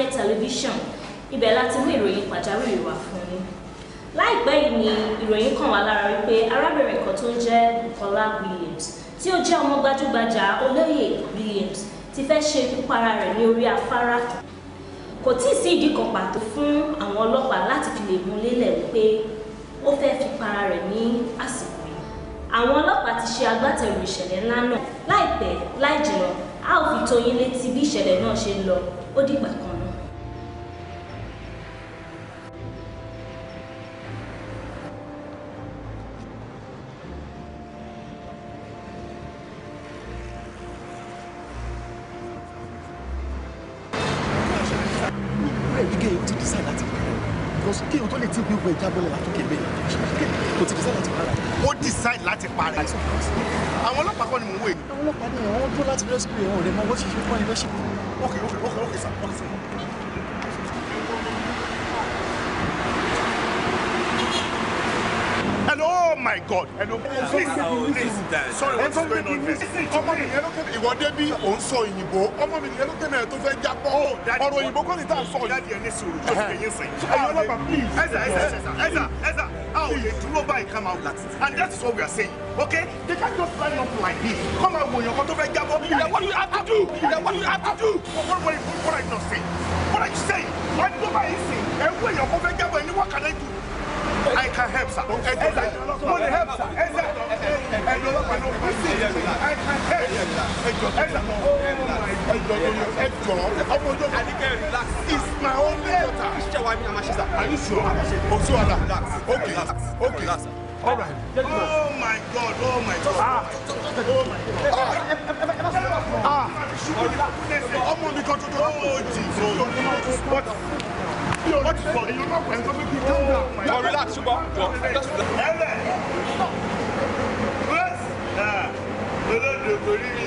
Aláròyé tẹlifíṣàn ibẹ̀ láti mú ìròyìn pàjáwìrì wá fún yín láìpẹ́ yìí ni ìròyìn kàn wá lára wípé arábìnrin kan tó ń jẹ́ Bukola Williams tí ó jẹ́ ọmọ gbajúgbajà olóyè Williams ti fẹ́ ṣe pípara rẹ̀ ní orí afárá kò tíì sí ìdí kan pàtó fún àwọn ọlọ́pàá láti fi lè mú lélẹ̀ wípé ó fẹ́ fi para rẹ̀ ní àsìkò yìí àwọn ọlọ́pàá ti ṣe agbátẹrù ìṣẹ̀lẹ̀ ńlá náà láìpẹ́ láìjìnà a ó fi tó yín létí bí ìṣẹ̀lẹ̀ náà ṣe lọ ó dìgbà kan. òyìnbó kọ́ni tá à ń sọ ọ̀yá di ẹni sòrò tó ti yín sìn. please. ẹ̀sà ẹ̀sà ẹ̀sà ẹ̀sà ẹ̀sà a ò lè dúró báyìí ká máa and that is what we are saying okay they can't just line up like this Come máa wòyàn kan tó fẹ́ jábọ́ then what do you have to do what do you have to do what what what are you not saying what are you saying wọ́n dúró báyìí sìn ẹ̀ ń wòyàn kan fẹ́ jábọ́ what can I do I can help sir. ẹ̀sà mo lè help sir ẹ̀sà ẹ̀dọ̀ ọlọ́pàá ló ń I can help ẹ̀sà ẹjọ lórí ẹjọ ọmọ ojú àdìgẹ relax my only daughter. iṣẹ́ wa ni a máa ṣe sá. are you sure o sí wàhálà okay okay all right. oh my god oh my god. ah ah ọmọ mi kan tuntun ọmọ ojì but but for you no pẹ̀lú sọ pé kí n calm down. no relax ṣùgbọ́n jọ. ẹ lẹ olódò kò rí mi.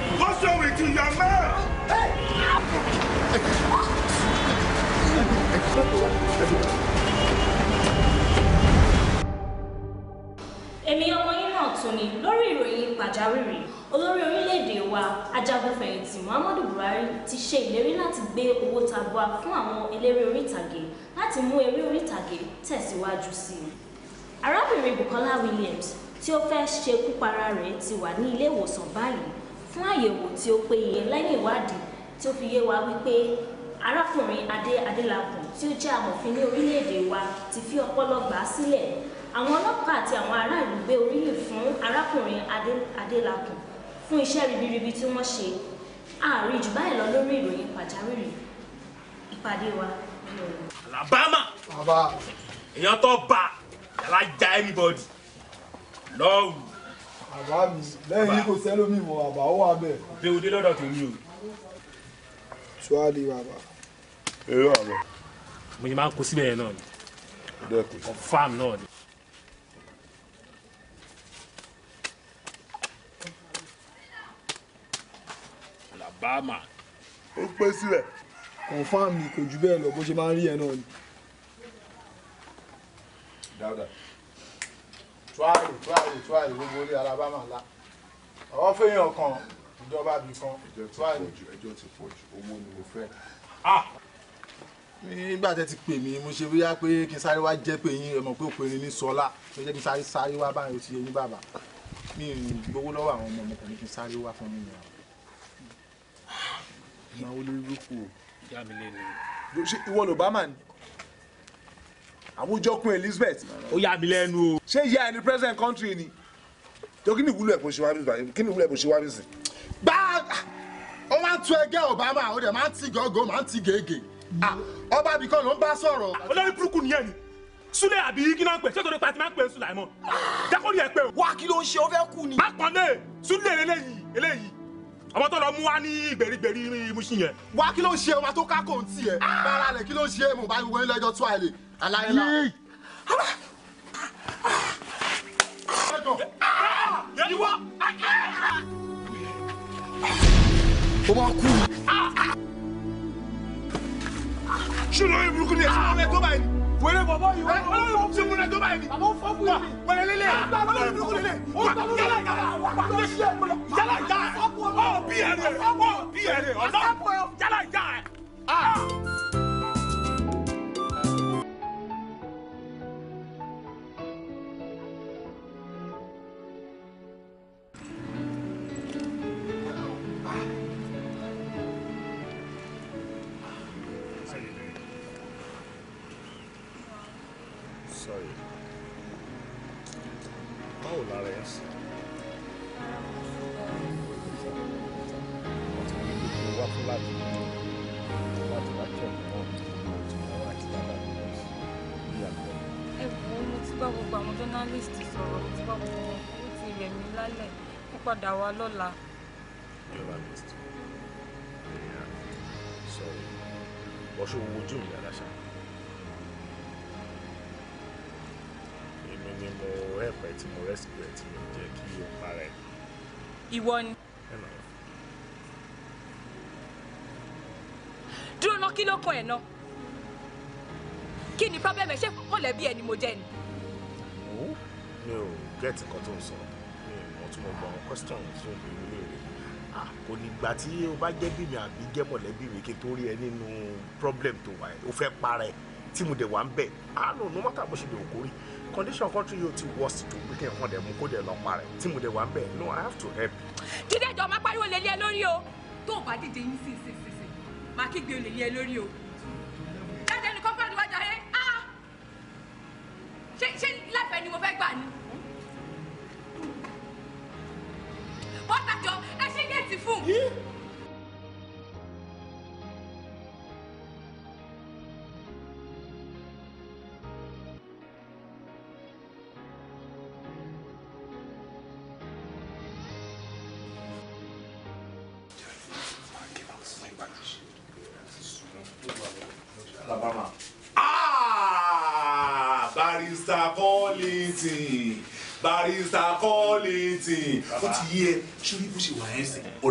What's wrong with you, young man? Èmi ọmọ yín náà tó ni lórí ìròyìn pàjáwìrì olórí orílẹ̀-èdè wa ajagunfẹ̀yìntì Muhammadu Buhari ti ṣe ìlérí láti gbé owó tabua fún àwọn eléré orí ìtàgé láti mú eré orí tẹ̀síwájú sí i. Arábìnrin Bukola Williams tí ó fẹ́ ṣekú para rẹ̀ ti wà ní ilé ìwòsàn báyìí fún àyẹ̀wò tí ó péye lẹ́yìn ìwádìí tí ó fi yé wa wípé arákùnrin adé adélakùn tí ó jẹ́ amòfin ní orílẹ̀-èdè wa ti fi ọpọlọ gbà á sílẹ̀ àwọn ọlọ́pàá àti àwọn aráàlú gbé oríyìn fún arákùnrin adélakùn fún iṣẹ́ ribiribi tí wọ́n ṣe ààrí jù báyìí lọ lórí ìròyìn pàjáwìrì ìpàdé wa. alabama èèyàn tó bá yàrá já anybody lọ́rùn àbá mi lẹ́yìn yìí kò sẹ́lómi mọ́ àbá ó wà bẹ́ẹ̀. bẹ́ẹ̀ o dé lọ́dọ̀ tèmi o. sùwádìí bàbá. èrò àbọ̀. mo yẹ máa ń kó síbẹ̀ yẹn náà ni. confam náà ni. Alabama. ó pé síbẹ̀. confam ni kò jù bẹ́ẹ̀ lọ bó ṣe máa ń rí yẹn náà ni. dáadáa tuwari tuwari tuwari gbogbo orí alabama ńlá ọwọ́ fẹ́yàn kan ìjọba bì kan tuwari. ẹjọ́ ti pọ̀ jù owó ni mo fẹ́. nígbà tẹ́ ti pè mí mo ṣe bóyá pé kí n sáré wá jẹ́ pé yín ẹ mọ̀ pé òpin ní sọlá ló jẹ́ kí n sáré sáré wá báyìí ó ti yẹ yín bàbá mi ò gbowó lọ́wọ́ àwọn ọmọ mi kò ní kí n sáré wá fún mi nìyàwó ìnáwó lórí lóko ìyá mi lẹ́nu. ìwọ ló bá mà ní àwùjọkun Elizabeth. ó yà mí lẹ́nu o. ṣé ìyá ẹni president country ni. tó kí ni ìwúlò ẹ̀ bó ṣe wá bí sìn kí ni ìwúlò ẹ̀ bó ṣe wá bí sìn. bá a ó máa ń tu ẹgẹ́ Obama ó dẹ̀ máa ń ti gọ́gọ́ máa ń ti gègé. ọba abìkan ló ń bá sọ̀rọ̀. olórí burúkú nìyẹn ni súlẹ̀ àbí kí náà pè ṣé torí pati máa ń pè Sùláìmọ̀ jákòrí ẹ pé o. wá kí ló ń ṣe ó fẹ́ kú ni. má pọn lé súlẹ̀ eléyìí eléyìí ọmọ tó lọ mú wá ní gbèrígbèrí Mùṣin yẹn. wá kí ló ń ṣe ọmọ tó kákò ń tiẹ̀. Ah! bára rẹ̀ kí ló ń ṣe é mo bá wọlé lọ́jọ́ tó àlè. Àlàyé náà. ìwọ o ma kú. ṣùgbọ́n orí burúkú ni ẹ̀sìn mọ́lẹ̀ tó báyìí. wẹ́rẹ́ bọ̀ bọ́ yìí wọ́n lọ́wọ́ ló ti múlẹ̀ tó báyìí. àmọ́ fọ́ fún yìí. wọ́n lélẹ̀ wọ́n ah, lórí burúkú lélẹ̀. o tọ́ mú yàrá yàrá wà ló ṣe é. yàrá yà ẹ̀ ọ̀ bí ẹ̀ rẹ̀ ọ̀ bí ẹ̀ rẹ̀ ọ̀ náà yàrá yà ẹ̀. padà wá lọ́la. You're Sorry. Bọ́sọ̀ wo ojú mi aláṣà? Èmi ni mo ẹ̀pẹ̀ tí mo rẹ́sìpẹ̀ tí mi jẹ́ kí o para ẹ̀. Ìwọ ni. Ẹ̀nà. Dúró náà kí ló kọ ẹ̀ náà? Kí ni pọ́blẹ́mù ẹ̀ ṣé mọ̀lẹ́bí ẹ̀ ni mo jẹ́ ni? Mi ò gẹ́ẹ̀tì kan tó ń sọ̀rọ̀ tí mo gbọ́ àwọn question tí o kò nígbà tí o bá jẹ́ bíbí àbí jẹ́ mọ̀lẹ́bí mi kí n tó rí ẹ nínú problem tó wà ẹ o fẹ́ para ẹ tí mo dẹ̀ wà ń bẹ̀ àánú no matter bó ṣe lè kórè condition country yóò ti worst tó bí kí n kàn dẹ̀ mú kó dẹ̀ lọ para ẹ tí mo dẹ̀ wà ń bẹ̀ no i have to help. jíde jọ pariwo lè lé ẹ lórí o tó o bá dìde yín sí ìsinsìnyí máa kígbe lè lé ẹ lórí o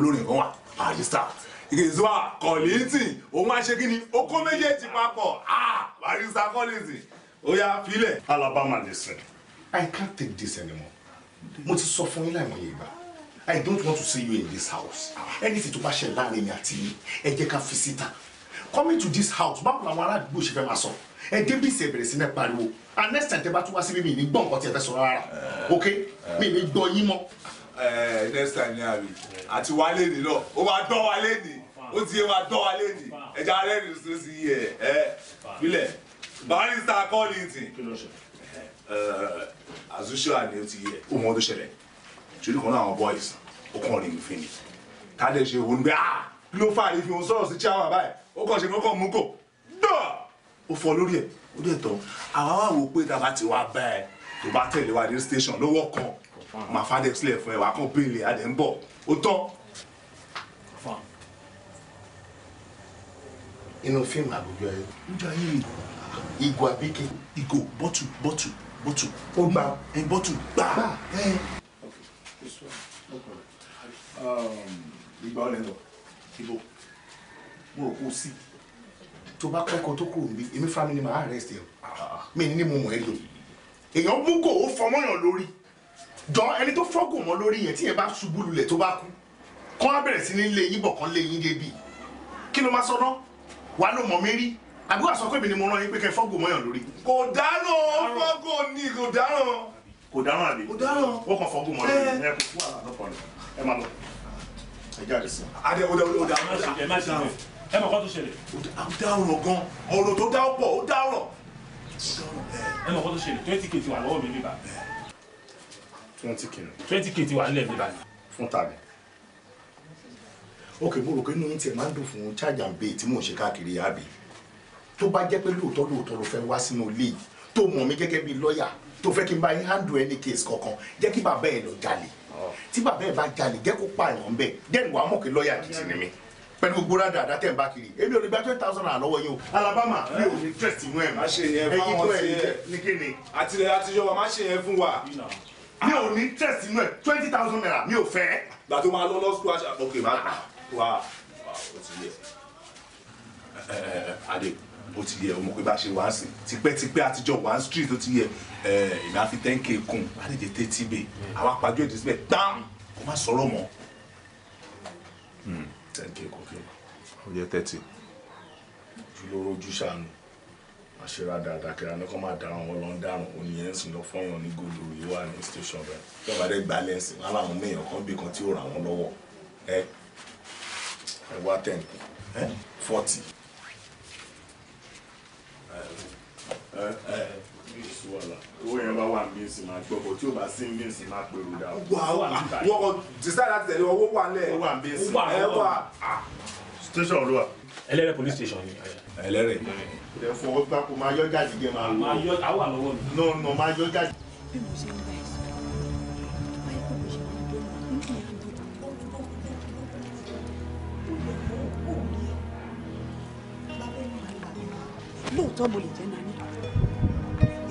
olórin kan wà barista ìgbésíwá kọ̀lìntì òun àṣekínni ó kó méjèèjì papọ̀ barista kọ́lìntì ó yá filẹ̀. Alabama listen I can't take this anymore mo ti sọ fún yín láìmọye ìgbà I don't want to see you in this house anything tó bá ṣe láàrin mi àti yín ẹ jẹ́ ká fi síta coming to this house báwo làwọn ará àdúgbò ṣe fẹ́ máa sọ ẹ débí ìsẹ̀ bẹ̀rẹ̀ sí ní pariwo and next time tẹ bá tún wá síbí mi ní gbọ́ tí ẹ fẹ́ sọ rárá ok mi ní gbọ́ yín mọ́. Eh, next time ní àbí àti wálé ní náà ó máa dán wálé ní ó ti yé máa dán wálé ní ẹja alẹ́ ní sọ sí yẹ ẹ eh, eh, bílẹ̀ barista kọ́lìntì àzúṣọ́à ni ó ti yẹ ó mọ ọdún ṣẹlẹ̀ ṣojú kan náà àwọn boys ó kàn rí mi fún mi ká lè ṣe òun gbé ah kí ló fà ní fi òun sọ̀rọ̀ sí chairman báyìí ó kàn ṣe mọ́ kàn mú kò dọ́ ó fọ lórí ẹ̀ ó dẹ̀ tọ́ àwa wà wò pé tàbá ti wá bẹ́ẹ̀ tó bá tẹ̀lé wa ní station lówó kan màá fàdé sílẹ̀ fún ẹ wàá kàn béèlè adẹ̀ ń bọ̀ ó tán. inú fíìmù àbújọ yẹn. ojú ayé mi. ìgò àbíké. ìgò bọ́tù bọ́tù bọ́tù. ó gbà ẹ bọ́tù gbà. Um, ìgbà ọ̀lẹ́ lọ ibo mo rò kó o sí. tó bá kẹ́kọ̀ọ́ tó kúrò níbí èmi family máa arrest ẹ ah, ah, ah. mi ní mo mọ̀ ẹ́ lò èèyàn mú kò ó fọmọ́yàn lórí jọ ẹni tó fọ́gùn mọ́ lórí yẹn tí yẹn bá ṣubú lulẹ̀ tó bá kú kán á bẹ̀rẹ̀ sí ní lé yín bọ̀ kán lé yín débi kí ló máa sọ náà wà ló mọ̀ mí rí àbí wàá sọ pé èmi ni mo rán yín pé kẹ́ fọ́gùn mọ́yàn lórí. kò dáràn fọ́gùn ni kò dáràn. kò dáràn àbí kò dáràn wọ́n kàn fọ́gùn mọ́ lórí eh. ẹ kò fún ẹ máa lọ ẹ jáde sí. o dáràn o dáràn ẹ má dáràn ẹ mọ̀ kọ́ tó ṣẹlẹ̀. o dáràn gan ọ̀rọ̀ tó dá pọ̀ o dáràn. ẹ mọ̀ kọ́ tó ṣẹlẹ̀ twenty k wà lọ́wọ́ mi níbà. Eh twenty k ni. twenty k ti wà nílẹ̀ mi báyìí. fún tàbí. ok mo rò pé inú tiẹ̀ máa ń dùn fún charge and bay tí mò ń ṣe káàkiri àbí tó bá jẹ́ pé lóòótọ́ lóòótọ́ ló fẹ́ wá sínú ilé yìí tó mọ̀ mí gẹ́gẹ́ bí lọ́ọ̀yà tó fẹ́ kí n bá yín handle any case kankan jẹ́ kí bàbá ẹ̀ lọ jalè oh. tí bàbá ẹ̀ bá jalè jẹ́ kó pààyàn bẹ́ẹ̀ dẹ́nu wàá mọ̀ pé lọ́ọ̀yà gidi ni mí pẹ̀lú gbogbo rádà àdá tẹ̀ ń bá kiri èmi ò lè gba twenty thousand naira lọ́wọ́ yín o Alabama mi ò ní trust inú ẹ̀ mọ́ ẹ̀yin tó ẹ̀ ní kíni. àtìlẹ́yìn àtijọ́ wa má ṣe yẹn fún wa mi ò ní tẹ̀sí inú ẹ̀ twenty thousand naira mi ò fẹ́. gbà tó máa lọ lọ sukú àṣà ok má gbà wá ó ti yẹ adé ó ti yẹ ọmọ pé bá ṣe wá sí tipẹ́tipẹ́ àtijọ́ one street ó ti yẹ èmi àfi ten k kún àdèjì tẹ́tí bẹ́ẹ̀ àwọn apájọ́ ìdí síbẹ̀ tán kó má sọ̀rọ̀ mọ́. Hmm, ten k kún kí ló jẹ́ thirty. ojú lóró ojú ṣàánú àṣírà dáadáa kí ẹranko máa dáhùn wọn lọ ń dáhùn oníyẹn sùn lọ fọyàn ní gòdò yìí wà ní station rẹ tí ọba dẹ gbà lẹ́sìn wọn làwọn méèyàn kan bì kan tí ò ràn wọn lọ́wọ́ ẹ ẹ wá ten ẹ forty. ẹ ẹ owó yẹn bá wà ní ìsìn máa gbọ́kọ̀ tí ó bá sí ní ìsìn máa pèrò dà. wà á wà wọ́n kò decide láti tẹ̀lé owó wà lẹ̀ owó wà ní ìsìn. owó wà station olúwa ẹlẹ́rẹ̀ police station ni. ẹlẹ́rẹ̀. ẹ fọwọ́ gbà kó máa yọ jáde jẹ máa lọ. máa yọ àwọn àlọ́wọ́ mi. nọ nọ máa yọ jáde. bí mo ṣe ń bá ẹ sọ báyìí kò ṣe máa dé ní kí n yàgò lóòótọ́ mo lè jẹ́ nani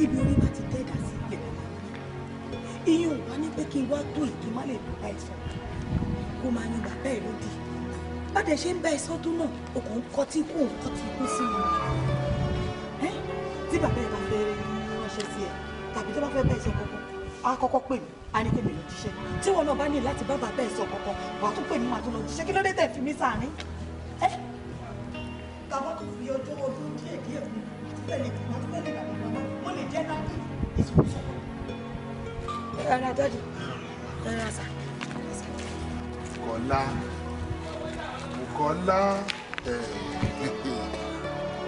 ibi orí bá ti tẹ́ ẹ̀dá sí ilẹ̀ iyún wá ní pé kí n wá tó ìdí má lè dùn láìsọ kó máa yan bàbá ẹ̀ lódì bá dẹ̀ ṣe ń bá ẹ sọ́dún náà o kò ń kọ́ tí kò ń kọ́ tí kò sí mi tí bàbá ẹ bá fẹ́ ránṣẹ́ sí ẹ tàbí tó bá fẹ́ bá ẹ sọ kankan á kọ́kọ́ pè mí á ní pè mí lọ jíṣẹ́ tí wọn náà bá ní láti bá bàbá ẹ sọ kankan wàá tún pè mí wàá tún lọ jíṣẹ́ kí ló dé tẹ̀ fi mí sàárín ẹ́ tàbá tó fi ọjọ́ ọdún díẹ̀ díẹ̀ fún tẹ́lẹ̀ tẹ́lẹ̀ bàbá màmá wọ́n lè jẹ́ náà ìṣòwòṣọ́ ẹ̀rọ àdájọ́ ẹ̀rọ àṣà. kọ́lá ọkọ̀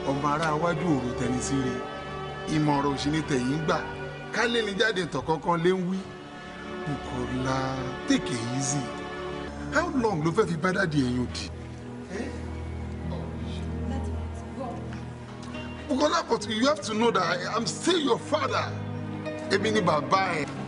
ọmọ ará iwájú òru tẹnisí re ìmọ̀ràn òṣì tẹ̀yìn gbà ká ní jáde tọ̀kọ̀kan lé ń wí Bùkọ́lá take it easy how long ló fẹ́ fi bá dáàdi ẹ̀yìn òdì. Bùkọ́lá but you have to know that I am still your father èmi ni bàbá ẹ̀.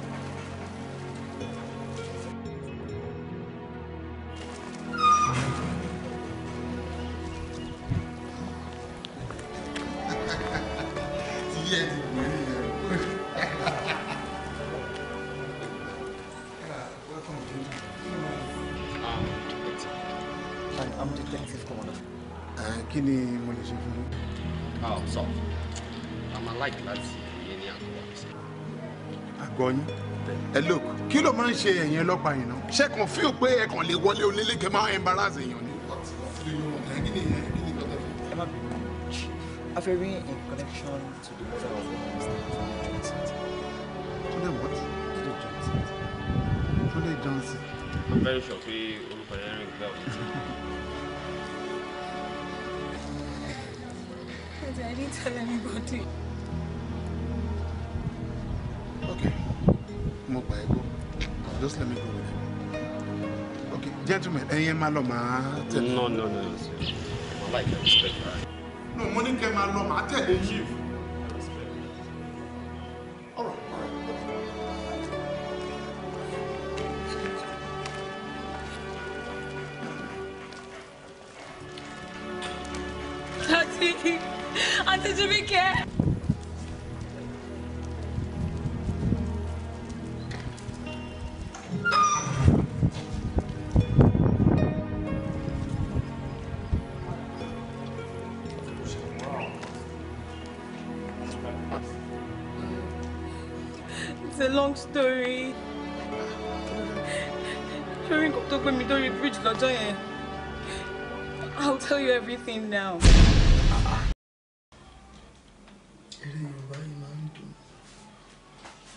ṣe ẹ̀yin ọlọ́pàá yìí náà ṣé kàn fíò pé ẹ kàn lè wọlé onílé kẹ máa embarrass èèyàn ni. Afẹ́rí in connection to the murder of the Mr. Tunde what? Tunde Johnson. Tunde Johnson. I'm very sure pé olùkọ́ yẹn rìn gbà wọ́n. I didn't tell anybody. Okay. Mo by ẹ̀gbọ́n. Just let me go with you. Okay, gentlemen, ẹ̀yin máa No, no, no, no, sir. I like that respect. No, mo ní kẹ́ máa lọ máa tẹ̀lé chief. All right. Àti Àti long story. Ṣorí nǹkan tó gbé mi dórí bridge lọ́jọ́ yẹn. I'll tell you everything now. Eré Yorùbá yìí máa ń dùn.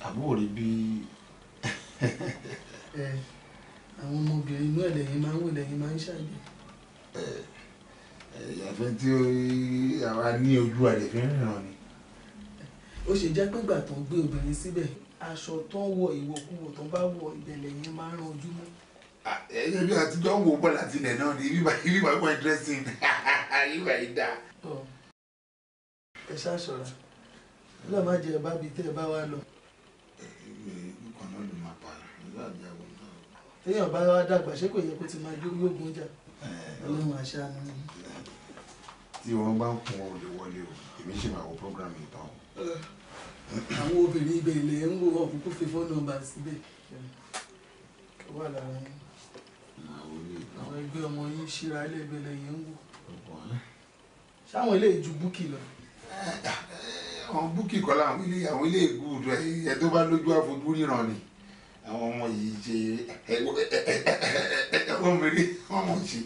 Àbúrò rí bí. Àwọn ọmọbìnrin inú ẹ̀lẹ́yìn máa ń wò lẹ́yìn máa ń ṣàgbẹ̀. Ìyàfẹ́ tí àwa ní ojú àlè fi a rìnrìn ni. Ó ṣe jẹ́ pé ìgbà tó ń gbé obìnrin síbẹ̀ aṣọ tó ń wọ ìwòkuwò tó ń bá wọ ìbẹ̀lẹ̀ yẹn máa ń ran ojú mọ́. ẹbí ah, eh, àtijọ́ ń wo bọ́ọ̀lù àtìlẹ̀ náà ni ibi báyìí ibi báyìí wọ́n dressing ibi báyìí dá. ẹ ṣàṣọra lọ́ọ́ má jẹ́ bá bi tẹ́ ẹ bá wa lọ. nǹkan náà ló máa pa téèyàn bá wá dàgbà ṣé kò yẹ kó ti máa yógun jà eh, ọlọ́run àṣà ni. Eh, tí wọ́n bá ń kun olè wọlé o èmi ṣì máa wo programme ìtàn o àwọn obìnrin ibẹ̀ ilẹ̀ ń wo ọ̀kúnkún fi fóònù nọ́mbà síbẹ̀ ó wà lára yín àwọn ẹgbẹ́ ọmọ yín ṣíra ilé ibẹ̀ lẹ́yìn ń wò ṣáwọn ilé ìju búkì lọ. àwọn búkì kọ́ làwọn ilé àwọn ilé ìgbúdọ̀ ẹ tó bá lójú àfojú ríran ni àwọn ọmọ yìí ṣe ẹ̀wọ̀n mèrè wọ́n mọ̀ ṣe.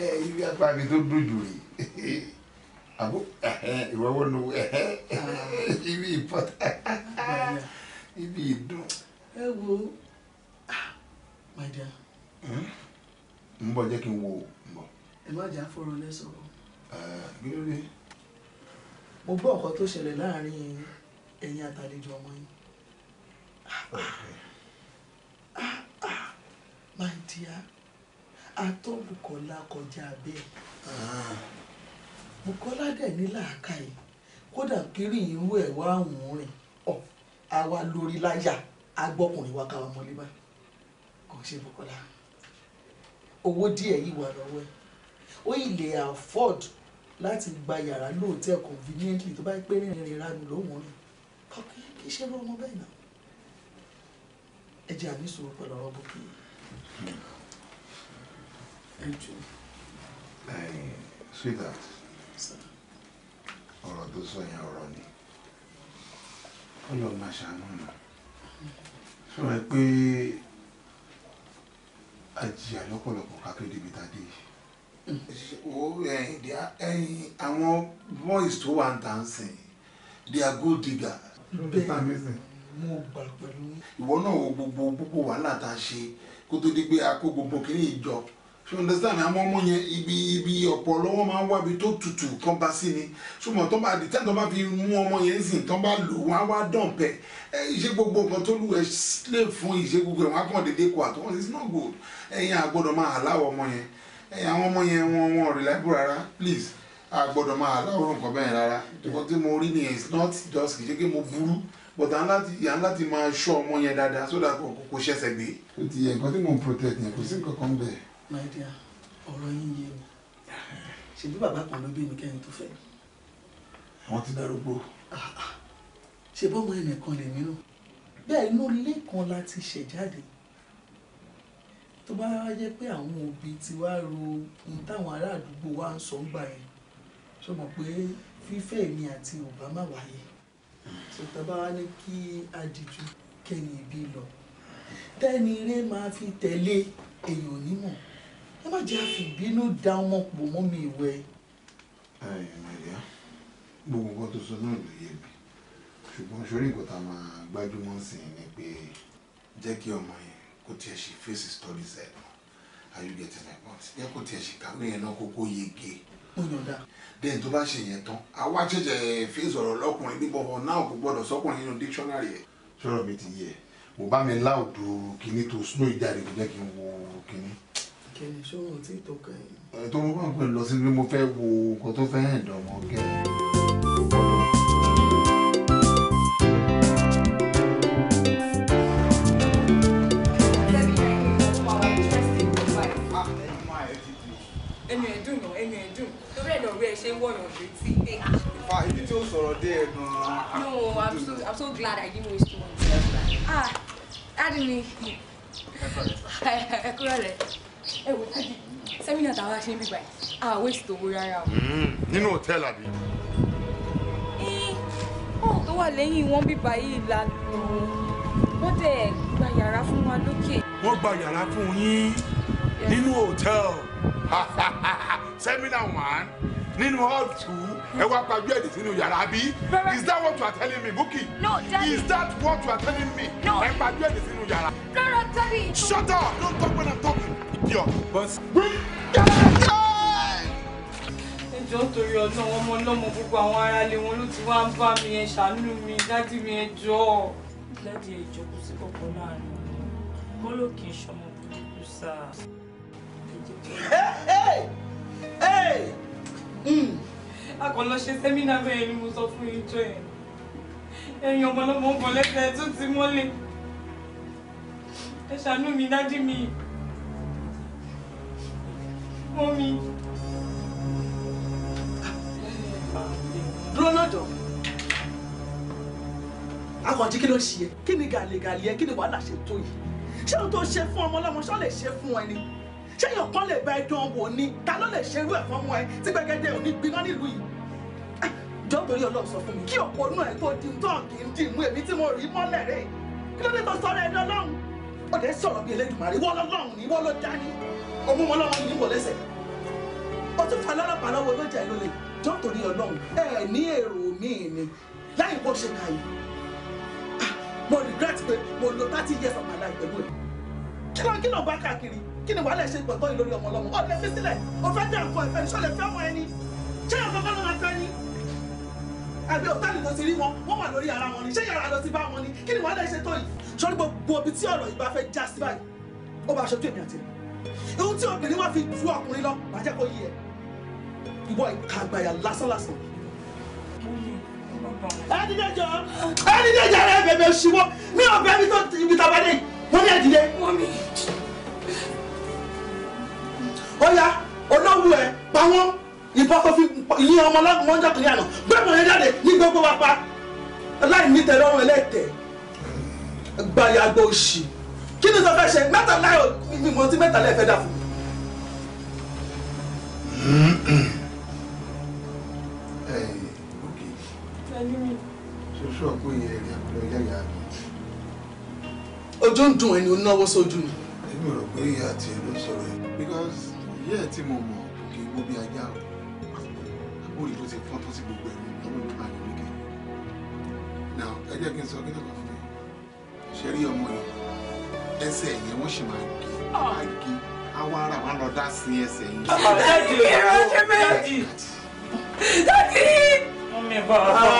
ẹ ìrìn àgbà mi tó dùn jù rèé àbú ìwọ wo nu ah. ibi ìpọta ibi ìdùn. ẹ wo ah, màdà. Hmm? ń bọ̀ jẹ́ kí n wo ń bọ̀. ẹ má jà fọ̀rọ̀ lẹ sọ̀rọ̀. gbẹ́rẹ́. mo gbọ́ ọ̀kan tó ṣẹlẹ̀ láàrin ẹ̀yin àtàlejò ọmọ yín. Ah, my dear atọ́bùkọ́lá kọjá bẹ́ẹ̀. Bùkọ́lá dẹ̀ ní làákàyè kódà kiri irú ẹ̀ wá òun rìn ọ̀ àwa lórí láyà agbọ́kùnrin wa káwa mọ́lé bá kò ṣe Bùkọ́lá owó díẹ̀ yìí wà lọ́wọ́ ẹ̀ ó yìí lè afford láti gba yàrá lóòótẹ́ conveniently tó bá pé rìnrìn ìranù lóhùn rìn kọ́kí kì í ṣe irú ọmọ bẹ́ẹ̀ náà ẹ jẹ́ àmì ìṣòro pẹ̀lú ọ̀rọ̀ Bùkí. ẹ jù. sweetheart ọ̀rọ̀ tó sọ yẹn ọ̀rọ̀ ni ó lọ máa ṣàánú nù ṣọ́ra pé àjìyà lọ́pọ̀lọpọ̀ kákéde ibi tá a dé yìí. àwọn boys tó wà ń tà ń sìn they are gold digger. bẹ́ẹ̀ mo gbà pẹ̀lú. ìwọ náà wo gbogbo gbogbo wàhálà tá a ṣe kó tó di pé a kó gbogbo kiri ìjọ so understand àwọn ọmọ yẹn ibi ibi ọpọlọ wọn máa ń wá ibi tó tutù tán bá sí ni ṣùgbọ́n tán bá di tán tán bá fi mú ọmọ yẹn sìn tán bá lò wọn á wá dọ̀pẹ́ ẹ ìṣe gbogbo nǹkan tó lù ẹ lè fún ìṣe gbogbo ẹ̀wọ̀n akọ̀ dédé kọ àtọwọ́n it's not good ẹ̀yin àgbọ̀dọ̀ máa aláwọ̀ ọmọ yẹn ẹ̀yin àwọn ọmọ yẹn wọn wọn reliable rárá please àgbọ̀dọ̀ máa aláwọ̀ nǹkan bẹ́ẹ̀ rárá nǹkan tí mo rí nìyẹn it's not just kì í ṣe pé mo burú but à ń láti à ń láti máa ṣọ́ ọmọ yẹn dáadáa so that kò kò ṣẹ̀ṣẹ̀ gbé. o ti yẹ nǹkan tí mo protect yẹn eh, kò sí nǹkan kan bẹ́ẹ̀ my dear ọ̀rọ̀ yín yé mi ṣèbí bàbá kan ló bí mi kẹ́yìn tó fẹ́. àwọn ti darúgbó. Ah, ah. ṣe bọ́mọ ẹnìkan lè nínú bẹ́ẹ̀ inú ilé kan la ti ṣẹ̀ jáde tó bá wá jẹ́ pé àwọn òbí ti wá ro ohun táwọn ará àdúgbò wa ń sọ ń gbà yẹn ṣó mọ̀ pé fífẹ́ èmi àti òbá má wáyé ṣètò bá wá ní kí adìjú kẹ́yìn ibi lọ tẹ́ni eré máa fi tẹ̀lé èèyàn onímọ̀ ẹ má jẹ́ àfìbínú da ọmọ pò mọ́ mi ìwẹ. ẹ̀yà gbogbo nǹkan tó sọ náà ló yé mi ṣùgbọ́n ṣorí nǹkan tá a máa gbájúmọ́ sí i ni pé jẹ́ kí ọmọ yẹn kó tiẹ̀ ṣe face stories ẹ̀ lọ are you getting my point jẹ́ kó tiẹ̀ ṣe kàwé yẹn náà kókó yege. ó yàn dá. then tó bá ṣe yẹn tán àwa ṣẹ̀ṣẹ̀ fi sọ̀rọ̀ lọ́kùnrin bíbọ̀ ọ̀ náà kò gbọ́dọ̀ sọ́kùnrin nínú dictionary ẹ̀. sọ̀rọ̀ mi ti yẹ mo bá mi láòdù kinní tó snow ìjà rẹ̀ kò jẹ́ kí n wo kinní kẹ́ni ṣóhun tí tó kẹ́yìn. tó mú kàn pé lọ sí pé mo fẹ́ wo nǹkan tó fẹ́ hàn dánmọ́ kẹ́yìn. ẹnu ẹ̀ dùn náà ẹ no i'm so i'm so glad i didn't waste one. ah adini. ẹ kúrò rẹ ẹ wò dájú sẹ́mínà táwa ṣe ń bíbá ẹ̀ a ò wéṣì tó wó rárá o. Hmm, nínú hòtẹ́ẹ̀lì àbí. ọ̀hún eh, tó wà lẹ́yìn wọn bíbá yìí la lò ó wọ́n dẹ̀ gba yàrá fún wa lókè. wọ́n gba yàrá fún yín nínú hòtẹ́ẹ̀lì sẹ́mínà one nínú hall ẹ wá pàjọ ẹ̀dì sínú yàrá bí is that what you are telling me Bukky no daddy is that what you are telling me no ẹ pàjọ ẹ̀dì sínú yàrá. rárá daddy. shut up don't talk when i'm talking idiot. bọ́sì. ẹjọ́ torí ọ̀nà ọmọ ọlọ́mọ gbogbo àwọn aráalé wọn ló ti wá ń bá mi ẹ ṣàánú mi dádì mi ẹjọ́. dádì ẹjọ́ kò sí kọ̀ọ̀kan láàrin wọn kọ́ ló kì í ṣọmọ burúkú sáà. Hey! Hey! Hey! Mm. a kàn lọ ṣe sẹ́mínà bẹ́ẹ̀ ni mo sọ fún ìjọ ẹ̀ ẹ̀yin ọmọlọ́mọ ń bọ̀ lẹ́sẹ̀ tó ti mọ́lẹ̀ ẹ ṣàánú mi dádì mi mọ́ mi. dúró náà jọ akọ̀jí kí ló ṣe yẹ kí ni gàlẹ́gàlẹ́ yẹ kí ni wàhálà ṣe tó yìí ṣé ohun tó ṣe fún ọmọ ọlọ́mọ ṣọ́ lè ṣe fún ẹni ṣéyàn kan lè bá ẹdán wò ni ta ló lè ṣerú ẹ̀ fọ́mọ ẹ tí gbẹgẹdẹ ò ní gbiná nílùú yìí ah, jọ́bìnrin ọlọ́run sọ fún mi kí ọ̀pọ̀ inú ẹ̀ tó di tọ́ọ̀kì ń dì mú èmi tí mo rí mọ́lẹ̀ rẹ̀ kí ló dé tó sọ̀rọ̀ ẹ̀dọ́ lọ́hùn ó dẹ̀ sọ̀rọ̀ bí Elédùmarè wọ́n lọ́lọ́hùn ní wọ́n ló dání ọmọ wọn lọ́wọ́ ní ìwọlẹ́sẹ̀ ó tún fa lọ́lọ́pàá lọ́wọ́ lójà ìlú lè jọ́ torí ọlọ́run ẹ ní èrò míì ni láì bó ṣe kà ah, mo regret pé mo lo thirty years of my life pẹ̀lú ẹ̀ kí ló ń kí ló ń bá káàkiri kí ni wàhálà ṣe gbọ̀tọ́ yìí lórí ọmọ ọlọ́mọ ọ̀dẹ fi sílẹ̀ o fẹ́ dé àpò ẹ̀fẹ́ ìṣọ̀lẹ̀ fẹ́ mọ ẹni ṣé ọ̀kan kan máa fẹ́ ni àbí òtẹ́ẹ̀lì ló ti rí wọn wọ́n wà lórí ara wọn ni ṣé yàrá ló ti bá wọn ni kí ni wàhálà ṣe tọ́ yìí sọ́rí gbogbo ibi tí ọ̀rọ̀ yìí bá fẹ́ já sí báyìí ó bá aṣojú èmi àti rẹ̀ ohun tí obìnrin wá fi ju ọkùnrin lọ bá kó yí ẹ ìwọ ìkàgbàyà lásánlásán. ẹnìdẹ́jọ ẹnìdẹ́jọ rẹ bẹ̀bẹ̀ ṣubú mi ò bẹ́ẹ̀ tó ibi tàbá dé wọ́n ní ẹ̀dílé ọ̀ya olówó ẹ̀ pa wọ́n ìbọn tó fi ní ọmọ ọlọ́run wọn jọkùnrin àná gbẹ̀mọ̀ yẹn jáde ní gbogbo wa pa láì ní tẹ̀lé ọrùn ẹlẹ́tẹ̀ gbayagbo òṣì kí ni sọ fẹ́ ṣe mẹ́ta láì ní mo ti mẹ́ta lẹ́ẹ̀fẹ́ dà fún mi. ṣoṣo ọkọ yẹn rí àpẹẹrẹ yáyà mi. ojú ń dùn ẹni ó sójú ni. èmi rò pé ìyá àti yẹ́ ẹ̀ tí mo mọ̀ òkè gbó bí ajá àbórí tó ti pọ́n tó ti gbogbo ẹ̀rù lọ́wọ́ ló máa yọ̀ nígbà náà ẹ kí n sọ kí lọ́kàn fún mi ṣe rí ọmọ yìí ẹsẹ̀ yẹn wọ́n sì máa gé ah. máa gé àwọn ará wa lọ dá sí ẹsẹ̀ yìí. dájú ẹ̀rọ ṣe méjì dájú. mọ́mí bọ̀ ọ́.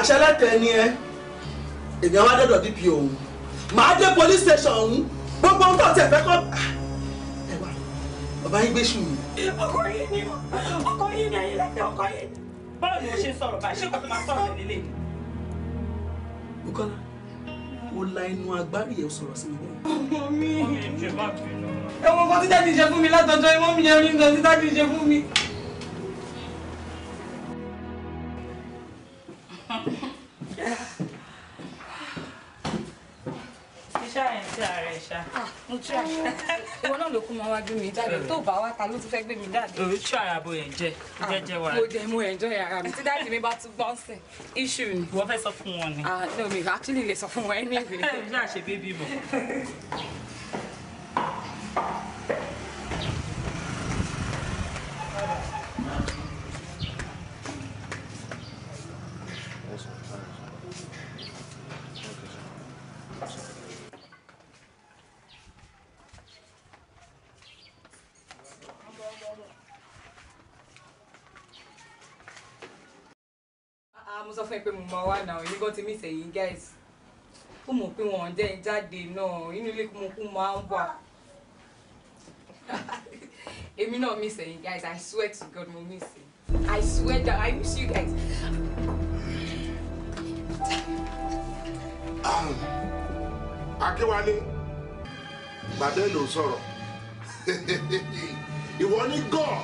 àṣẹlẹ̀tẹ̀ ni ẹ èmi àwọn adẹ́dọ̀ dp òun màá dé police station òun gbogbo nǹkan tẹ̀ fẹ́ kọ́ bàbá yín gbéṣù mi. ọkọ yìí ni ọkọ yìí ni ayé láti ọkọ yìí ni. ni mo ṣe sọ̀rọ̀ báyìí ṣé kò tó máa sọ̀rọ̀ nílé. Bukola o la inú agbárí ẹ sọ̀rọ̀ sí mi bẹ́ẹ̀. ọmọ mi ẹ wo nǹkan títà ti ṣe fún mi látọjọ́ ẹ mọ mi yẹn rí nǹkan títà ti ṣe fún mi. Yeah. ṣáà ń tí ara ẹ̀ ṣá. Ah, mo tí àṣà ìwọ náà ló kún mọ wájú mi jáde mm. tó bá wá ta ló tún fẹ́ gbé mi jáde. òru tí ara bo ẹ̀ jẹ jẹjẹ wa. mo dẹ̀ mo enjoy ara mi tí dáàdì mi bá tún gbọ́ sìn iṣu ni. wọ́n fẹ́ sọ fún wọn ni. Ah, no mi actually lè sọ fún wọn anyway. ẹ ẹ bí a bébí mọ. sọ fún ẹ pé mo máa wà náà èmi gan ti mí sẹ́yìn guys ó mọ̀ pé wọ́n jẹ́ ìjáde náà inú ilé mo kú máa ń wà èmi náà mí sẹ́yìn guys I swear to God mo mí sẹ́yìn I swear that I miss you guys. Akínwálé gbàdé ló sọ̀rọ̀ ìwọ ni God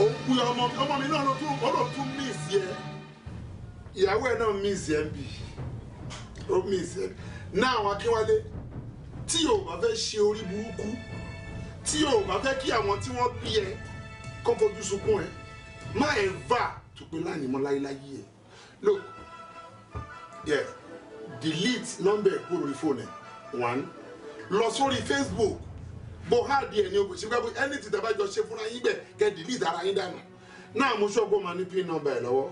òun pe ọmọ mi náà ló tún miss yẹ. Yeah ìyàwó ẹ náà miss ẹ bì ó miss ẹ bì náà àwọn akínwálé tí o bá fẹ́ ṣe orí burúkú tí o bá fẹ́ kí àwọn tí wọ́n bí ẹ kọ́ fojú sunkún ẹ má ẹ va tùpẹ́ láàyè mọ́ láyéláyé ẹ look yeah delete number. ẹ kúrò lórí fóònù ẹ one lọ sórí facebook bó háàdì ẹ ní o kò ṣe gbàgbé anything tàbá jọ ṣe fúnra yín bẹ kẹ delete ara yín dànù náà mo ṣọgbọ́n máa ní pin number. ẹ lọ́wọ́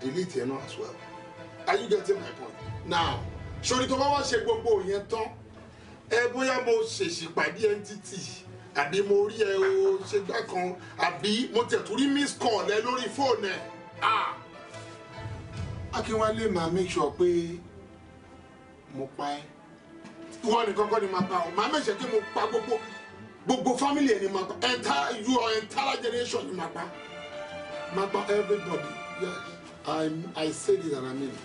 delete ẹ̀ náà as well are you getting my point now sori tó bá wá ṣe gbogbo yẹn tán ẹ bóyá mo ṣèṣì pàdé entity àbí mo rí ẹ o ṣe gbá kan àbí mo tẹ̀ tún rí miss call ẹ lórí fóònù ẹ. Ah! akínwálé máa make sure pé mo pa ẹ́ ìwọ nìkan kọ́ ni máa pa ọ máa make sure pé mo pa gbogbo gbogbo family ẹni máa pa entire your entire generation ni máa pa máa pa everybody yes. I'm, I said it and I mean it.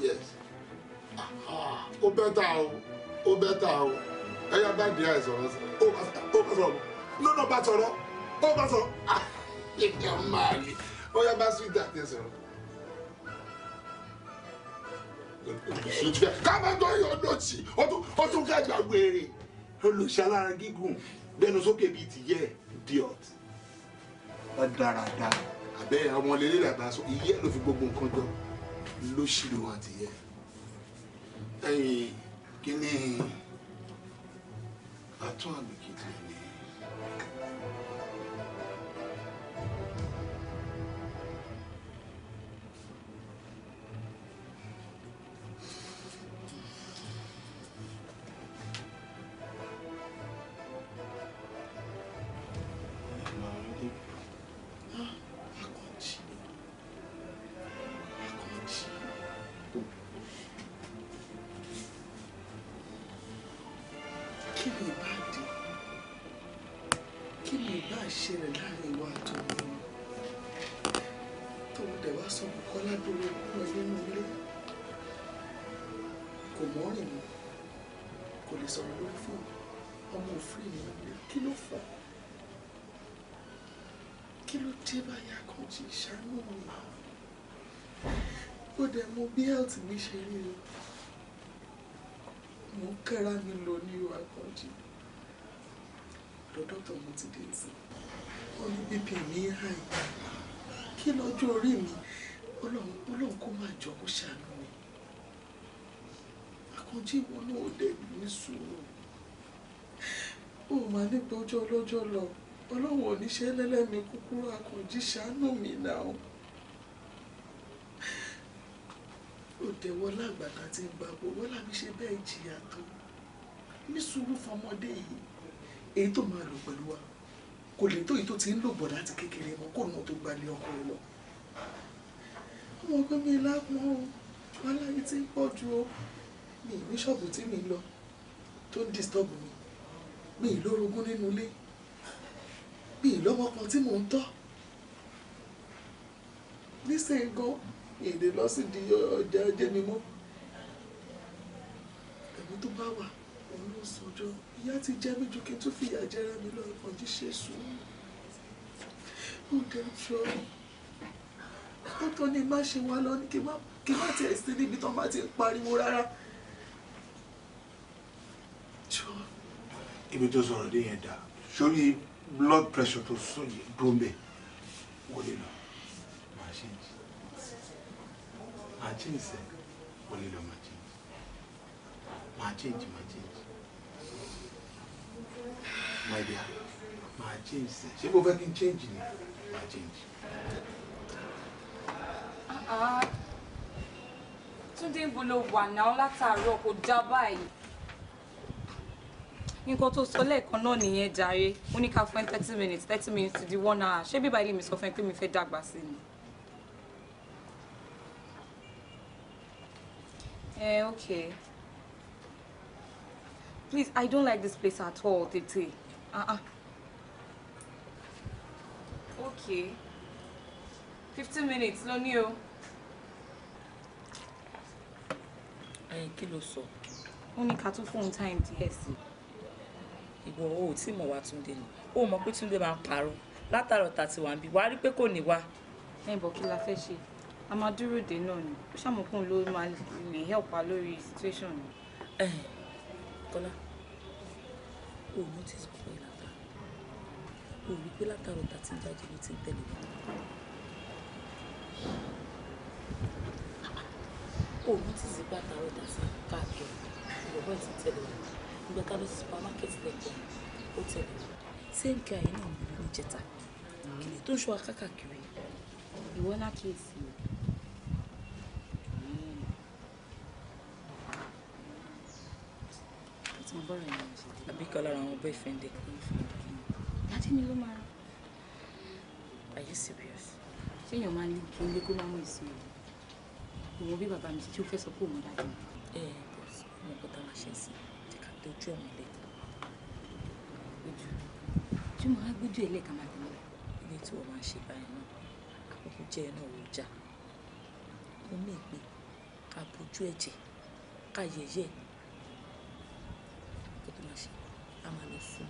Yes. Ah, ó bẹ́tà you bad guys or what? bá di àìsàn no bá sọ̀rọ̀ lọ́nà bá sọ̀rọ̀ ó bá sọ̀rọ̀ ẹ̀yà máa ní ọyá bá sùn Come and sọ̀rọ̀. your tó yọ lọ́sì, ó tún ká gbàgbé rẹ̀. Olùṣàlára gígùn gbẹnusókè bíi ti yẹ idiot. Ó dára àbẹ́ ọmọ lélẹ́ làgbà sọ iyẹ́ ló fi gbogbo nǹkan jọ ló ṣìlò wọn àti yẹ ẹ̀yìn kí ni àtún àgbẹ̀. ó dẹ̀ mú bí health mi ṣe rí o mo ń kẹ́ra mi lọ ní ìwà àkànjì dọ́dọ́tọ̀ mo ti dé sí ó ní bp mi ń hàn kí lọ́jọ́ orí mi ọlọ́run kó máa jọ kó ṣàánú mi àkànjì ìwọ náà ó dẹ̀ ní sùúrù ó máa nígbà ọjọ́ ọlọ́jọ́ lọ ọlọ́run ò ní ṣe lẹ́lẹ́mi kúkúrú àkànjì ṣàánú mi náà. tẹ̀wọ́ lágbàtà tí ń gbàgbó wọ́n lábí ṣe bẹ́ẹ̀ jìyà tó ní sùúrù fọmọdé yìí èyí tó máa lò pẹ̀lú wa kò lè tó èyí tó ti ń lò bọ̀ láti kékeré mọ́ kó nà tó gbalẹ̀ ọkọ lọ. ọmọ pé mi lápọn o wọn láyé ń pọ̀ ju o mi ní ṣọ́ọ̀bù tí mi lọ tó ń disturb mi mi lórogún nínú ilé mi lọ́mọ kan tí mò ń tọ́ nísìnyí gan-an èdè lọ sí di ọjà jẹ́mi mọ́ ẹ̀mí tó bá wà òun ló sọ ọjọ́ ìyá ti jẹ́ mi ju kí n tún fìyà jẹ́ra mi lọ ìkànjí ṣe sùn ó dẹ̀ jọ ó tó ní má ṣe wá lọ ní kí má tiẹ̀ sí níbi tán bá ti pariwo rárá. ibi tó sọ̀rọ̀ dé yẹn dá sórí blood pressure tó sún yìí dúró mbẹ́ wọlé lọ. màá ṣe ń ṣe. My change sẹ o lè lọ change My change my change my dear my change sẹ ṣé mo fẹ́ kí n change ni máa change. Túndé ń bolo wà náà látàárọ̀ kò dá báyìí. Nǹkan tó sọ lẹ́ẹ̀kan náà nìyẹn jàre. Mo ní ká fún ẹ thirty minutes thirty minutes to di one hour. Ṣé bíbá ilé mi sọ fún ẹ pé mi fẹ́ dàgbà sí ni? Eh, okay. Please, I don't like this place at all, Titi. Uh-uh. Okay. 15 minutes, no new. o. Ẹyin kí ló sọ? Ó ní time díẹ̀ sí. oh, o ò tí mọ̀ wá Túndé ni. Ó mọ̀ pé Túndé máa ń parọ́. Látàrọ̀ tàtiwà ń bí. la fẹ́ ṣe? a máa dúró dé náà ni ó ṣàmùkún ló máa lè help wa lórí situation ni. Tọ́lá o ò notice bọ̀bọ̀ yìí látà o ò rí pé látàrọ̀ ta ti ń jáde ló ti ń tẹ̀lé wa o ò notice pé àtàrọ̀ ta káàkiri bọ̀bọ̀ ti ń tẹ̀lé ìgbà tá lọ sí supermarket lẹ́kọ̀ọ́ ó tẹ̀lé wa same guy náà ló ń jẹta kí ni tó ń ṣọ́ akákàkiri. ìwọ náà kíyèsí o. tí mo bọ́ra ìyẹn ṣe. Àbíkẹ́ lára àwọn boyfriend ẹ̀. Dádì mi ló máa ra. Are you serious? Ṣé èèyàn máa lé kí n lé kó máa mú ìsìn rẹ̀? Ìwọ bí bàbá mi ṣe fẹ́ sọ pé òun dádì mi. Ẹ ẹ bọ́s, ọmọ ọkọ tá a máa ṣe sí, jẹ́ ká dojú ẹ̀ mọ́lẹ̀. Ojú. Tí mo á gbójú ẹ̀ lẹ́ẹ̀ka máa tẹ̀lé. Ilé tí wọ́n máa ń ṣe báyìí náà, àkókò jẹ́ ẹ náà wò já. Mo mí ìpè, ká bojú ẹ̀jẹ̀, ká yẹ̀yẹ́ ká máa lọ sùn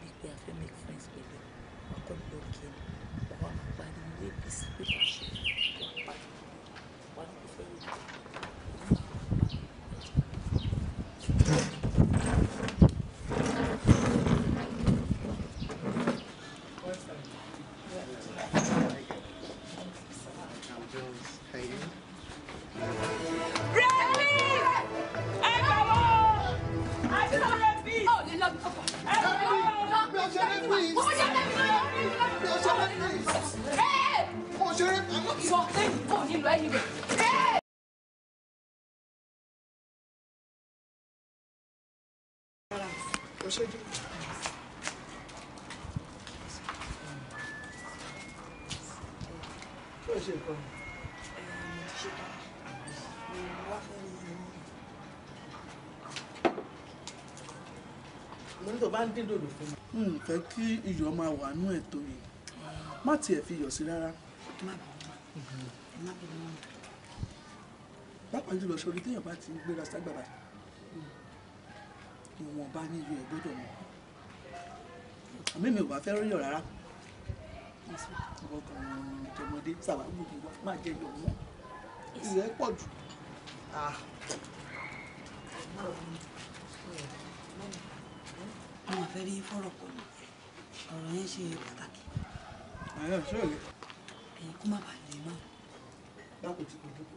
bíi pé a fẹ́ make friends pẹ̀lú wa kọ́ lọ́ọ́ kí ẹni wàá máa pariwo apc pé kò ṣe bá ń dín dòdò fún mi. n fẹ́ kí iyọ̀ máa wà nú ẹ̀ tó yìí má tiẹ̀ fi iyọ̀ sí rárá. bákan jùlọ sórí téèyàn bá ti ń gbéra ságbàrá ìwọ̀nba ní iyọ̀ ẹ̀ gbọ́dọ̀ mọ̀ àmì mi ò bá fẹ́ ríyọ̀ rárá ọmọdé sábà gbogbo wa máa jẹ yọ̀ mọ́ ìyẹn pọ̀ jù. Ah mo fẹ́ rí fọ́rọ̀ pọ̀ ní ọ̀rọ̀ yẹn ṣe pàtàkì. àyà ṣé òye. ẹ̀yin kó má bàa lè mọ́. dákò tí kò dúkò.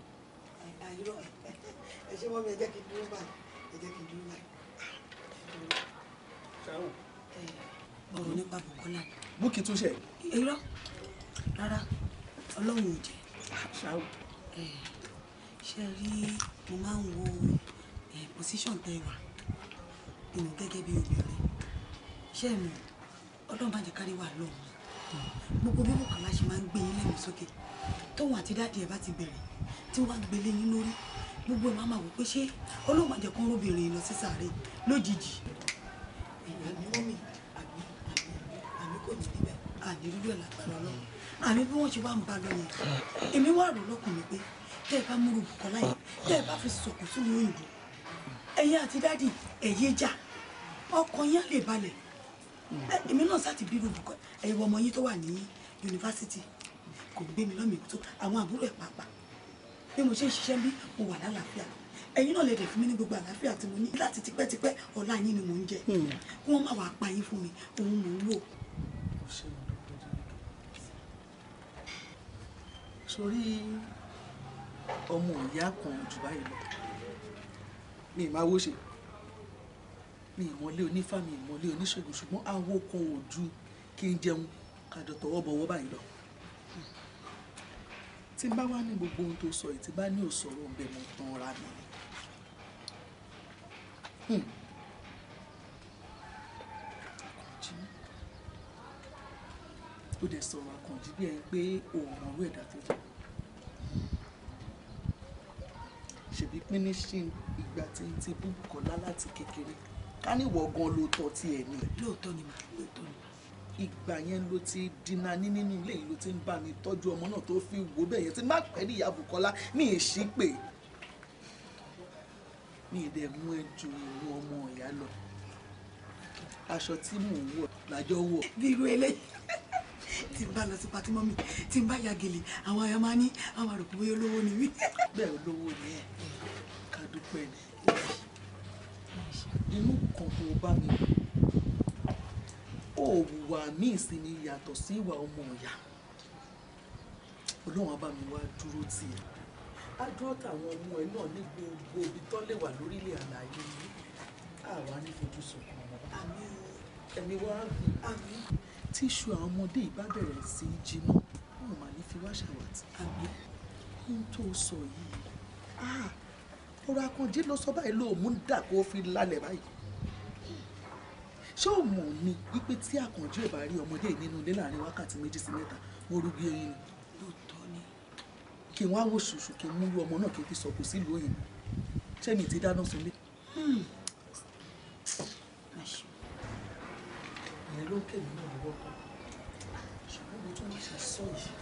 àyọ̀ ẹ ṣé wọ́n mi ẹ jẹ́ kí n dúró báyìí ẹ jẹ́ kí n dúró báyìí. ṣáwọn. ọ̀rọ̀ nípa Bùkọ́lá ni. Búkì tún ṣe. irọ́ rárá ọlọ́run ò jẹ́. ṣáwọn. ṣe rí mo máa ń wo position tẹ́ wà gẹ́gẹ́ bí obìnrin ṣé mi ọlọ́run bá jẹ́ kárí wà lọ́hùn gbogbo bí Bùkọ́lá ṣe máa ń gbé yín lẹ́nu sókè tóun àti dáàdì ẹ̀ bá ti bẹ̀rẹ̀ tí wọ́n á gbélé yín lórí gbogbo ẹ̀ máa máa wò pé ṣé ọlọ́run àjẹ́ kan róbìnrin lọ sí sàárè lójijì àmì mọ́mì àmì àmì àmì kò ní níbẹ̀ àmì rírú ẹ̀ lágbára ọlọ́run àmì bí wọ́n ṣe wá ń ba lọ yẹn èmi wà rò lọ́kùn mi pé tẹ́ ẹ bá múru Bùkọ́lá yẹn tẹ́ ẹ bá fi sọ̀kò sórí òyìnbó ẹ̀yin àti dáàdì ẹ̀yẹ jà ọkọ̀ yẹn lè balẹ̀ Mm. èmi náà sá ti bírú bùkọ́ ẹ̀yẹ̀wò ọmọ yín tó wà ní yunifásitì kò gbé mi lọ́mìí tó àwọn àbúrò ẹ̀ pàápàá bí mo ṣe ń ṣiṣẹ́ bí mo wà lálàáfíà ẹ̀yin náà lè dẹ̀ fún mi ní gbogbo àlàáfíà tí mo ní láti tipẹ́tipẹ́ ọ̀la yín ni mò ń jẹ mm. kí wọ́n má wàá pa yín fún mi òun mò ń wò. sórí ọmọ ìyá kan jù báyìí lọ mi ì máa wó ṣe mi ìmọ̀lé onífà mi ìmọ̀lé oníṣègùn ṣùgbọ́n awo kan ò ju kí n jẹun kájọ tọwọ́ bọ̀wọ́ báyìí lọ. tí n bá wá ní gbogbo ohun tó sọ yìí tí bá ní òsòrò ń bẹ mo tan ra mi. Hmm. ó dẹ̀ sọ̀rọ̀ àkànjí bí ẹni pé òun ọ̀rọ̀ ẹ̀dá tó jẹ́ ṣèbí pínísìn ìgbà tí n ti búbùkọ́lá láti kékeré ká ní ìwọ gan ló tọ́ tí ẹ ní. lóòótọ́ ni mà lóòótọ́ ni mà. ìgbà yẹn ló ti dínà ní nínú ilé yìí ló ti ń bá mi tọ́jú ọmọ náà tó fi wò bẹ́ẹ̀ yẹn ti má pẹ́ ní ìyá Bùkọ́lá ní èsì pé mi ì dẹ̀ mú ẹ ju ìwọ ọmọ ìyá lọ aṣọ tí mò ń wọ̀ lájọ wọ̀. bírú eléyìí tí n bá lọ sí pati mọ́mì tí n bá ya gèlè àwọn àyà máa ní àwọn àròkù bóyá olówó ni mí. bẹ́ẹ̀ olówó ni ẹ ká dúpẹ́ ni inú kan tó bá mi ó wà mí ìsinmi yàtọ̀ sí ìwà ọmọ ọ̀yà ọlọ́run á bá mi wá dúró tì ẹ́ á dúró tàwọn ọmọ ẹ náà ní gbogbo ibi tó lè wà lórílẹ̀ àlàyé àwa ní fojú sọ̀kan ọmọ àmín ẹ̀mí wa àmín tíṣù àwọn ọmọdé ìbá bẹ̀rẹ̀ sí í jiná wọn ò mà ní fi wá ṣàwàtì àmín ohun tó sọ yìí ọ̀rọ̀ akànjí ló sọ báyìí lóò mú dà kó fi lálẹ̀ báyìí ṣé ò mọ̀ ni wípé tí àkànjí ò bá rí ọmọdé yìí nínú ilé láàrin wákàtí méjì sí mẹ́ta wọ́n rúgbí oyin ni kí n wá wò ṣùṣù kí n mú ọmọ náà kí n fi sọ̀kò sílùú òyìnbó sẹ́mi ti dáná sunlé. Hmm. ìyẹn ló ń kẹ́mi náà lọ́wọ́ ṣùgbọ́n mo tún wá ṣe sọ yìí.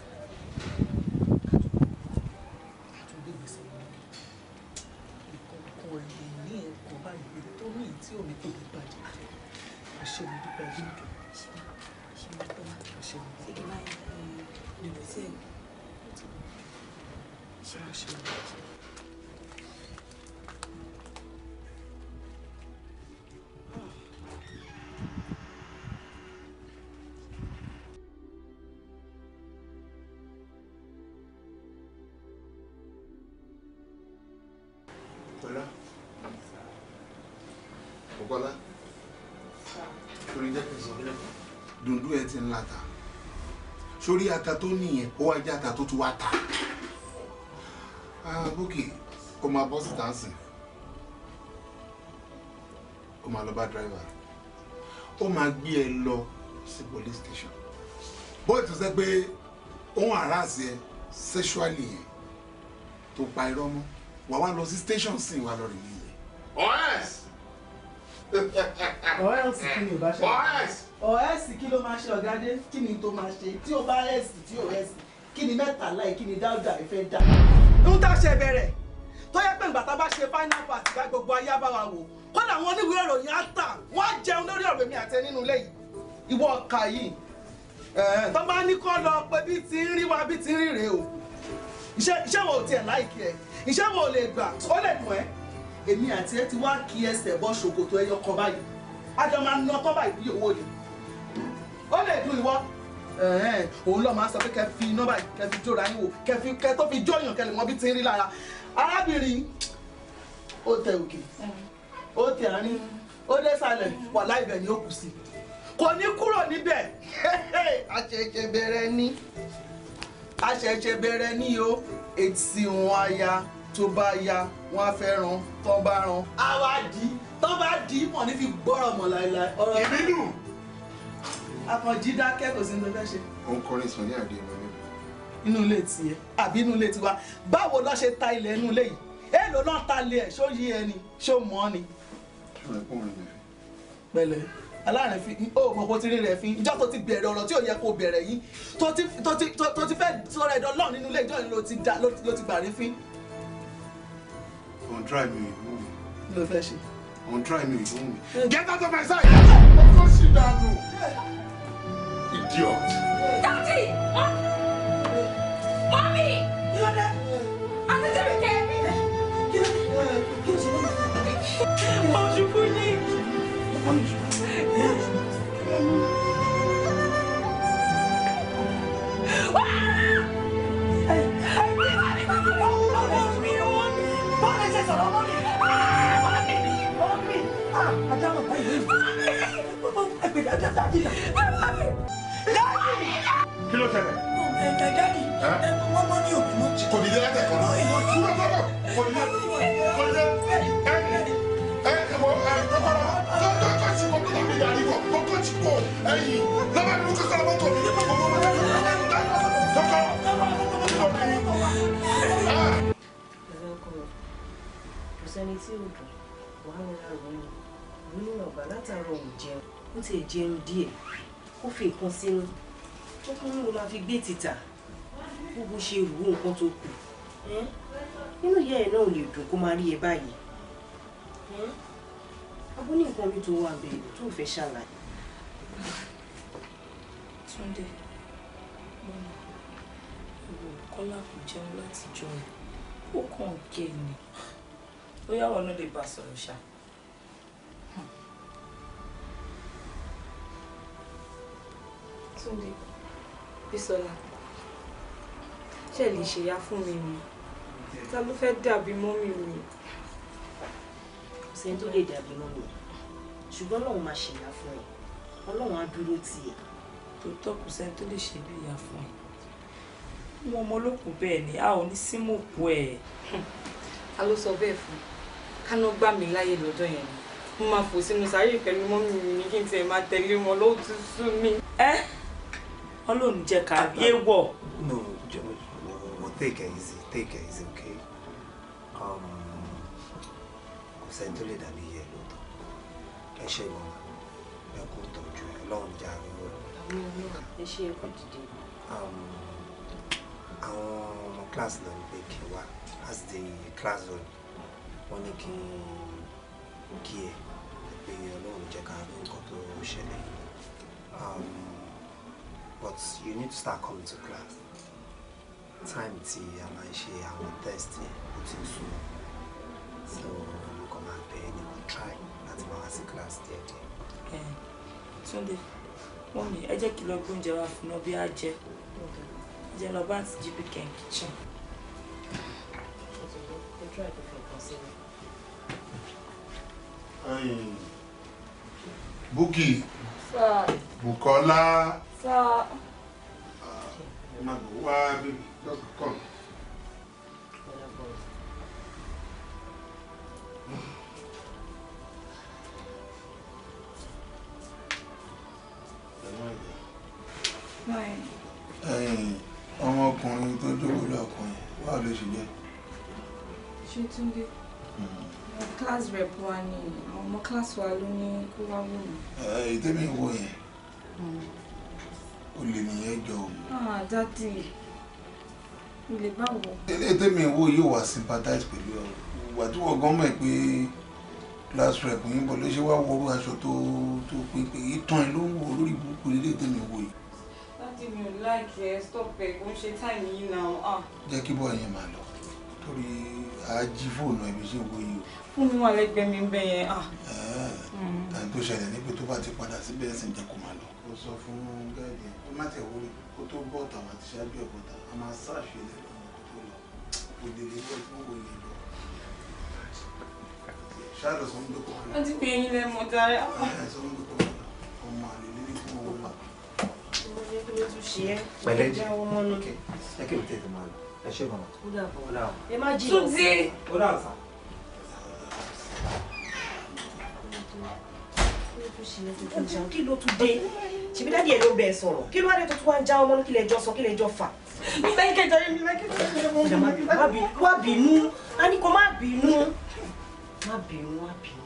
tí ò ní kò ní bàjẹ́ àṣẹ mi dúpẹ́ ayé ìdùn. àṣẹ mi dúpẹ́ àṣẹ mi dúpẹ́ ṣé kí n máa ń lè lọ sí ẹ̀gbọ́n. àṣẹ mi dúpẹ́. Bùkọ́lá torí jẹ́ kí n sọ fún yẹn dùndún ẹ ti ń lata sórí ata tó nìyẹn ó wá jẹ́ ata tó tún wá ta ah, bókè ó máa bọ́ síta sìn ó máa lọ bá dírẹ́fà ó máa gbé ẹ lọ sí police station bó ètò sẹ́ pé òun àràsì ẹ sexually yẹn tó pa irọ́ mọ́ wàá wá lọ sí station sìn wàá lọ rìn nílẹ̀. ọ̀rẹ́ ọ̀ẹ́sì kí ni ò bá ṣe ọ̀ẹ́sì kí ló máa ṣe ọ̀gádé kí ni tó máa ṣe tí o bá ẹ̀sì tí o ẹ̀sì kí ni mẹ́ta láì kí ni dáúdà ìfẹ́ dá. ń tá ṣe bẹ̀rẹ̀ tó yẹ pé ìgbà tá a bá ṣe final party ká gbogbo ayé bá wa wò kódà àwọn oníwèé ìròyìn á tà wọ́n jẹun lórí ọ̀rọ̀ èmi àti nínú ilé yìí ìwọ ọ̀ka yìí tó bá ní kó lọ pé bí ti ń rí wa bí ti ń rí rèé o iṣẹ́ wo ò tiẹ̀ láìkí ẹ̀ iṣẹ́ wo lè gbà ó lè dùn ẹ́ èmi àti ẹ ti wá kí ẹsẹ̀ bọ́ ṣòkòtò ẹyọ kan báyìí àjọ máa ná tọ́ báyìí bí owó yẹn ó lè dùn ìwọ òun lọ́ọ́ máa sọ pé kẹ́ fi iná báyìí kẹ́ fi jóra yín wò kẹ́ fi kẹ́ tó fi jóyàn kẹ́ lè mọ bí ti ń rí lára arábìnrin ó tẹ òkè ó tẹ àárín ó dé sàlẹ̀ wà láìbẹ̀ ni ó kù sí kò ní kúrò níbẹ̀ àṣẹ̀ṣẹ̀ bẹ̀rẹ̀ ni àṣẹ̀ṣẹ̀ bẹ̀rẹ̀ ni o èsì wọn aya tó bá ya wọ́n á fẹ́ ran tán bá ran. a wá di tán bá di mọ̀ ní fi gbọ́rọ̀ mọ̀ láìláì. ọ̀rọ̀ ìbí dùn. akànjí dákẹ́ kò sí ní fẹ́ ṣe. ó ń kọrin sàn ní àdé ìwé mi. inú ilé tiẹ̀ àbí inú ilé tiwa báwo ló ṣe ta ilẹ̀ inú ilé yìí èèlò náà ta ilé ẹ̀ ṣó yí ẹni ṣó mọ́ ni. pẹ̀lẹ́ aláàrin fi ó mọ ti rí rẹ fi ìjọ tó ti bẹ̀rẹ̀ ọ̀rọ̀ tí ò yẹ kó bẹ̀rẹ̀ yìí tó ti fẹ́ sọ̀rọ̀ ẹ̀dọ̀ lọ́ọ̀ nínú ilé ìjọ yìí ló ti gbà rí fín òun try mi ìbú mi. ló fẹ́ ṣe. òun try mi ìbú mi. get out of my sight. you don't know, idiot. Daddy, dadi mami àti tẹ̀mí kẹ́. mo ṣubú ní. Ah! Ah, kí ló ṣẹlẹ̀. ẹ̀ẹ́dà jáde ẹ̀ wọ́n mọ́ ní òbí mọ́. kò dìde látẹ̀kọ́. kò dìde kò dìde. ó ti jẹ irun díẹ̀ ó fi nǹkan sínú ó kún ní mo la fi gbé títà bó bó ṣe rù ú nǹkan tó kù nínú ìyá ẹ̀ náà ò lè dùn kó máa rí ẹ báyìí abó ní nǹkan mi tó wà bẹ́ẹ̀ tó fẹ́ ṣàlàyé. Túndé mọ́nà ìwọ Kọ́lá kò jẹun láti jọ ẹ̀ ó kàn gé ni bóyá wọn ló lè bá sọ̀rọ̀ ṣáà. Túndé, Bísọ́lá, ṣé ẹ lè ṣèyá fún mi ni? Ta ló fẹ́ dàbí mọ́mì mi? Kò sẹ́ni tó lè dàbí mọ́mì. Ṣùgbọ́n Ọlọ́run máa ṣèyá fún ẹ. Ọlọ́run á dúró tì ẹ́. Tòótọ́ kò sẹ́ni tó lè ṣe ìyá fún ẹ. Wọ́n ọmọ olókùn bẹ́ẹ̀ ni, a ò ní símù òkú ẹ̀. A ló sọ bẹ́ẹ̀ fún. Káná gbà mí láyè lọ́dọ̀ yẹn ni. Mo máa fò sínú sàárè pẹ̀lú mọ́mì mi ní kí n tiẹ̀ máa tẹ̀lé wọn lóòtú sú mi. Ẹ́ ọlọ́run jẹ́ ká yé wọ̀. no mo take it easy take it easy okay um, kò sẹ́ni tó lè dàbí iye lóòótọ́ ẹ ṣe ìwọ̀n ẹ kó tọ́jú ẹ lọ́run já ẹ wọ̀. ẹ ṣe é kó dìde. Um, àwọn ọmọ kíláàsì náà ń gbé kí wá as the class run wọ́n ní kí kí ẹ pé ọlọ́run jẹ́ ká rí nǹkan tó ṣẹlẹ̀. Um, but you need to start coming to class. Time tí I'm máa ń ṣe àwọn test yẹn So mo kàn máa bẹ̀ ẹ́ ni try láti máa wá class díẹ̀ díẹ̀. Ẹ Túndé, wọ́n mi, ẹ jẹ́ kí lọ No wá fún ọ bí á jẹ. Jẹ lọ bá ti jí bí kẹ̀ kitchen. Bukola. So. Uh, Mago, why did just come? ọmọkùnrin tó jókòó lọ́kùnrin wà ló ṣe jẹ́. ṣétúndé hmm. class rep wa ni àwọn ọmọ class wa ló ní kó wá wò mí. èyí tẹ́mi ń wo yẹn. Hmm olè nìyẹn jọ o. ah dadi olè báwo. ilé tèmi ìwọ yóò wá sympathize pẹ̀lú ọ ìwà tí wọ́n gan mọ̀ pé class rep yín bọ̀ ló ṣe wá wọrú aṣọ tó tó pé pé ìtàn ẹ̀ ló ń wọ lórí burúkú ilé tèmi ìwọ yìí. dadi mi ò láìkí ẹ stop ẹ kó ń ṣe táìmì yìí náà. Ah. jẹ́ kí bọ́ọ̀ yẹn máa lọ torí àájí fóònù ẹ̀mí ṣe wọ yìí o. fóònù wà lẹ́gbẹ̀ẹ́ mi ń bẹ yẹn. Ah. Hmm. tàbí tó ṣẹlẹ̀ ní pé tó bá ti padà síbẹ̀ ẹ̀sìn jẹ́ kó máa lọ. ó sọ fún gáàdì má tẹ̀ wórí kó tó bọ̀ tàwọn àti ṣáájú ẹ̀ a máa sáàṣì ilẹ̀ lọ́wọ́ kó tó lọ òde lè wọ́n tí wọ́n lè lọ. ṣáàlù sọ ń dókòwò náà. wọ́n ti pè é yín lẹ́mọ̀ dára. sọ ń dókòwò náà ọmọ àlè lé fún owó náà. pẹ̀lẹ́ jẹ́ ẹ kí n tètè ẹ ṣe mọ̀. ẹ má jí lọ. túnjí. ó dà sá. kí tún ṣèbí dádì ẹ̀ ló bẹ̀ sọ̀rọ̀ kí ló wá dé tó tún wá ń já ọmọ ní kí lè jọ sọ kí lè jọ fà. mi máa ń kẹjọ mi máa ń kẹjọ mi. wá bínú a ní kó má bínú má bínú má bínú.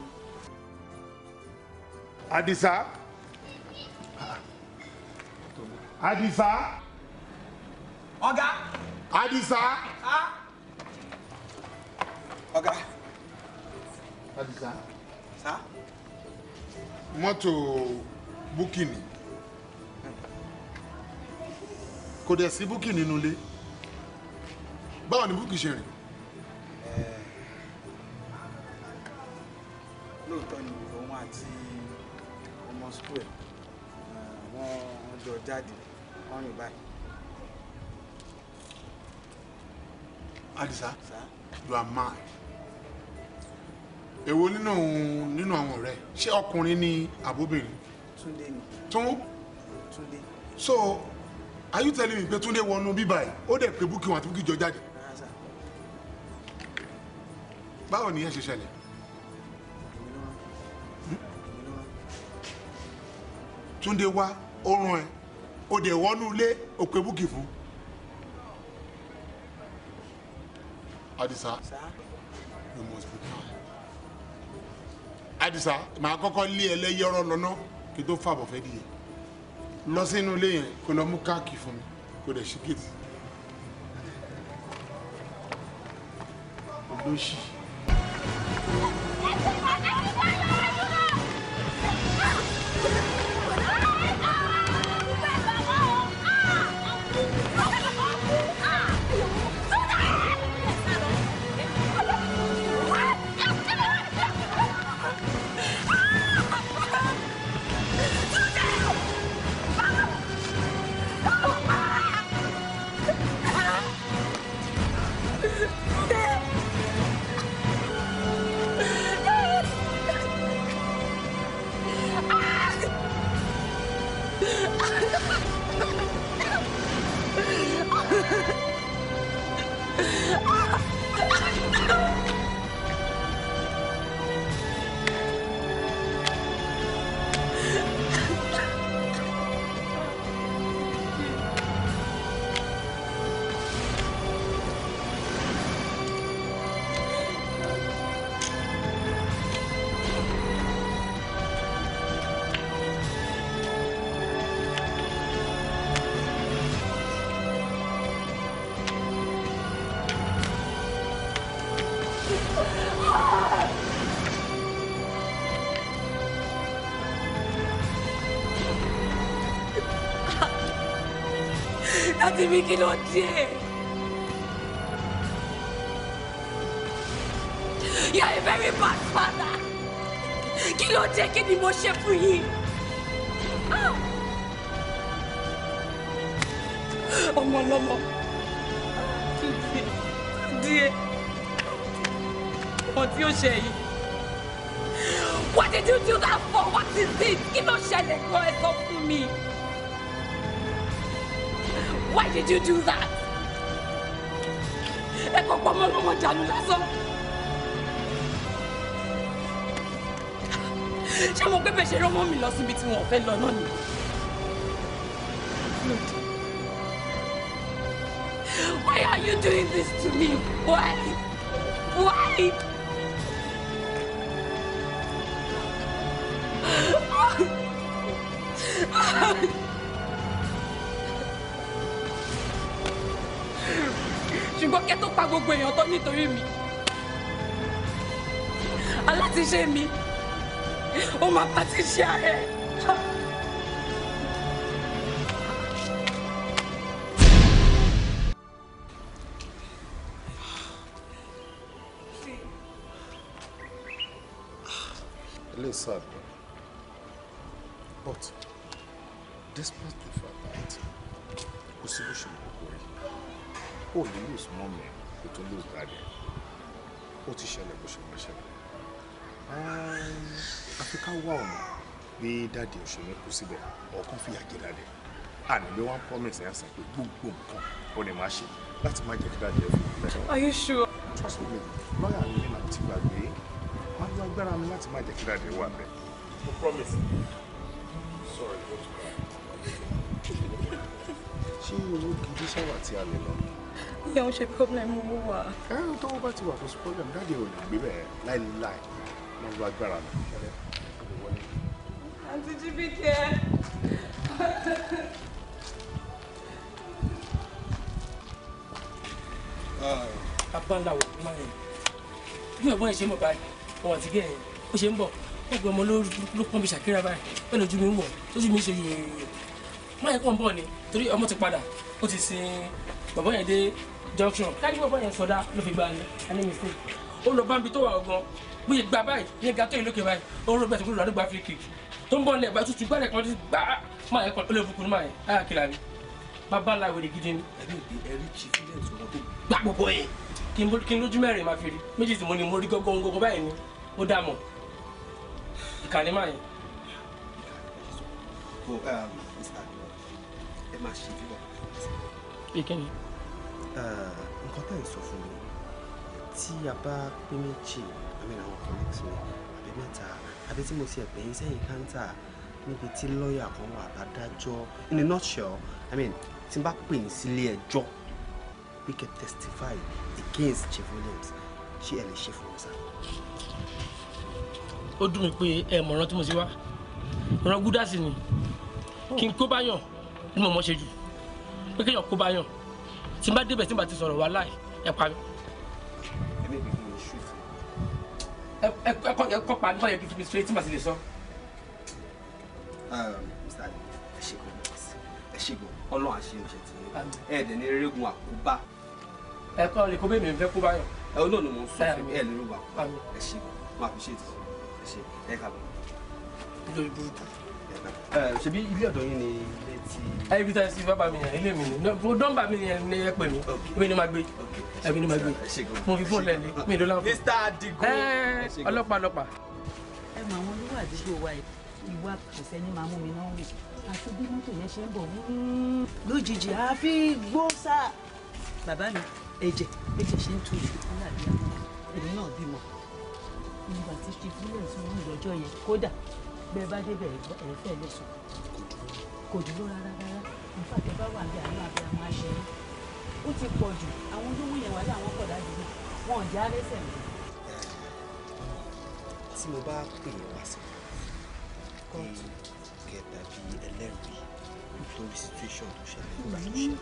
Àdìsá Àdìsá. ọ̀gá. Àdìsá. ọ̀gá. Àdìsá. mọ́tò búkìnì. kò dẹ̀ sí búkì nínú ilé báwo ni búkì ṣe rìn. Eh, lóòótọ́ ni òun àti ọmọ sukú ẹ̀ eh, wọ́n jọ jáde wọ́n báyìí. Adisa you are mad èwo nínú nínú àwọn ọ̀rẹ́ ṣé ọkùnrin ni àbóbìnrin. Túndé ni. tún. Túndé. so are you telling me pé Túndé wọnú bíbá yìí ó dẹ̀ pé Búkì wọn àti Búkì jọ jáde báwo ni ìyẹn ṣe ṣẹlẹ̀. Túndé wá ó rán ẹ ó dẹ̀ wọnú ilé ó pé Búkì fún. Adisa you must be calm. Adisa màá kọ́kọ́ lé ẹlẹ́yẹ ọ̀rọ̀ lọ́nà kí n tó fàbọ̀ fẹ́ di yẹn lọ sínú ilé yẹn kó lọ mú káàkì fún mi kó dẹ̀ ṣíkìtì. olóṣì. mi kí ló dé. You are a very bad father. Kí ló dé kí ni mo ṣe fún yín? Ọmọ lọ́mọ. Díẹ̀. Ọtí ó ṣe yìí. What did you do that for? What is this? Kí ló ṣẹlẹ̀ gan ẹ sọ fún mi? Why did you do that? Ẹ kò pọ̀ mọ́ lọ́mọ dànù lásán. Ṣé mo pé bẹ́ẹ̀ ṣe rán mi lọ síbi tí wọ́n fẹ́ lọ náà ni? Why are you doing this to me? Why? Why? gbogbo èèyàn tó nítorí mi alátiṣe mi ó máa bá ti ṣe ààrẹ. Listen. wà ọ̀nà pé dáàdi òṣèré kú síbẹ̀ ọ̀kan fìyà jẹ dáadẹ́ àná bí wọ́n promise ẹ̀ sàn pé gbogbo nǹkan ó lè má ṣe láti má jẹ́ kí dáàdi ẹ̀ ìpínlẹ̀ are you sure. trust me lọ́yà mi ní màá ti gbàgbé wọ́n á gbára mi láti má jẹ́ kí dáàdi wà bẹ́ẹ̀. mo promise sorry go to cry. ṣé owó gidi ṣáwà tí a lè lọ. ìyá ò ṣe problem owó wa. ẹ tó bá ti wà fún problem dáàdi ò lè gbé bẹ́ẹ̀ láìláì wọ́n lọ agbára mi. Àǹtí Jíbíkẹ́. Abáńláwọ̀ máa yẹn. Bí ọ̀gbọ́n ẹ̀ ṣe mọ̀ báyìí, ọ̀wọ̀ àti gẹ̀ẹ́ ó ṣe ń bọ̀. Ó gbé ọmọ ló pọ́n mi ṣàkíra báyìí. Bẹ́ẹ̀ lójú mi ń wọ̀, lójú mi ń ṣe yòòyò. Máyẹ̀ kàn ń bọ̀ ni, torí ọmọ ti padà, ó ti sin bàbá yẹn dé junction. Káyọ̀ bàbá yẹn sọdá ló fi gbá ni, ẹni mi sìn. Ó lọ bá ń bi tó wà ọ̀gbọ́n. Bí ìgbà báyìí, ní gàtọ́ ìlókè báyìí, ó rọ bẹ́ẹ̀ tó kúrò lọ́dún gbá free kick tó ń bọ̀ lẹ̀ bá tutù gbàdẹ̀ kan ti gbà máa yẹ kọ́ ó lè fukun máa yẹ á kìlà mi bàbá la wèrè gidi ni. ẹbí òde ẹrí ti fílẹ̀ tó wọn tó gbà gbogbo yẹn. kí n lójú mẹ́rin máa fi rí méjì tí mo ní mo rí gọ́gọ́ ngọ́gọ́ báyìí ni ó dà mọ̀ ìkànnì máa yẹ. Um, ẹ máa ṣe bí wọn. ìkíni. Uh, nǹkan tá à ń sọ fún mi tí a bá pé méjì àmì àwọn kọ́lẹ́tì àbí tí mo ti ẹ̀pẹ́ yín sẹ́yìn káńtà níbi tí lọ́ọ̀yà kan wà àbádájọ́ in a nutshell i mean tí n bá pè yín sílé ẹjọ́ we can testify against Chief Williams ṣé ẹ lè ṣe fún mi sá. ó dùn mí pé ẹ mọ̀ràn tí mo ti wá ọ̀rọ̀ gúdásì ni kí n kó báyọ̀ ni mo mọ̀ ṣe jù pé kéèyàn kó báyọ̀ tí n bá débẹ̀ tí n bá ti sọ̀rọ̀ wá láì ẹ̀ pa mi ẹ kọ́ pa nípa yẹ kí fi straight é, lè sọ. mr um, ali ẹ ṣe kò ẹ ṣe kò ọlọ́run àṣẹ òṣè tí ẹ ẹ̀dẹ̀ ní erégun àkóbá. ẹ kọ́ lè kó bẹ́ẹ̀ mi ń fẹ́ kó báyọ̀. ẹ o náà ni mò ń sọ fún mi ẹ lérò wà ẹ ṣe kò máa fi ṣe ètò ẹ ṣe ẹ káàbọ̀. lórí burúkú ṣebí ilé ọ̀dọ̀ yín ni ilé ti. ẹbí tá a sì bábà mi yàn ilé mi ni nọ́mbà mi yẹn ni ẹ pè mí èmi ni màá gbé èmi ni màá gbé mo fi fóònù lẹ́lẹ̀ mi ìdó láǹfọ̀. Mr. Adigun ọlọ́pàá ọlọ́pàá. ẹ mọ àwọn olówó àdúgbò wa ìwà kòsẹ́ ni màá mú mi náà rè àti bí mọ́tò yẹn ṣe ń bọ̀ lójijì àfi gbó sá. bàbá mi ẹ̀jẹ̀ ẹ̀jẹ̀ ṣe ń tu ìdíkùn láàbí àwọn èmi náà bímọ ìgbà tí ṣe fúlẹ̀ sún lọ́jọ́ yẹn kódà bẹ́ẹ̀ bá débẹ̀ ẹ̀ fẹ́ lè sùn kò dúró rárá rárá nípa tẹ bá wà bí àánú abẹ́ àmọ́ àṣẹ rẹ ó ti pọ̀ jù àwọn olówó yẹn wà láwọn kọ̀dá dúró wọn ò já lẹ́sẹ̀ mi. tí mo bá pè é wá sí kóòtù kẹta bíi ẹlẹ́rìí nítorí situation tó ṣẹlẹ̀ nígbà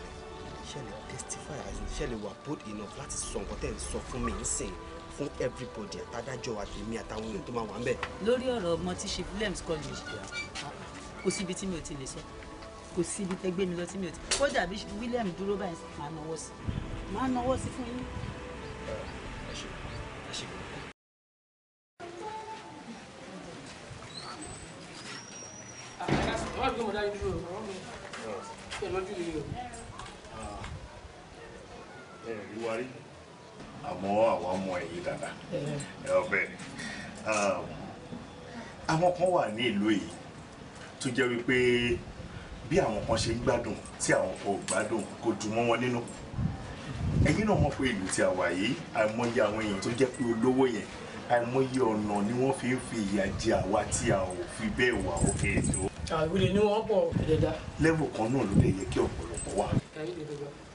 tó ṣẹlẹ̀ ṣẹlẹ̀ testify ṣẹlẹ̀ wà bold enough láti sọ nǹkan tẹ̀ ń sọ fún mi nísìnyí fún everybody àtàdájọ́ àtẹ̀mí àtàwọn èèyàn tó máa wà ń bẹ̀. lórí ọ̀rọ̀ ọmọ tí ṣe films college kò síbi tí mi ò ti lè sọ kò síbi tẹ gbé mi lọ tí mi ò ti kó dàbí William dúró báyìí máa nawọ́ sí máa nawọ́ sí fún yín. ẹ ẹ rí wa rí àmọ́ àwọn ọmọ ẹ̀yìn dáadáa eh. ọbẹ̀ um, àwọn kan wà ní ìlú yìí tó jẹ́ wípé bí àwọn kan ṣe ń gbádùn tí àwọn kan ò gbádùn kò dùn mọ́ wọn nínú ẹ̀yin náà mọ̀ pé ìlú tí a wà yìí àìmọye àwọn èèyàn tó jẹ́ pé olówó yẹn àìmọye ọ̀nà ni wọ́n fi ń fi ìyà jẹ àwa tí a ò fi bẹ́ẹ̀ wà òkè ètò. àwìlì ni wọ́n pọ̀ ẹ̀dẹ̀dá. lẹ́wọ̀n kan náà ló lè yẹ kí ọ̀pọ̀lọpọ̀ wà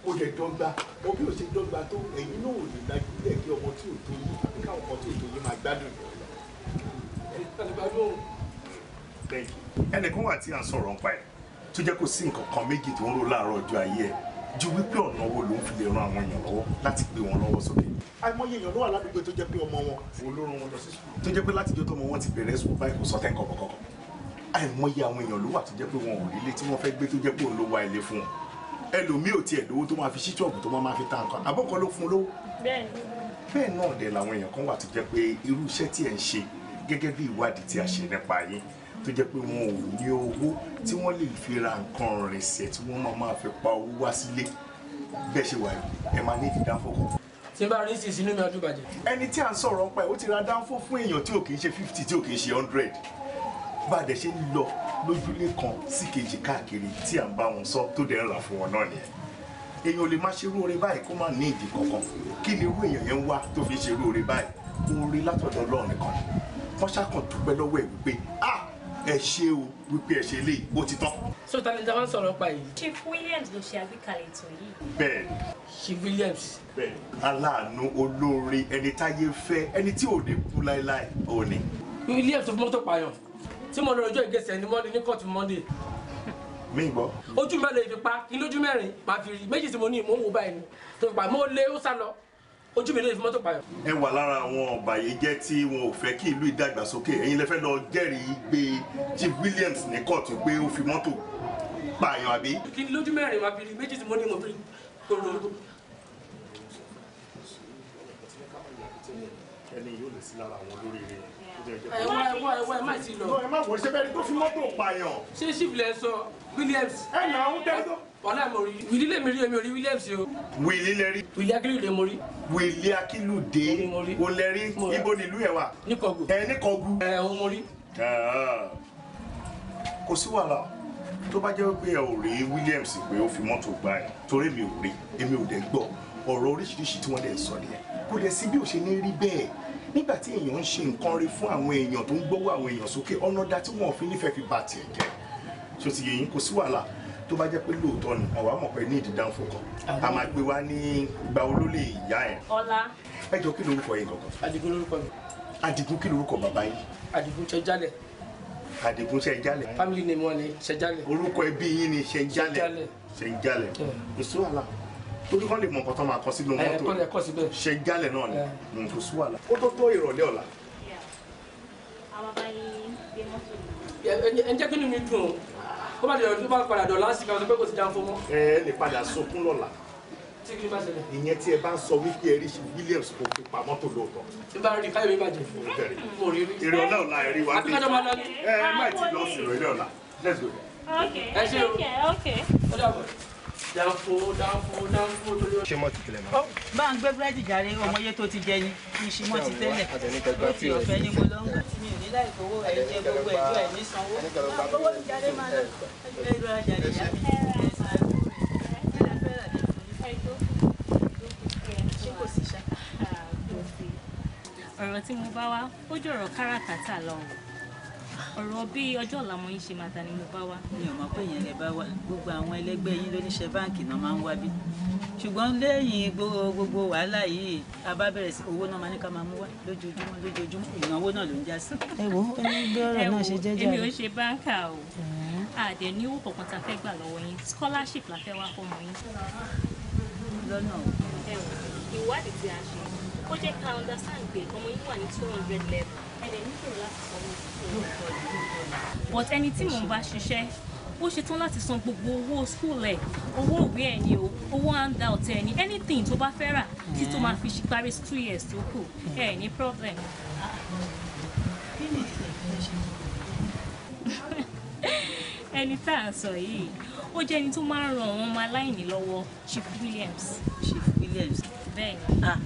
ó lè dọ́gba ó bí ó ṣe dọ́gba tó ẹ̀yin náà ò lè dájú lẹ̀ kí ọmọ tí ò tó yín àbí káwọn ọmọ tí ò tó yín máa gbádùn yìí ẹnìkan wà tí à ń sọ̀rọ̀ nípa ẹ̀ tó jẹ́ kó sí nǹkan kan méjì tó ń rò láàárọ̀ ọjọ́ ayé ẹ̀ ju wípé ọ̀nà wo ló ń fi lè ran àwọn èèyàn lọ́wọ́ láti gbé wọn lọ́wọ́ sókè. àìmọye èèyàn ló wà ládùúgbò tó jẹ́ pé ọmọ wọn olórun wọn lọ sí sùkúl. tó jẹ́ pé látijọ́ tọmọ wọn ti bẹ̀rẹ̀ sùkúl báyìí kò sọ tẹ́ ń kọ̀kọ̀kọ̀kọ̀. àìmọye àwọn èèyàn ló wà tó jẹ́ pé wọn ò rí ilé tí wọ́n fẹ́ gbé tó jẹ́ pé òun ló wá ilé fún wọn ẹlòmíì ò tiẹ̀ lówó tó máa fi ṣíṣọ́ọ̀bù tó máa fi ta nǹkan àbọ̀kọ́ ló fún lówó. bẹ́ẹ̀ náà dẹ̀ làwọn èèyàn kan wà tó jẹ́ pé irú iṣẹ́ tí ẹ̀ ń ṣe gẹ́gẹ́ bí ìwádìí tí a ṣe nípa yín tó jẹ́ pé wọn ò ní owó tí wọ́n lè fi ra nǹkan rìnsẹ̀ tí wọ́n máa máa fi pa owó wá sílé bẹ́ẹ̀ ṣe wà ẹ̀ máa ní ìdídáfọ́kọ̀ tí n bá rí sísí inú mi ọdún bàjẹ́. ẹni tí à ń sọ̀rọ̀ ń ó ti ra dánfó fún èèyàn tí ò kì í ṣe fifty tí ò kì í ṣe hundred bá a dẹ̀ ṣe ń lọ lójúlé kan sí kejì káàkiri tí à ń bá wọn sọ tó dẹ̀ ń rà fún wọn náà nìyẹn èèyàn ò lè máa ṣerú oore báyìí kó má ní ìdí kankan kí ni irú èèyàn yẹn ń wá tó fi ṣerú oore báyìí oore látọ̀dọ̀ Ọlọ́run nìkan ni wọ́n dúpẹ́ lọ́wọ́ ẹ̀ wípé ah ẹ ṣe o wípé ẹ ṣe eléyìí ó ti tán. so ta ni ta máa ń sọ̀rọ̀ pa yìí. chief williams ló ṣe àgbékalẹ̀ ètò yìí. bẹ́ẹ̀ni. chief williams. bẹ́ẹ̀ni aláàánú olóore ẹni táyé fẹ́ ẹni tí ò ní kú láéláé òní. williams tó fi mọ́tò pààyàn tí mo lọ rojọ́ ìgbésẹ̀ ní monday ní kóòtù monday. mi gbọ́. ojú mẹ́rin lè fi pa kí lójú mẹ́rin màá fi rí méjì tí mo ní ìmọ̀ òwò báyìí ni tó fi pa mo lé ó sá lọ ojú mi lè fi mọ́tò payọ̀. ẹ wà lára àwọn ọ̀bàyéjẹ́ tí wọn ò fẹ́ kí ìlú ìdàgbàsókè ẹ̀yin lè fẹ́ lọ jẹ́rìí gbé Chief Williams ní kóòtù pé ó fi mọ́tò pààyàn àbí. kí lójú mẹ́rin màá fi rí méjì tí mo ní ìmọ̀ fi rí ẹni yóò lè sí lára àwọn olóríire yẹn ẹwà ẹwà ẹwà ẹ má ti lọ. ẹ má wọ ṣe bẹ́ẹ̀ tó fi mọ́tò pààyàn. ṣé ṣìfìlẹ̀ sọ Williams. ẹ nà ń dẹ́gbọ́. ọ̀la mo rí wìlí lèmi rí èmi ò rí Williams o. wìlí lẹ rí. wìlí akílùdé mo rí. wìlí akílùdé o lẹ rí ibo nílùú ẹ wà. ní kọgù. ẹ ní kọgù. ẹ o mo rí. kò sí wàhálà tó bá jẹ́ pé ẹ ò rí Williams pé ó fi mọ́tò gbà ẹ̀ torí mi ò rí èmi ò dẹ̀ gbọ́ ọ̀rọ̀ oríṣiríṣi tí wọ́n dẹ̀ sọ nìyẹn kò dẹ̀ sí bí ò ṣe ní rí bẹ́ẹ̀ nígbà tí èèyàn ń ṣe nǹkan rí fún àwọn èèyàn tó ń gbówó àwọn èèyàn sókè ọ̀nà dá tí wọ́n fi nífẹ̀ẹ́ fi bà tiẹ̀ jẹ́ so ti yẹ̀yìn kò sí wàhálà tó bá jẹ́ pé lóòótọ́ ni àwa mọ̀ pé ní ìdídánfò kan a máa gbé wá ní gba olólè ìyá ẹ̀. ọlá. ẹ jọ kí lorúkọ yín gangan. Adigun lorúkọ mi. Adigun kí lorúkọ bàbá yín. Adigun Ṣẹ̀jálẹ̀. Adigun Ṣẹ̀jálẹ̀. family name wọn ni Ṣẹ̀jálẹ̀. orúkọ ẹbí yín ni Ṣẹ̀jálẹ̀. Ṣẹ̀jálẹ̀. Ṣẹ̀jálẹ̀. kò sí wàhálà torí kán lè mọ nǹkan tó máa kọ sínú mọ́tò ṣe jálẹ̀ náà ni nǹkan sí wàhálà ó tó tó ìrọ̀lẹ́ ọ̀la. ẹ jẹ́ kí ni mi dùn kó má dé ọdún bá padà dọ̀ lásìkò àwọn tó pé kò ti dáhùn fún mọ́. ẹ ẹ lè padà sọkún lọ́la ìyẹn tí ẹ bá ń sọ wípé ẹ rí Williams kò fi pa mọ́tò lóòótọ́. tí bá rí káyọ̀ mi bàjẹ́ fún un. èrè ọ̀la ọ̀la ẹ̀rí wa bí ẹ ẹ má ti lọ sí ìrọ̀lẹ́ ọ̀la let's go. ok ẹ ṣe o ok ó dàbọ̀ dáńfó dáńfó dáńfó lórí. ṣé ti tilẹ̀ mọ́. bá ń gbé búrẹ́dì jàre ọmọ iye tó ti jẹ ni kì í ti tẹ́lẹ̀ ó ti ọ̀fẹ́ ní mo lọ́ngà mi ò ní láì gbowó ẹ̀ jẹ gbogbo ẹ̀jọ́ ẹ̀ ní sanwó. owó jàre máa lọ ẹ lọ jàre jàre. ọ̀rọ̀ tí mo bá wá ó jọ̀rọ̀ káràkátà lọ́wọ́ ọ̀rọ̀ bí ọjọ́ ọ̀la mo ń ṣe màtà ni mo bá wá. mi ò mọ̀ pé ìyẹn lè bá wá gbogbo àwọn ẹlẹgbẹ́ yín lóníṣẹ́ báǹkì náà máa ń wá bí ṣùgbọ́n lẹ́yìn gbogbo wàhálà yìí a bá bẹ̀rẹ̀ sí owó náà máa ní ká máa mú wá lójoojúmọ́ lójoojúmọ́ ìnáwó náà ló ń já sí. ẹ wo bí ọ̀rọ̀ náà ṣe jẹ́jà èmi ò ṣe báǹkà o àdẹ mm-hmm. ní owó kọ̀ọ̀kan tá a fẹ́ gbà lọ́wọ́ yín scholarship la fẹ́ wá fọmọ yín. lọ́nà ìwádìí tí a ṣe ó jẹ́ ká understand pé ọmọ yín wà ní two hundred level ẹ̀dẹ̀ but ẹni tí mò ń bá ṣiṣẹ́ ó ṣetán láti san gbogbo owó school ẹ̀ owó ìwé ẹ̀ ni o owó handout ẹ̀ ni anything tó bá fẹ́ rà tí tó máa fi parí two years tó kù ẹ̀ ní problem. ẹni tá à ń sọ yìí ó jẹ́ ẹni tó máa ń ran àwọn ọmọ aláìní lọ́wọ́ Chief Williams. Chief Williams. bẹ́ẹ̀ ni. ah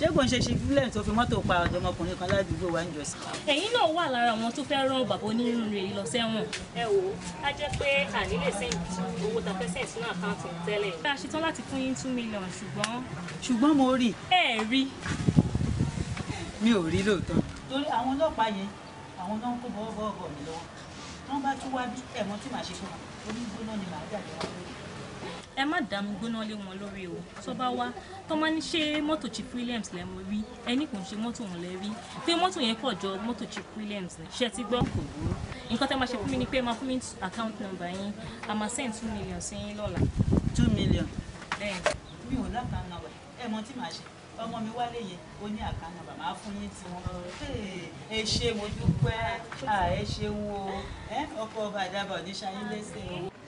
ṣé kò ń ṣe ṣe fúlẹ̀ tó fi mọ́tò pa ọ̀dọ́mọkùnrin kan ládùúgbò wa ń jọ sí. ẹ̀yin náà wà lára àwọn tó fẹ́ rán bàbá onírúurú èyí lọ sẹ́wọ̀n. ẹ wò á jẹ́ pé àní lè sẹ́yìn owó ta fẹ́ sẹ́yìn sínú àkáǹtì tẹ́lẹ̀. a ṣetán láti fún yín two million ṣùgbọ́n. ṣùgbọ́n mo rí. ẹ rí. mi ò rí lóòótọ́. torí àwọn ọlọ́pàá yẹn àwọn náà ń kó bọ́ọ̀bọ́ọ̀bọ̀ mi lọ́wọ́ ẹ má dààmú gbóná lé wọn lórí o tó bá wá tó máa ń ṣe mọ́tò Chief Williams lẹ́ mo rí ẹni kò ń ṣe mọ́tò wọn lẹ́ rí pé mọ́tò yẹn kọ̀ jọ mọ́tò Chief Williams ṣe ti gbọ́ kò wúrọ́ nǹkan tẹ́ máa ṣe fún mi ni pé máa fún mi account number yín a máa send two million sí yín lọ́la. two million. bẹ́ẹ̀ mi ò lákàá náà ẹ̀ mọ tí màá ṣe ọmọ mi wálé yẹn ó ní àkànnà bàbá fún yín tí wọn ẹ ṣe mo dúpẹ́ ẹ ṣe wo ọkọ ọba àdàbà oníṣàyín lẹ́sẹ̀ o.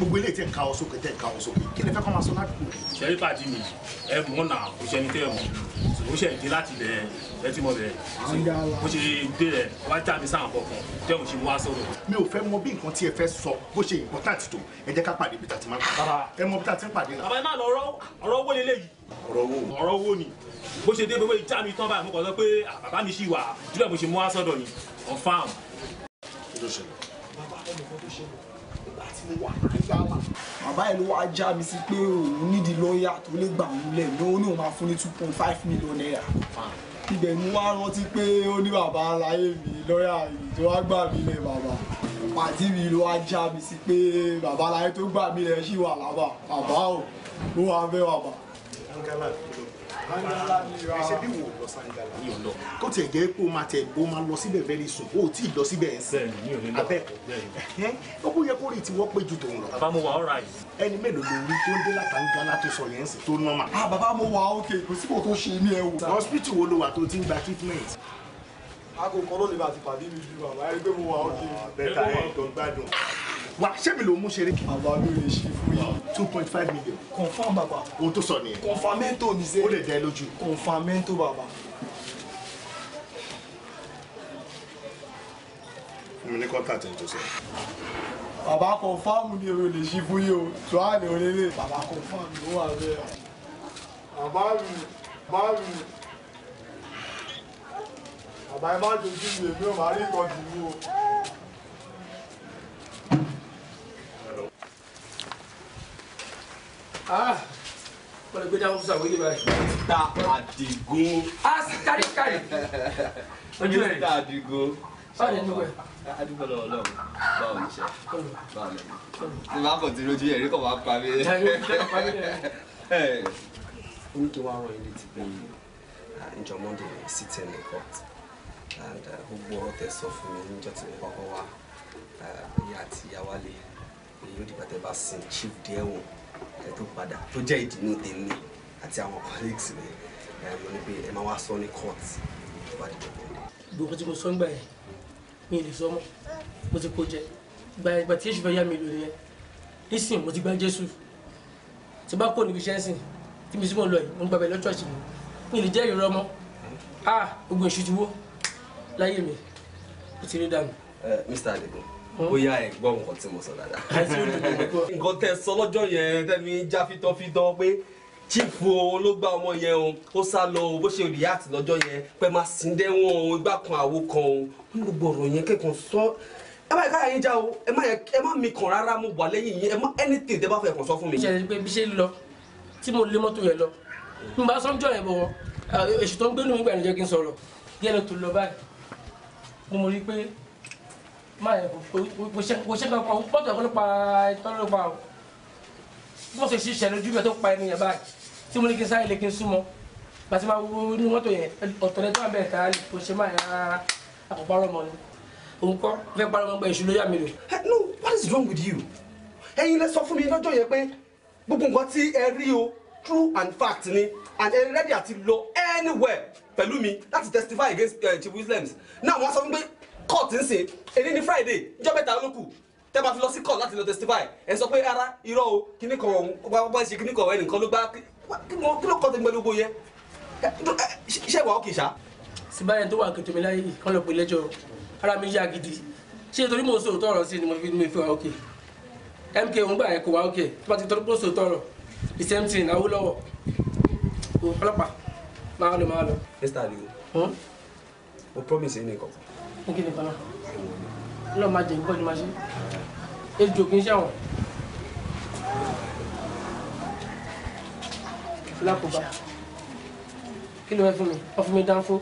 gbogbo ilé tẹ̀ ń káwọ́ sókè tẹ̀ ń káwọ́ sókè kí ni fẹ́ kọ́ máa sọ ládùúgbò. ṣẹ́rí pàdé mi ẹ mọ̀ náà kò ṣẹ́ni tẹ́ ẹ mọ̀ o ṣẹ̀ dé láti bẹ̀ ẹ ti mọ̀ bẹ̀ bó ṣe dé rẹ̀ wá já mi sáà kọ̀ọ̀kan tẹ́ o ṣe wá sọ̀rọ̀. mi ò fẹ́ mọ bí nǹkan tí ẹ fẹ́ sọ bó ṣe important tó ẹ jẹ́ ká pàdé bí tàti máa ń ẹ mọ bí tàti ń pàdé náà. bàbá ẹ má lọ ọ̀rọ̀ owó lélẹ́yìí. ọ̀rọ̀ owó ọ̀rọ̀ owó ni bó ṣe dé gbogbo ìjà mi tán báyìí mo kàn sọ pé bàbá mi ṣì wà jùlọ bó ṣe mú wá sọ́dọ̀ yìí on gírámà bàbá ẹ̀ ló wá já mi sí pé òun nídìí lọ́ọ̀yà tó lè gbà òun lẹ̀ ní ní òun máa fún ní two point five million naira ibẹ̀ ni wá rántí pé ó ní bàbá aláyé mi lọ́ọ̀yà yìí tó wá gbà mí lẹ̀ bàbá pàtí mi ló wá já mi sí pé bàbá aláyé tó gbà mí lẹ̀ ṣì wà lábà bàbá ò ó wà bẹ́ẹ̀ bàbá ẹsẹ bí wo lọ sangala yìí lọ kó tiẹ̀ jẹ́ pé o máa tẹ̀ o máa lọ síbẹ̀ bẹ́ẹ̀ ni sùn o tí ì lọ síbẹ̀ ẹ̀ sìn abẹ́ẹ̀kọ́ ó bó yẹ kó rí tiwọ́ pé ju tòun lọ. bàbá mo wà ọ̀rá yìí. ẹni mélòó ló rí tó ń dé látàngálá tó sọ yẹn sìn tó nọ́mà. ah bàbá mo wà ókè kò síbò tó ṣe mí ẹ wò. hospital wo ló wà tó ti ń gba treatment aago kan ló lè bá ti pàdé mi ju bàbá ẹ wà ṣé mi ló mú ṣeré. àwa ló lè ṣe fún yìí two point five million. confam bàbá. ohun tó sọ nìyẹn. confamento ni sẹ́yìn. ó lè dá ẹ lójú. confamento bàbá. fún mi ní contact ẹni tó sọ. bàbá confam ni o lè ṣe fún yìí o tó a lè onílé. bàbá confam ló wà bẹ́ẹ̀. bàbá mi bàbá mi bàbá ẹ má dojú mi èmi ò má rí nǹkan dùn ún o. Ah, wọ́n lè gbé dáhùn sàwé yìí báyìí. mr adigun. a sì kárí mr adigun. báwo ni dúpẹ́. adúgbò lọ́wọ́ lọ́wọ́ báwo ni iṣẹ́ báwo ni iṣẹ́. ní máa kàn ti rojú yẹn rí kàn máa pa mí. ní kí wàá rán ilé ti pé ìjọ monday sí ten in court and gbogbo ọ̀rọ̀ tẹ́ sọ fún mi níjọ́ tí mo kọ́kọ́ chief dẹ́wọ̀n ẹ tó padà tó jẹ́ ìdùnnú tèmi àti àwọn colleagues mi ẹ mọ̀ ní pé ẹ máa wá sọ ní court ìwádìí gbogbo. gbogbo tí mo sọ ń gbà yẹn mi ò lè sọ mọ́ mo ti kó jẹ gba ìgbà tí èṣù fẹ́ yá mi lò nìyẹn nísìn mo ti gba jésù tí bá kó níbi iṣẹ́ ń sìn tí mi sì mọ̀ lọ yìí mo ń gbàgbẹ́ lọ́chọ̀ọ̀ṣì mi mi ò lè jẹ́ ìrọ̀ ọmọ ah gbogbo èṣù ti wó láyé mi ó ti rí dànù. Mr. Adigun bóyá ẹ gbọ́ nǹkan tí mo sọ dáadáa. nǹkan tẹ sọ lọ́jọ́ yẹn tẹ́mi já fítọ́fítọ́ pé chief o ló gba ọmọ yẹn o ó sá lọ o bó ṣe react lọ́jọ́ yẹn pẹ́ máa sìn dẹ́wọ̀n o igbá kan àwo kan o wọ́n gbogbo ọ̀rọ̀ yẹn kẹ́kọ̀ọ́ sọ ẹ má yẹ káyà yín já o ẹ má yẹ ẹ má mi kàn rárá mo wà lẹ́yìn yín ẹ má anything tẹ́ bá fẹ́ kàn sọ fún mi. ìṣẹ̀lẹ̀ pé bí ṣe lọ tí mo lé mọ́tò yẹn lọ n bá sọ́njọ́ yẹn bọ̀ èṣù tó ń gbénu mi gbà ní jẹ́ kí n sọ̀rọ̀ yẹn lọ tó lọ báyìí mo rí pé máa yẹ kò ṣe kò ṣe kankan kò pọ̀jù ọ̀kan nípa ìtọ́jú nípa o bí wọ́n ṣe ṣe ṣẹlẹ̀ ojú bẹ́ẹ̀ tó pa ẹni yẹn báyìí tí mo ní kí n sáré lè kí n súnmọ́ gbàtí máa wo inú mọ́tò yẹn ọ̀tọ̀ lẹ́tọ́ àbẹ̀rẹ̀ tá kò ṣe máa yà àkọ́kọ́ ọ̀rọ̀ mọ́ òun kọ́ fẹ́ parọ́ mọ́ pé èṣù ló yà lò. no what is wrong with you ẹ̀yin lẹ sọ fún mi lọ́jọ́ yẹn pé gbogbo nǹkan tí ẹ rí o true and fact ni and ẹ ready àti lọ anywhere pẹ̀lú mi láti testify against uh, chief muslims now wọ́n sọ fún court ń sìn èyí ni friday ìjọ mẹ́ta olókù tẹ́ bá fi lọ sí court láti lọ testify ẹ sọ pé ara irọ́ o kíní kan ọ̀hún gbogbo ẹ ṣe kíní kan ọ̀hún ẹnìkan ló gbá kí ló kọ́ tẹ́ gbẹ́ lógbó yẹ ṣé ìwà ọkì ṣá. síbáyẹn tó wà kẹtọ mi láyé kán lọ pé lẹ́jọ́ ara mi yá gidi ṣé torí mo sòótọ́ ọ̀rọ̀ sí ni mo fi mi fi wà ókè mk òun gbà yẹn kò wá ókè tó bá ti tọ́jú pé sòótọ́ ọ̀rọ̀ the same thing náà wó lọ́wọ́ ọlọ́pàá máa lọ máa lọ. mr aliyu mo promise yín nìkan kí nìkan náà lọ́ọ́ máa jẹ nǹkan ni máa ṣe ejò kì í ṣàwọn lákòóbá kí ló fẹ́ fún mi wọ́n fún mi dánfó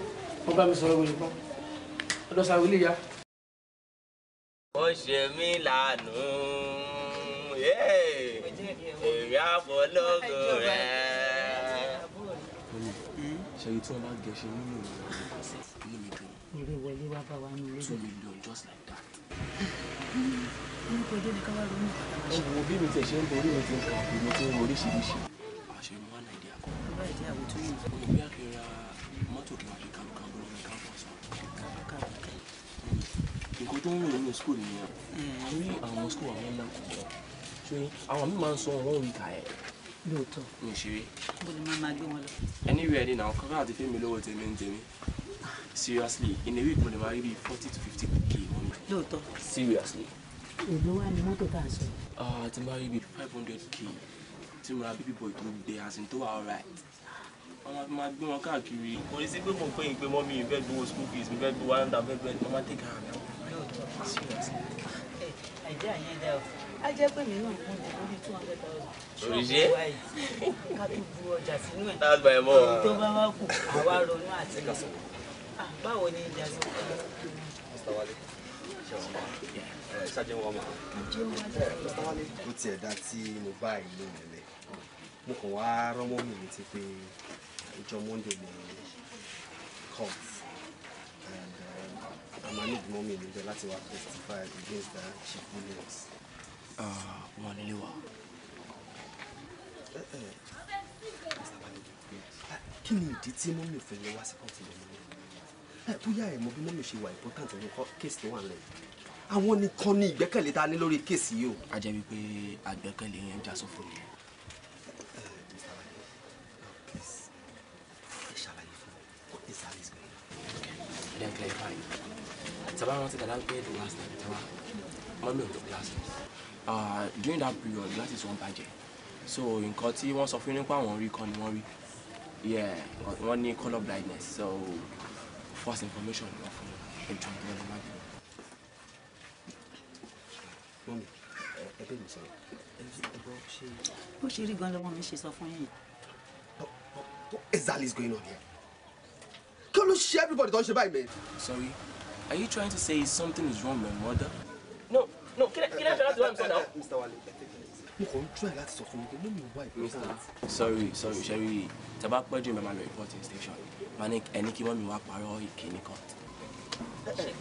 wọ́n bá mi sọ̀rọ̀ wèrè kan ọ̀dọ̀ sàwé lè ya. ó ṣe mí lànà èrè àfọlọ́gọ̀ rẹ̀. ṣèyí tí wọn bá gẹṣin nínú ìlú eré wọlé wá bá wa nílé. so you know just like that. orúkọ ìdílé ká wá ronú. ẹ wo bí mi tẹ̀ ṣe ń borí mi ti ń kà pé mo ti ń ro oríṣiríṣi. àṣẹ mo wá nàìjíríà kan. bàbá ìdí àwọn tó yẹ. mo bí àkèrà mọ́tò kí wọ́n fi kàlù kan lórí mi káàpọ̀ sọ. nǹkan tó ń rìn nínú school nìyẹn àrí mm. àwọn school àwọn náà kò tọ́ ṣé àwọn mi máa ń sọ wọn òrìkà ẹ̀ lóòótọ́. mi ò ṣeré. bó ni máa máa gbé wọn lọ. anywhere ni náà kọ́kọ́ àti fíìmù lówó tèmi ń tèmi seriously in a week mo lè máa rí bíi forty to fifty k mọ́mí. lóòótọ́. seriously. èlò wa ni mọ́tò tá a sọ. Ah, tí mo bá rí bíi five hundred k tí mo ra bíbí boy tó gbẹ àsìn tó wà ọ̀rá ẹ̀ wọ́n máa gbé wọn káàkiri. kò ní sí pé mo ń pè yín pé mọ́mí mi fẹ́ gbowó school fees mi fẹ́ gbowó àǹdà fẹ́ gbẹ́ mo máa tẹ̀ ká àmì seriously. àìjẹ́ àyè dá o a jẹ́ pé mi náà kún ní orí two hundred thousand. oríṣi. ká tó bu ọjà sínú ẹ̀. tó bá wá kù àwa ronú àti lọ. Ah, báwo ni ìjà sọ fún mi. mr wale ṣe wọn máa ẹ ṣáájú wọn máa. mr wale ó tiẹ̀ dá tí mo bá ìlú mi mo kàn wá rọ́mọ́ mi létí pé ìjọ monday ni court and um, a máa ní ìgbìmọ̀ mi níbẹ̀ láti wá testify against the chief williams. Ah, wọn nílé wa. kí ni ìdí tí mọ́mí ò fẹ́ lọ wá sí kọ́ọ̀tù lọ́nà bóyá ẹ bí mọ́mí ṣe wà important ní kéèsì tó wà lẹ́yìn àwọn nìkan ni ìgbẹ́kẹ̀lé ta ní lórí kéèsì yìí o. a jẹ́ wípé àgbẹ́kẹ̀lé yẹn ń já sófò ni. then clarify dada pé the last time tí wá mọ́mí ò lo glasses ah, during that period glasses wọn bàjẹ́ so nǹkan tí wọ́n sọ fún nípa àwọn rí kan ni wọ́n rí yeah wọ́n ní color blindness so false information ló wà fún ẹjọ́ tó wọlé máa bínú. mọ́mí ẹ bẹ́ẹ̀ mi sọ̀rọ̀ ẹ gbọ́ ṣé. bó what exactly is going on here? kí you see everybody don't she buy me? sorry are you trying to say something is wrong with my mother? no no Can I can I try to láti wá mi Mr. Wale mo kàn ń try láti sọ mi pé mo sorry sorry sẹ́rí tẹ́ bá pẹ́ jù mẹ́ma lọ reporting station ma ní ẹni kí mọ́mí wá parọ́ ìkíní kan. ṣé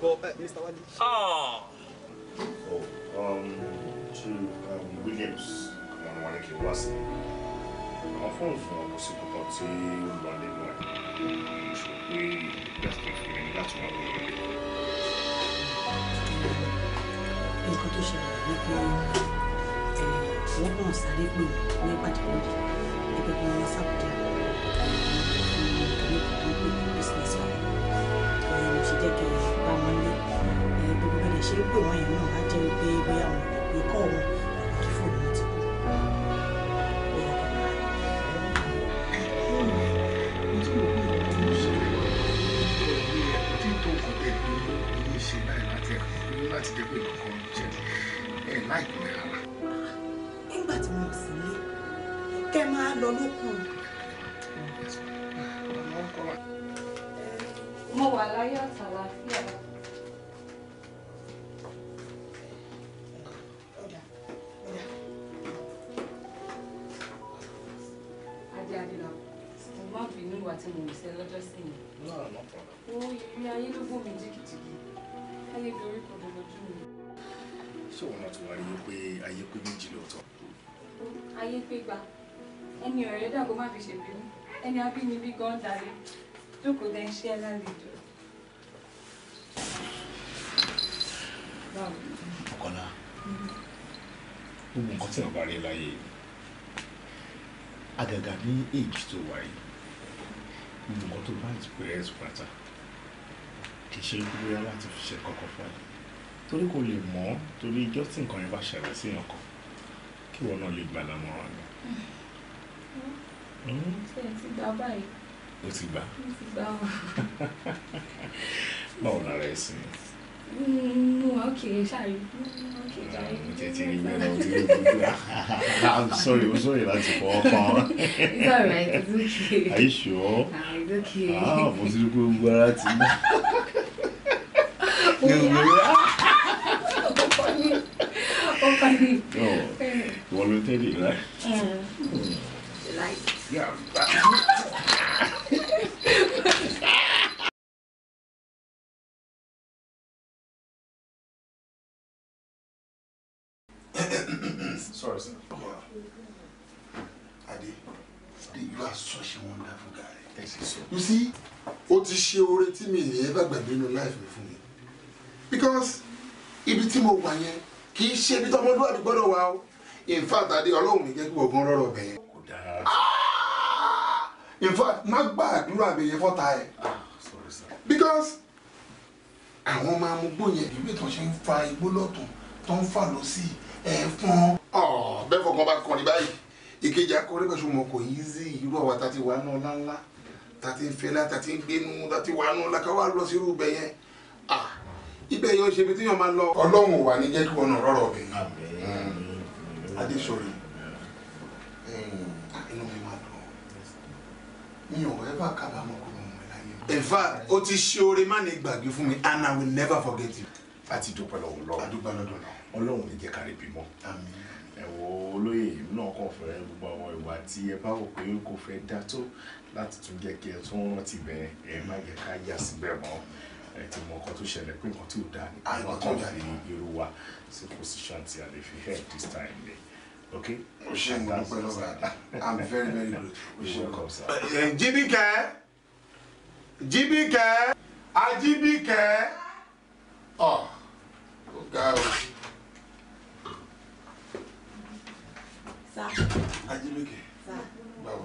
kò Mr. Wali. Ah. Oh, um to um, Williams àwọn wọn ni kì í wá sí àwọn fóònù fún ọkọ sí kankan tí ó lọ nínú ẹ ṣùgbọ́n pé ìgbésẹ̀ fún mi láti wọn lọ rẹ. nǹkan tó ṣẹlẹ̀ ni pé eh, wọ́n kàn sáré pè mí ní pàjáwìrì gẹ́gẹ́ bí wọ́n sábùdíà ní kòtò pé business wa ẹ̀yìn mo ṣe jẹ́ kí n bá wọn lé gbogbo eh, bẹ̀rẹ̀ ṣe pé wọ́n yẹn náà á jẹ́ pé bóyá wọn kọ́ ọkọ mi kí fóònù mo wà láyé àtàlàfíà. tí mo wù sẹ́ lọ́jọ́ sí mi. Ó ìrírí ayé ló bò mí jìkìjìkì. Káyé bí orí kan lójú mi. Ṣé òun náà ti wá rí i pé ayé pé méjì lóòótọ́? Ayé pé gba. Ẹni ọ̀rẹ́ dàgbọ́ má fi ṣèbínú. Ẹni abínibí gan dalẹ̀. Jókòó dẹ́ ń ṣe lálejò. Ọ̀kọ́lá, gbogbo nǹkan tí ọ̀bà rí láyé, àgàgà ní èjì tó wáyé nǹkan tó bá experience pátá kì í ṣe bóyá láti fi ṣe kọ́kọ́ fún ẹ torí kò lè mọ̀ torí ijọ́ tí nǹkan yẹn bá ṣẹlẹ̀ sí yàn kan kí wọn náà lè gbà lámọ̀ràn ni. Hmm. Hmm. ṣé ẹ ti o ti o ti gbà wọn. báwo lára ẹ sìn. Mm, okay, sorry. Mm, okay, sorry. I'm sorry, I'm sorry láti fọ ọkọ. It's alright, it's okay. Are you sure? Ah, it's okay. Ah, mo ti rí pé gbogbo ara ti mú. Ah. Ó kọ́ ni. Eh. Ìwọ ló tẹ́lẹ̀ rẹ̀. Eh. Hmm. Like. Yeah. ever gbàgbé inú life mi fún mi because ibi tí mo wà yẹn kì í ṣe ibi tí ọmọlúwàbí gbọ́dọ̀ wà o in fact adé ọlọ́run mi jẹ́ kí gbọ̀ngàn rọrọ̀ bẹ̀ yẹn in fact má gba àdúrà mi yẹn fọ́ta ẹ̀ ah, because àwọn ọmọ amúgbó yẹn ìwé tó ṣe ń fa igbó lọ́tún tó ń fà lọ sí ẹ̀fọn. Oh, bẹ́ẹ̀ fọkàn bá kọrin báyìí ìkejì akọrin bẹ́ẹ̀ ṣùgbọ́n kò yí sí irú ọ̀wà tá a ti wà náà ńláńlá tàti ń fẹlá tàti ń gbénu tàti wàánu làkà wà lọ sírú ibẹ̀ yẹn ibẹ̀ yẹn ó ṣe ibi tí lọ. ọlọ́run ò wà jẹ́ kí wọn náà rọ̀rọ̀ bẹ̀ adéṣọ́rí inú mi máa dùn mi ò ẹ bá kábàámọ̀ kó mọ̀ mọ́ láyé. in fact o ti ṣe oore má ní gbàgbé fún mi and I will never forget you. a ti dúpẹ́ lọ́wọ́ lọ́wọ́ a dúpẹ́ lọ́dọ̀ náà ọlọ́run ní jẹ́ kárí bímọ. àmín olóyè náà kàn fẹ́ gbogbo àwọn ìwà tí ẹ bá wò pé kò fẹ́ dá tó láti tún jẹ́ kí ẹ tún rántí bẹ́ẹ̀ ẹ má jẹ́ ká yà síbẹ̀ mọ́ ẹ ti mọ nǹkan tó ṣẹlẹ̀ pé nǹkan tí ò dáa ni àwọn kan fi irú wa sí position tí a lè fi help this time le okay. o ṣe mo dúpẹ́ lọ́wọ́ i'm very very grateful. you welcome sir. jibike jibike ajibike ọ ó ga o. ajibike báwo.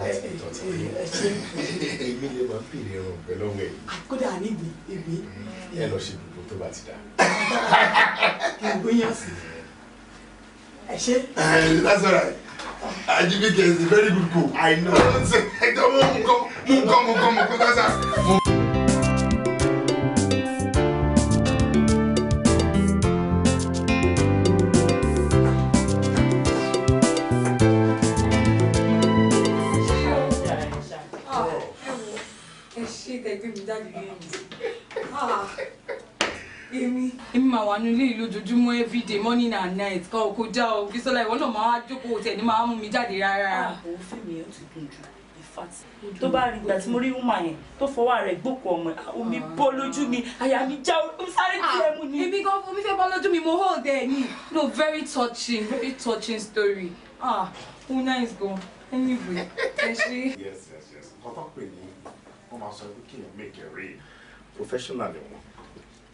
láìpẹ́ tó ti rí èmi lè máa bèrè ẹran ọ̀pẹ lọ́wọ́ ẹ̀. kódà níbi èmi. ẹ lọ ṣe gbogbo tó bá ti dà. ìgbóyàn sí ẹ ṣe. that's all right ajibike is a very good cook. i know. ẹ jọ mú nǹkan mú nǹkan mú nǹkan mú nǹkan that's all. tẹ gbé mi jáde lẹ́yìn ah, èmi. èmi máa wà nínú ilé yìí lójoojúmọ́ everyday morning and night kọ́ ò já o Bísọ́lá ìwọ náà máa jókòó tẹ̀ ní máa mú mi jáde rárá. àbò ah, fíìmù yẹn ti dùn jù tó bá rí ìgbà tí mo rí woman yẹn tó fọwọ́ rẹ̀ gbòkó ọmọ omi ah. bọ́ lójú mi àyà mi já omi sáré tiẹ̀ mu ni. èmi gan omi fẹ́ bọ́ lójú mi mo hold there ni no very touching very touching story ah una is gone anyway ẹ ṣe. yes yes yes wọ́n máa sọ kí èèyàn make a real professional ni wọ́n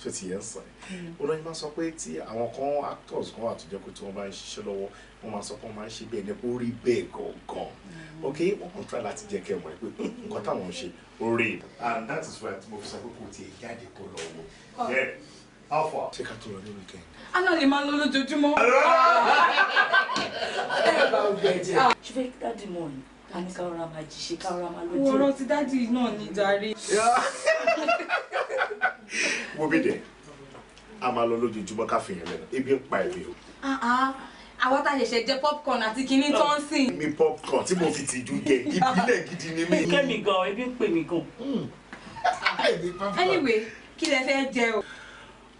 tó ti yẹn sàn yìí olóyìn máa sọ pé tí àwọn kan actors kan àtijọ́ pé tí wọ́n bá ń ṣiṣẹ́ lọ́wọ́ wọ́n máa sọ pé wọ́n máa ń ṣe bẹ́ẹ̀ ní kó bẹ́ẹ̀ gangan hmm. ok wọ́n kàn try láti jẹ́ kẹ́ mọ̀ ẹ́ pé hmm, nǹkan táwọn ń ṣe ó and that is why mo fi sọ pé kò tiẹ̀ jáde kó lọ wọ how far. ṣé ká tó lọ ní weekend. a náà lè máa lọ lójoojúmọ́. ẹ bá gbẹ̀jẹ̀. ṣùgbọ́n ni a ní káwọ́ra máa jíṣe káwọ́ra máa lójú. ọ̀rọ̀ ti dádì náà ní darí. mo bí dẹ a máa lọ lójoojúmọ́ ká fìyàn lẹ́nu ebi ń pa ẹ̀mí o. Ah, ah. àwa tá a ṣẹ̀ṣẹ̀ jẹ popcorn àti kinní tó ń sìn. mi popcorn tí mo fi tìjú jẹ ìbílẹ̀ gidi ni mi. kẹ́mi gan ebi ń pè hmm. ah, mí gan. anyway kí lẹ fẹ́ jẹ o.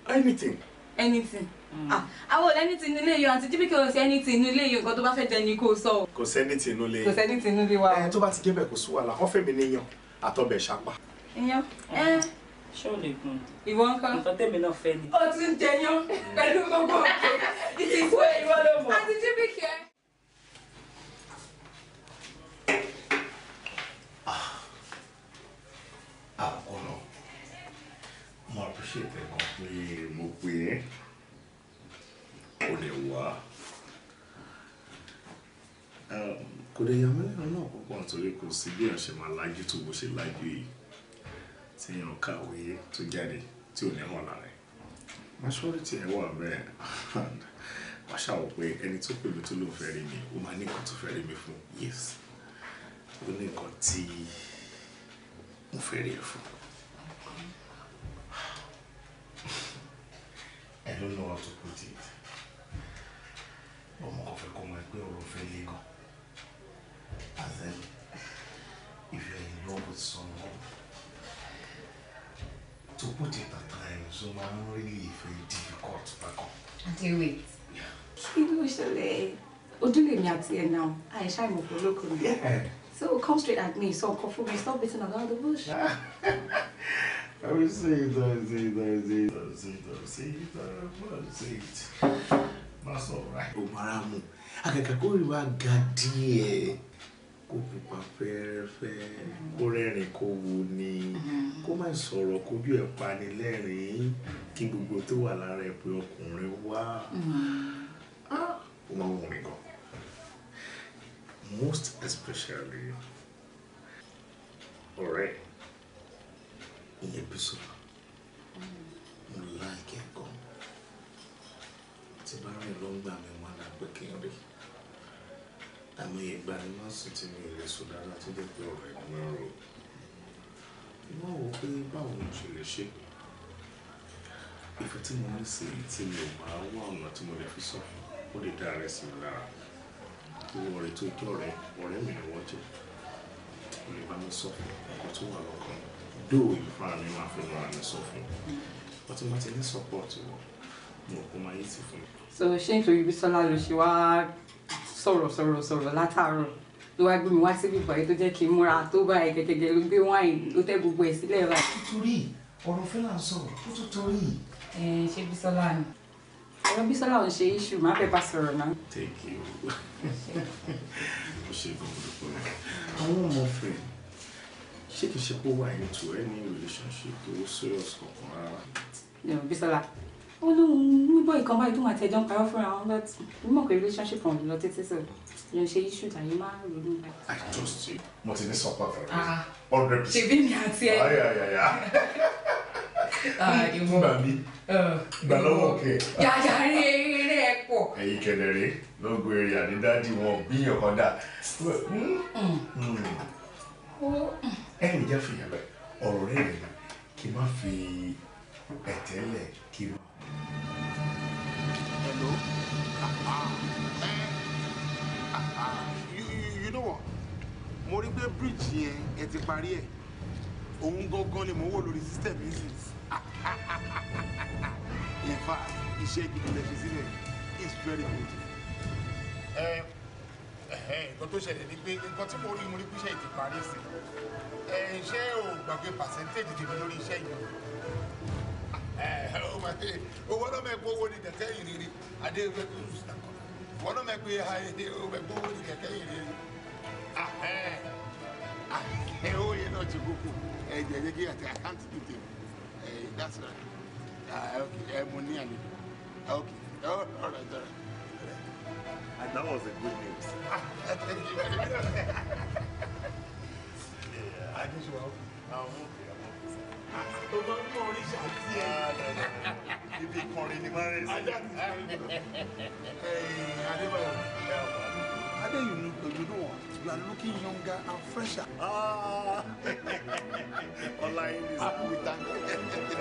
anything. anything àwọn ah, ọ̀lẹ́ni tí inú ilé yọ àǹtí jíbìkì ò sẹ́ni tí inú ilé yọ nǹkan tó bá fẹ́ jẹ ni kò sọ o. kò sẹ́ni tí inú ilé kò sẹ́ni tí inú ilé wa. ẹ tó bá ti dé bẹ̀ kò sí wàhálà wọ́n fẹ́mi níyàn àtọbẹ̀ ṣapa. iyán ẹ ah, eh? ṣé o lè gun ìwọ nǹkan nǹkan tèmi náà fẹ́ ni. o ti ń jẹyán pẹ̀lú gbogbo òkè ìtì ìwé ìwọ ló mọ̀. àti jíbìkì ẹ. àkọlọ ah. mo appreciate ẹ kan pé mo pè é ó lè wá kò lè yà mí lẹ́nu náà púpọ̀ nítorí kò sí bí èèyàn ṣe máa lájú tó bó ṣe lájú yìí tí èèyàn kàwé tó jáde tí ò ní hàn lára ẹ̀ majority ẹ̀ wà bẹ́ẹ̀ wọ́n ṣàwọ̀ pé ẹni tó pè mí tó ló ń fẹ́ rí mi ó máa ní nǹkan tó fẹ́ rí mi fún yes ó ní nǹkan tí mo fẹ́ rí ẹ fún. I don't know how to put it ọmọ kan fẹ́ kó mọ̀ pé ọ̀rọ̀ fẹ́ lé gan as in if you are in love with someone to put it at times máa ń really feel difficult bákan. àti wait kí ló ṣẹlẹ̀ ojúlèmi àti ẹ̀ náà àìṣá ìmọ̀pọ̀ lókun. So come straight at me, so come for me, stop beating around the bush. I will say it, I will say it, I will say it, I will say it, I will say it, I will say it máa sọ̀rọ̀ rà. o mara mu àkàkà kó rí wa ga díẹ̀ kó pupa fẹ́ẹ́rẹ́fẹ́ kó rẹ́rìn kó wo ni mm-hmm. kó má sọ̀rọ̀ kójú ẹ̀ pani lẹ́rìn-ín kí gbogbo tó wà lára ẹ̀ ọkùnrin wá mm-hmm. ah, ó máa wù mí gan most especially ọ̀rẹ́ ìyẹn bí sọ mm-hmm. mo láìkẹ́ tí bá rìn ló ń gbà mí wọn là pé kí n rí àmì ìgbà ni má sùn tí mi ò lè sùn dáadáa tó jẹ́ pé ọ̀rọ̀ ẹni máa ń rò ìwọ wo pé báwo ni ṣe lè ṣe ìfẹ́ tí mo ní sí tí mi ò máa wá ọ̀nà tí mo lè fi sọ ó lè dá rẹ sí mi lára ìwọ rẹ tó jọ rẹ ọ̀rẹ́ mi ni wọ́n ó lè bá mi sọ fún ọkọ tó wà lọ́kàn dóò ìfúnra mi máa fi ràn mí sọ fún ọtí mo ti ní sọpọ́ọ̀tì wọn so ṣé nítorí Bísọ́lá ló ṣe wá sọ̀rọ̀ sọ̀rọ̀ sọ̀rọ̀ látàárọ̀ ló wá gbé mi wá síbi ìpàdé tó jẹ́ kí n múra tó báyìí gẹ́gẹ́gẹ́ ló gbé wáìn ló tẹ́ gbogbo ẹ̀ sílẹ̀ rà. torí ọ̀rọ̀ fẹ́ là ń sọ̀rọ̀ tó tó torí. ẹ ṣe Bísọ́lá ni ọ̀rọ̀ Bísọ́lá ò ń ṣe iṣu má fẹ́ bá sọ̀rọ̀ náà. thank you ó ṣe gbọ́dọ̀ pọ̀ àwọn ọmọ ọ̀fẹ́ ṣé kìí ṣe kó wà into any relationship tó serious kankan rárá. Bísọ́lá ó lóun níbọ̀ ìkan báyìí tóun àti ẹ̀jọ́ ń parọ́ fúnra wọn but mo mọ̀ pé relationship kan lọ títí sí ìyẹn ṣe issue tàyè má ronú báyìí. I trust you mo ti ní support rẹ ah. hundred percent. ṣèbí mi àti ẹ. gbà mí gbà lọ́wọ́ kẹ. yàyà rí eré ẹ pọ̀. ẹyin kẹlẹ rèé ló ń gbé eré àdídájú wọn bíyàn kan hmm? Mm. Hmm. ẹ ǹjẹ́ fìyàwó ọ̀rọ̀ rẹ̀ kì í má fi ẹ̀tẹ́lẹ̀ kí n Hello? You you know what? Mo rí pé bridge yẹn ẹ ti parí ẹ̀. Òun gangan ni mo wò lórí system business. In fact, iṣẹ́ gidi lè fi sílẹ̀ is very good. Ẹ nǹkan tó ṣẹlẹ̀ ni pé nǹkan tí mo rí mo rí pé iṣẹ́ yìí ti parí sí. Ẹ ṣé o gbàgbé percentage tèmi lórí iṣẹ́ yìí? owó náà mẹ́kọ́ owó ni kẹ̀kẹ́ yìí rere adé ẹgbẹ́ tó ń sàn kọ́ owó náà mẹ́kọ́ ha ẹ̀ mẹ́kọ́ owó ni kẹ̀kẹ́ yìí rere ẹ̀ owó yẹn náà ti kókó ẹ̀ jẹ̀jẹ̀ kí àti àkáǹtì dìde ẹ̀ that's right ẹ̀ ah, eh, mo ní àlejò okay oh, all right all right. And that was a good name. Ah, thank you very much. yeah. I just well tó máa ń kọrin ṣáàtì ẹ. Ah, ibi kọrin ni máa ń rìn sí. adébáyọ̀ adé yìí ni pẹ̀lú wọn you are looking younger and fresher. Ah. ọlá yìí ni sir we thank you.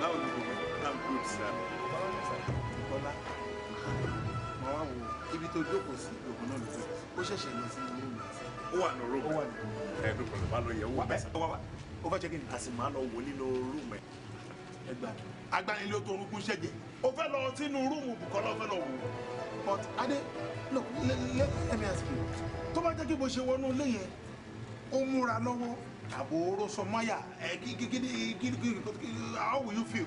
now i'm good sir. ọlá mo wá wo ibi tó jókòó sí òògùn náà lójú ó ṣẹ̀ṣẹ̀ lọ sí ilé mi. ó wà ní orógbó ẹ̀ ló bá lọ yẹ ó bẹ́ẹ̀ ó fẹ́ ṣe kí ni a sì máa lọ wọlé lọ rúùmù ẹ ẹgbà agbanilé tó orúkú ṣẹjẹ ó fẹ́ lọ sínú rúùmù Bùkọ́lá ó fẹ́ lọ wò but adé look let let me ask you tó bá jẹ́ kí mo ṣe wọnú ilé yẹn ó múra lọ́wọ́ tàbó oró sọ mọ́yà ẹ kí kí kí kí kí how will you feel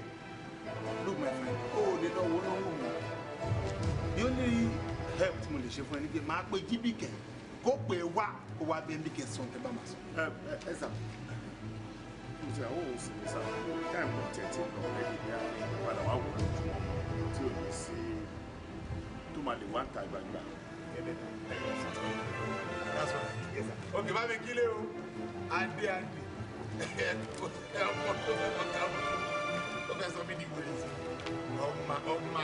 look my friend ó lè lọ wọnú rúùmù the only help tí mo lè ṣe fún ẹ ní pé máa pe jíbìkẹ́ kó pè é wá kó wá bí ẹ bí kẹ́ bá máa sọ ẹ ẹ ẹ sàbẹ̀ ìtura ó sì ní sáà káàmù tẹ̀tí lọ lẹ́yìn bí a ní ìpadà wà wọ̀ lójúmọ́ tí ò ní sí tó máa lè wá ta gbangba. òkè bá mi kílé o adé adé ẹ ọmọ tó fẹ́ kọ́ta ọmọ tó fẹ́ sọ mí ní ìwé ọmọ ọmọ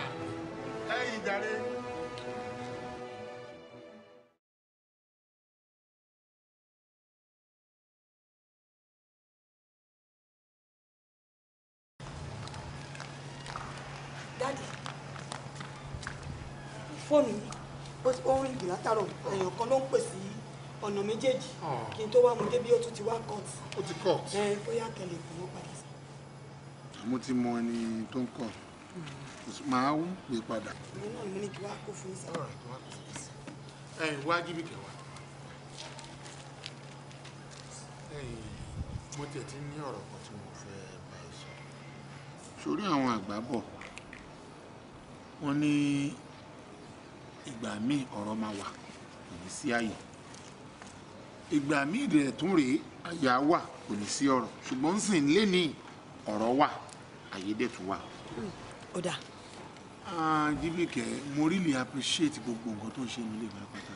ẹ̀yìn ìjà rẹ̀. fóònù mi ó ń rìngì látàrọ èèyàn kan ló ń pè sí ọ̀nà méjèèjì ah. kí n tó wá mu débi ó tún ti wá court. ó ti court. ẹ bóyá kẹlẹ kò wọ́n padà sí. mo ti mọ ẹni tó ń kọ màá pè padà. èmi náà mi ní kí wàá kó fún sáà. ẹ wá jíbi kẹwàá mo tiẹ̀ ti ní ọ̀rọ̀ kan tí mo fẹ́ bá ẹ sọ. sórí àwọn àgbà bọ̀ wọ́n ní ìgbà míì ọ̀rọ̀ máa wà kò ní sí àyè ìgbà míì rẹ̀ tún rèé àyà wà kò ní sí ọ̀rọ̀ ṣùgbọ́n sìn lé ní ọ̀rọ̀ wà àyédètú wà. ó dà. jíbìkẹ́ mo really appreciate gbogbo nǹkan tó ń ṣe nílé ìgbà pátá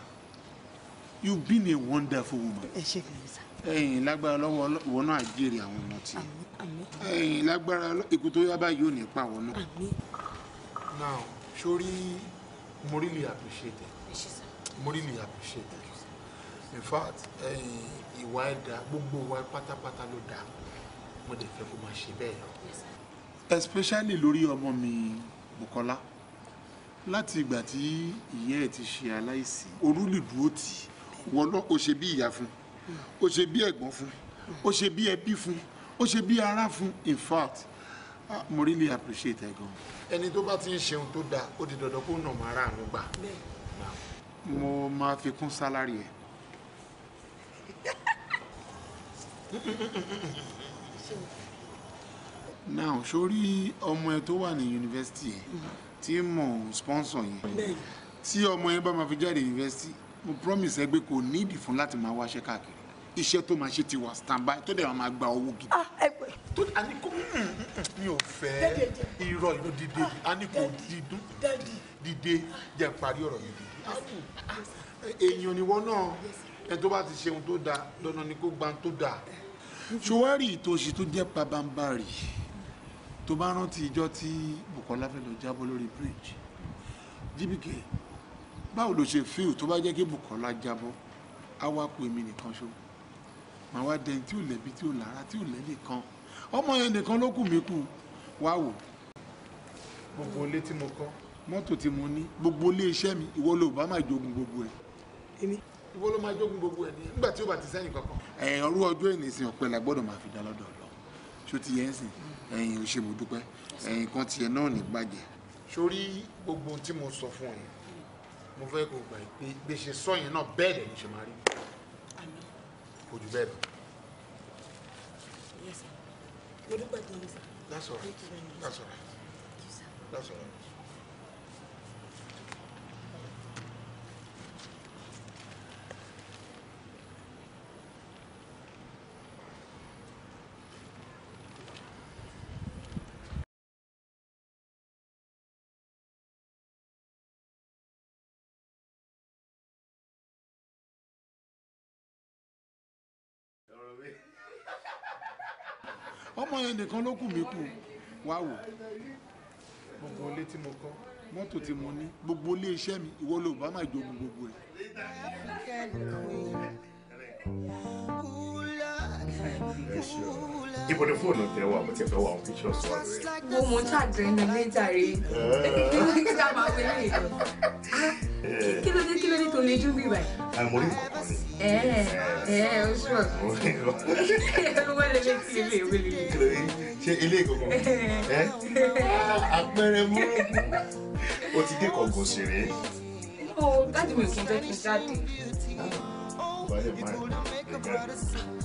you been a wonderful woman. ẹ ṣe kìlọ̀ sá. ẹ̀yin lágbára lọ́wọ́ wọn náà àwọn ọmọ tí. ẹ̀yin lágbára ikú tó yá báyìí ò ní pa àwọn náà. now sórí mo really appreciate it mo really appreciate it in fact eh, ìwà ẹ̀ dá gbogbo wa pátápátá ló dá mo dẹ̀ fẹ́ kó máa ṣe bẹ́ẹ̀ lọ. especially lórí ọmọ mi Bukola láti ìgbà tí ìyá ẹ̀ ti ṣe aláìsí orúlùdúró tì wọn náà ó ṣe bí ìyá fún ó ṣe bí ẹ̀gbọ́n fún ó ṣe bí ẹbí fún ó ṣe bí ará fún in fact Ah, mo really appreciate ẹ gan. ẹni tó bá ti ń ṣeun tó dáa ó di dandan kó nà mọ ara àánú gbà. mo máa fi kún sálárì ẹ. now sórí ọmọ ẹ tó wà ní yunifásitì yẹn mm-hmm. tí mò ń sponsor yẹn tí ọmọ yẹn bá máa fi jáde yunifásitì mo promise ẹ pé kò nídìí fún láti máa wáṣẹ́ káàkiri iṣẹ́ tó máa ṣe ti wà standby tó dẹ̀ wọ́n máa gba owó gidi. Ah, tó a ní kó hmm, hmm, hmm, mi ò fẹ́ irọ́ irọ́ dìde ah, a ní kó dídún dìde jẹ́ parí ọ̀rọ̀ yìí dìde. èèyàn níwọ náà ẹni tó bá ti ṣe ohun tó dáa dandan ni kó gba ohun tó dáa. Mm-hmm. ṣùwárì ìtòsí tó jẹ́ pabambarì tó bá rántí ìjọ tí Bukola fẹ́ lọ jábọ́ lórí bridge jìbìkì báwo ló ṣe fíìl tó bá jẹ́ kí Bukola jábọ́ awakọ̀ èmi nìkan ṣoṣo màá wá dẹni tí ò lẹ́bi tí ò lára tí ò lẹ́lẹ̀ kan ọmọ yẹn nìkan ló kù mí kù wá wò. gbogbo ilé tí mo kọ́. mọ́tò tí mo ní gbogbo ilé iṣẹ́ mi ìwọ ló bá máa jogun gbogbo ẹ̀. èmi. ìwọ ló máa jogun gbogbo ẹ̀ nìyẹn nígbà tí ó bá ti sẹ́yìn kankan. ẹ ọrú ọjọ́ ìnìsìn ọ̀pẹ la gbọ́dọ̀ máa fi dá lọ́dọ̀ lọ ṣó ti yẹn sìn ẹ̀yin ò ṣe mo dúpẹ́ ẹ̀yin kan tiẹ̀ náà ní gbàjẹ́. sórí gbogbo ohun tí mo sọ fún ẹ mo fẹ́ kó gbà gbèsè sọ yẹn náà bẹ́ẹ̀ lẹ́yìn ṣe máa rí mi kò jù bẹ́ẹ̀ lọ. Yes sir. That's all right. That's all right. That's all right. ọmọ yẹn nìkan ló kù mí kù wá wò. gbogbo ilé tí mo kọ́. mọ́tò tí mo ní gbogbo ilé iṣẹ́ mi ìwọ ló bá máa jogun gbogbo ẹ̀ ibo ni fóònù tẹ wà mo ti fẹ́ wà àwọn pictures wà rẹ. wo mo ń ṣàjẹ ní níjà rí nígbà máa wé lè lọ kí ló dé kí ló dé tó lè jú bí báyìí. àmọ́ orí kọ̀ọ̀kan ni. ẹ ẹ ẹ o sọ. wọ́n lè lè ti ilé ìwé lè. ṣe ilé ìkọ̀kọ̀ ẹ eh. eh? àpẹẹrẹ mú o ti dé kọ̀ọ̀kan ṣeré. ó dájú mi kì í jẹ́ kí n jáde. báyọ̀ ah, báyọ̀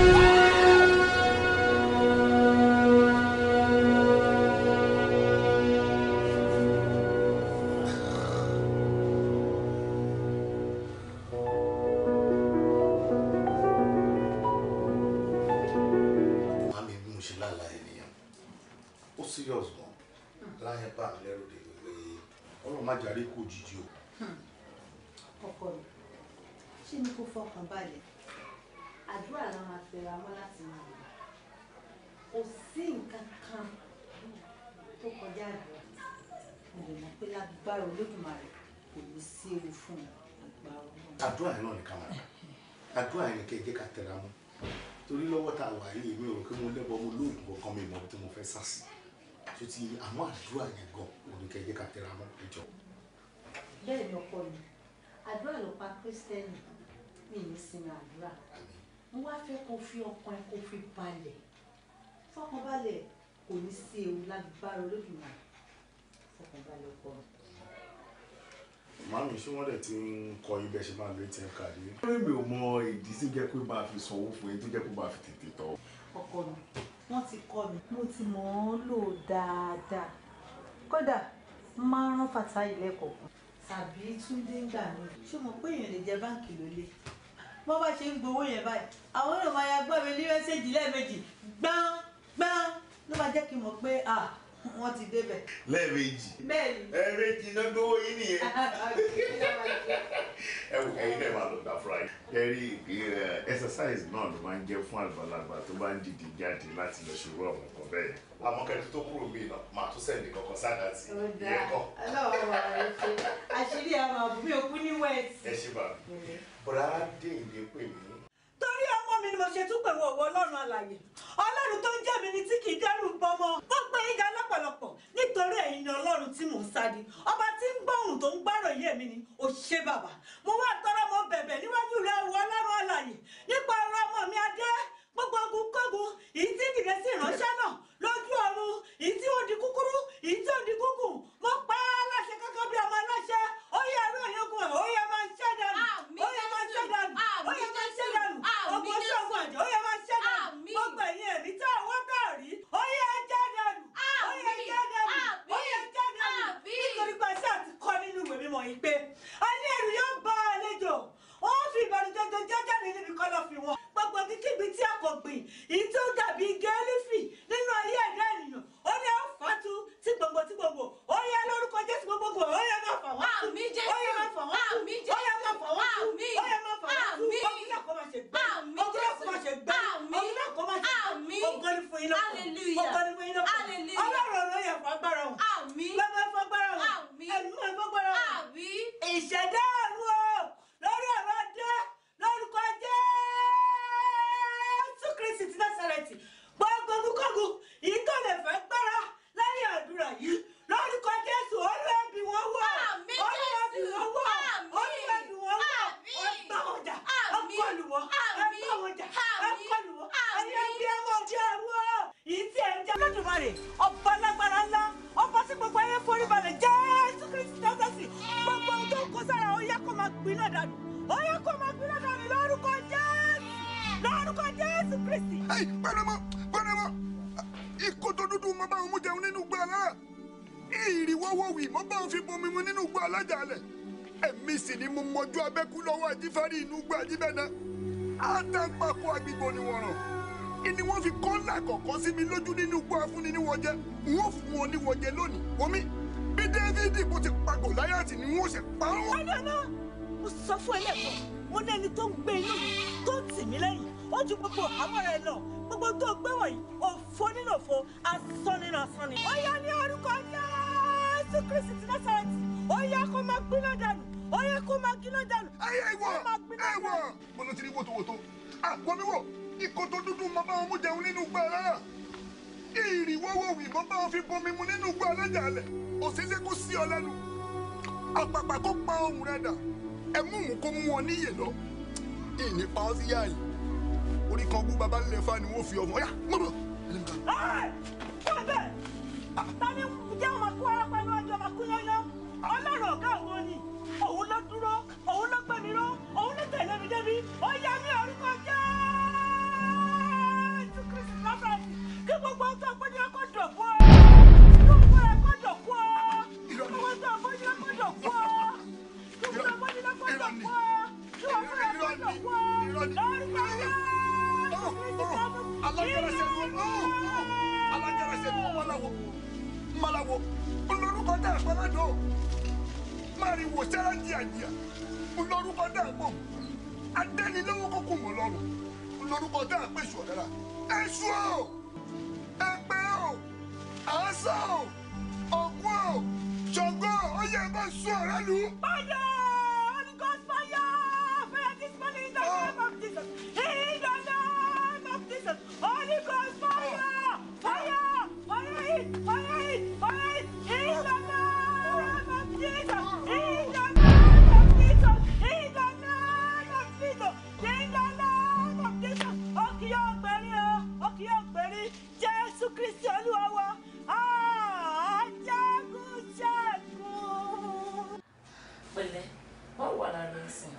má jàre kó òjijì o. Hmm. ọkọ mi ṣé ni kò fọkàn balẹ̀ àdúrà la máa tẹra mọ́ láti máa lò kò sí nǹkan kan tó kọjá àdúrà mo lè mọ̀ pé lágbára olódùmarè kò ní sí ewu fún mi àgbà ọlọ́run. àdúrà yẹn náà ni ká máa àdúrà yẹn kẹ́ ẹ jẹ́ ká tẹra mọ́ torí lọ́wọ́ tá a wà yìí èmi ò rò pé mo lẹ́bọ̀ mo lóògùn kankan mi mọ̀ bí mo fẹ́ sá sí tó ti àmọ́ àdúrà yẹn gan òun ni kẹ́ ẹ jẹ́ ká tẹra mọ́ ẹjọ́ bẹ́ẹ̀ ni ọkọ mi àdúrà ló pa kírísítẹ́nì mi ní sinmi àdúrà mo wá fẹ́ kó fi ọkàn ẹ kó fi balẹ̀ fọkànbalẹ̀ kò ní sí ewu lágbára olódùmarè fọkànbalẹ̀ ọkọ mi. Màámi ṣé wọ́n dẹ̀ ti ń kọ ibẹ̀ ṣe máa lo ATM card yìí. Lórí mi ò mọ ìdí sí jẹ́ pé máa fi sanwó fún yín tó jẹ́ pé máa fi tètè tọ́. Ọkọ mi, wọ́n ti kọ́ mi. Mo ti mọ̀ ọ́n lò dáadáa. Kódà, máa ń rán fàtà ilé kọ̀ọ̀kan tàbí túndé ń gbà mí ṣé mo pé èèyàn lè jẹ báǹkì lólè bọ́ bá ṣe ń gbowó yẹn báyìí àwọn èèyàn máa ya gbọ́ mi ní mẹ́sẹ̀jì lẹ́ẹ̀mejì gbọ́n gbọ́n ló máa jẹ́ kí n mọ̀ pé wọ́n ti débẹ̀. lẹ́ẹ̀mejì ẹ̀ẹ̀mejì iná gbowó yín nìyẹn ẹ wò ẹ̀yin náà máa lọ gba fúra yìí. ẹ rí náà ló máa ń jẹ́ fún àgbàlagbà tó bá ń dìde jáde láti lọ ṣòro àwọn ọkọ bẹ́ẹ̀ àmọ́ kẹ́ni tó kúrò mí náà máa tún sẹ́ndì kankan sáàdà sí iye kan. ọlọ́run wà á ṣe àṣírí àwọn àbúrò òkú ní west. ẹ ṣe bàbá bọ̀dá dé ìdè pè mí. torí ọmọ mi ni mo ṣe tún pè wọ ọwọ́ ọlọ́run alàyè ọlọ́run tó ń jẹ́ mi ni tí kì í dẹ́rù bọmọ ó pé ìga lọ́pọ̀lọpọ̀ nítorí ẹ̀yin ni ọlọ́run tí mò ń sádi ọba tí ń gbọ́hùn tó ń gbọ́rọ̀ yé mi ni ò ṣe bàbá mo wá tọrọ mo bẹ̀bẹ̀ níwájú rẹ̀ ọlọ́run alàyè nípa ọ̀rọ̀ ọmọ mi adé gbogbo ogun kógun èyí tí ìdìrẹ́ sí ìránṣẹ́ náà lójú ọ̀run èyí tí ó di kúkúrú èyí tí ó di gúngùn mo pa á láṣẹ kankan bí ọmọ aláṣẹ ó yẹ ẹrú ìyókùn ẹ̀ ó yẹ máa ń ṣẹ́ dànù ó yẹ máa ń ṣẹ́ dànù ó yẹ máa ń ṣẹ́ dànù ogun ojú ogun àjẹ́ ó yẹ máa ń ṣẹ́ dànù gbogbo ẹ̀yìn ẹ̀mí tá àwọn bẹ́ẹ̀ rí ó yẹ jẹ́ dànù ó yẹ jẹ́ dànù ó yẹ jẹ́ dànù nítorí pé ṣáà kọ́ nínú ìwé mímọ́ yìí pé a ẹ̀rù yóò bá àlejò ó fi ìbànújẹ́ jẹ́ jẹ́ mi níbi kọ́lọ́fín wọn gbogbo kíkíbi tí a kò gbìn kọ́ sí mi lójú nínú igbó afúnni níwọ̀jẹ n ó fún wọn níwọ̀jẹ lónìí omi bí dávidi kò ti pa gòláyàtì ni wọn ò ṣe pa wọn. adana mo sọ fún ẹlẹ́kọ̀ọ́ mo ní ẹni tó ń gbé inú tó ń tì mí lẹ́yìn ó ju gbogbo àwọn rẹ̀ lọ gbogbo tó gbé wọ̀nyí òfo nínú òfo asán nínú asán ni. ó yá ní orúkọ Jésù Kristi ti Násárẹ́tì ó yá kó máa gbiná dànù ó yá kó máa gbiná dànù. ayé ìwọ ẹ wọ àgbọ̀míwò ìkòtò dúdú mọ bá wọn mú jẹun nínú gbọ́ rárá ìrìwọ́wọ́ wì mọ bá wọn fi bomi mu nínú gbọ́ alájà alẹ̀ òṣìṣẹ́ kó sí ọ lẹ́nu àpàpà kó pa ohùn rẹ dà ẹmú mú kó mú ọ níyè lọ ìní pa ọ sí yá yìí orí kan kú baba ńlẹ̀ fa ni wọ́n fi ọmọ yá mọ̀mọ́. ọbẹ̀ tani jẹ́ ọmọ kú arápẹ́lú ọjọ́ ọmọ kú yányán ọlọ́run ọ̀gá òun ni òun ló dúró òun ló gbẹ̀mí ró òun ló tẹ̀lé mi débi ó yá mi ọ̀rẹ́. lórúkọ ẹgbẹ́ o àásà o ògùn o ṣògo ó yẹ bá sún ọ̀rẹ́ lu. padà Holy Ghost fire fire this morning in the ah. name of Jesus in the name of Jesus Holy Ghost fire ah. fire fire fire. kristi olúwa wa ajagun jagun. pẹ̀lẹ́ báwo wà lára ẹsìn.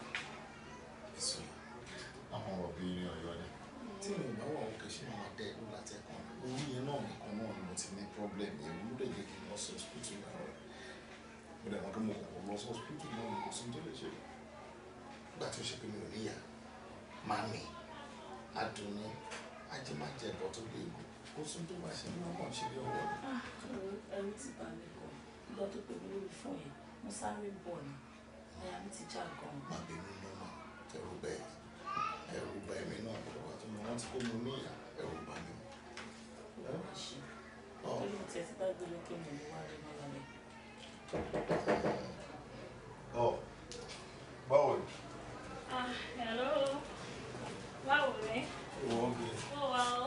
èso àwọn ọ̀rọ̀ bíi irin ọ̀yọ́ ni tí mi ò bá wà òkè ṣé màá dẹ ẹ̀rú láti ẹ̀kọ́ orí yẹn náà nìkan náà ni mo ti ní problem yẹn mo lè jẹ́ kí n lọ sọ hospital náà rẹ̀ mo dẹ̀ wọ́n kí mo kọ̀ lọ sọ hospital náà ni kò sí tó lè ṣe nígbà tí ó ṣe pé mi ò níyà mami adùnní ajẹmájẹ ẹ̀bọ tó lè gùn kò sún tó wà sí ní ọmọ ìṣeré ọwọ́ rẹ̀. ẹrú ti bà mí kọ nígbà tó pè mí lórí fún yẹn mo sáré bọ̀ ni àyà mi ti já gan. má bínú ní ọmọ ẹrù bẹ́ẹ̀ ẹrù bá ẹ̀mí náà kọ wá tó mọ wọn ti kó mo níyà ẹrù bá mi. ó ṣe torí mo tẹ̀ bá gbé lókè mi ní wàá rí mọ́ lálẹ́. ọ báwo ni. ah hello báwo ni. ó wọ́n bí. ó wà ó.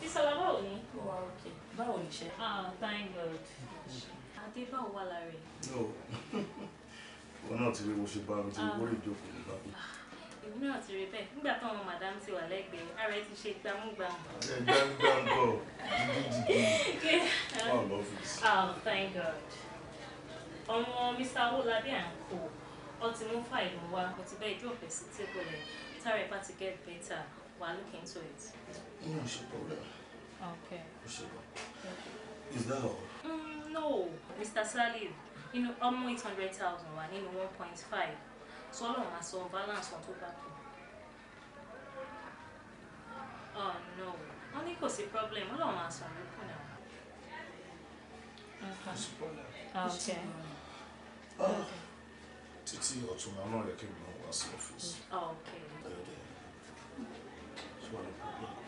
Bísọ́lá báwo ni? Ó wà òkè. Báwo ni Ah, thank God. Adé báwo wà lára ẹ̀? No, òun náà ti rí bó ṣe bá mi tí wọ́n rí ìjókòó nígbà tó. Èmi náà ti rí bẹ́ẹ̀ nígbà táwọn madam ti wà lẹ́gbẹ̀ẹ́, ara ẹ ti ṣe gbámúgbàmù. Ṣé gbámúgbàmù bọ̀ jíjíjí? Wọ́n lọ fi. Oh, thank God. Ọmọ Mr. Owólabí à ń kó ọtí mú fáìlì wa, ọtí bẹ́ẹ̀ dúró pẹ̀ sí tébù rẹ̀, tára ẹ̀ bá ti get better, we are looking to it. No, oh, it's a problem. Okay. Is that all? Mm, no, Mr. Salim. You know, almost 800,000 wà nínú 1.5. So long as my balance on top Oh no. Only cause the problem. All of my son will now. Okay. It's a problem. Okay. Ah. Okay. Títí ọ̀túnla náà yẹ kí n lọ wá sí ọ́fíìsì. Okay. Bẹ́ẹ̀ ni, ṣé wàá ní problem?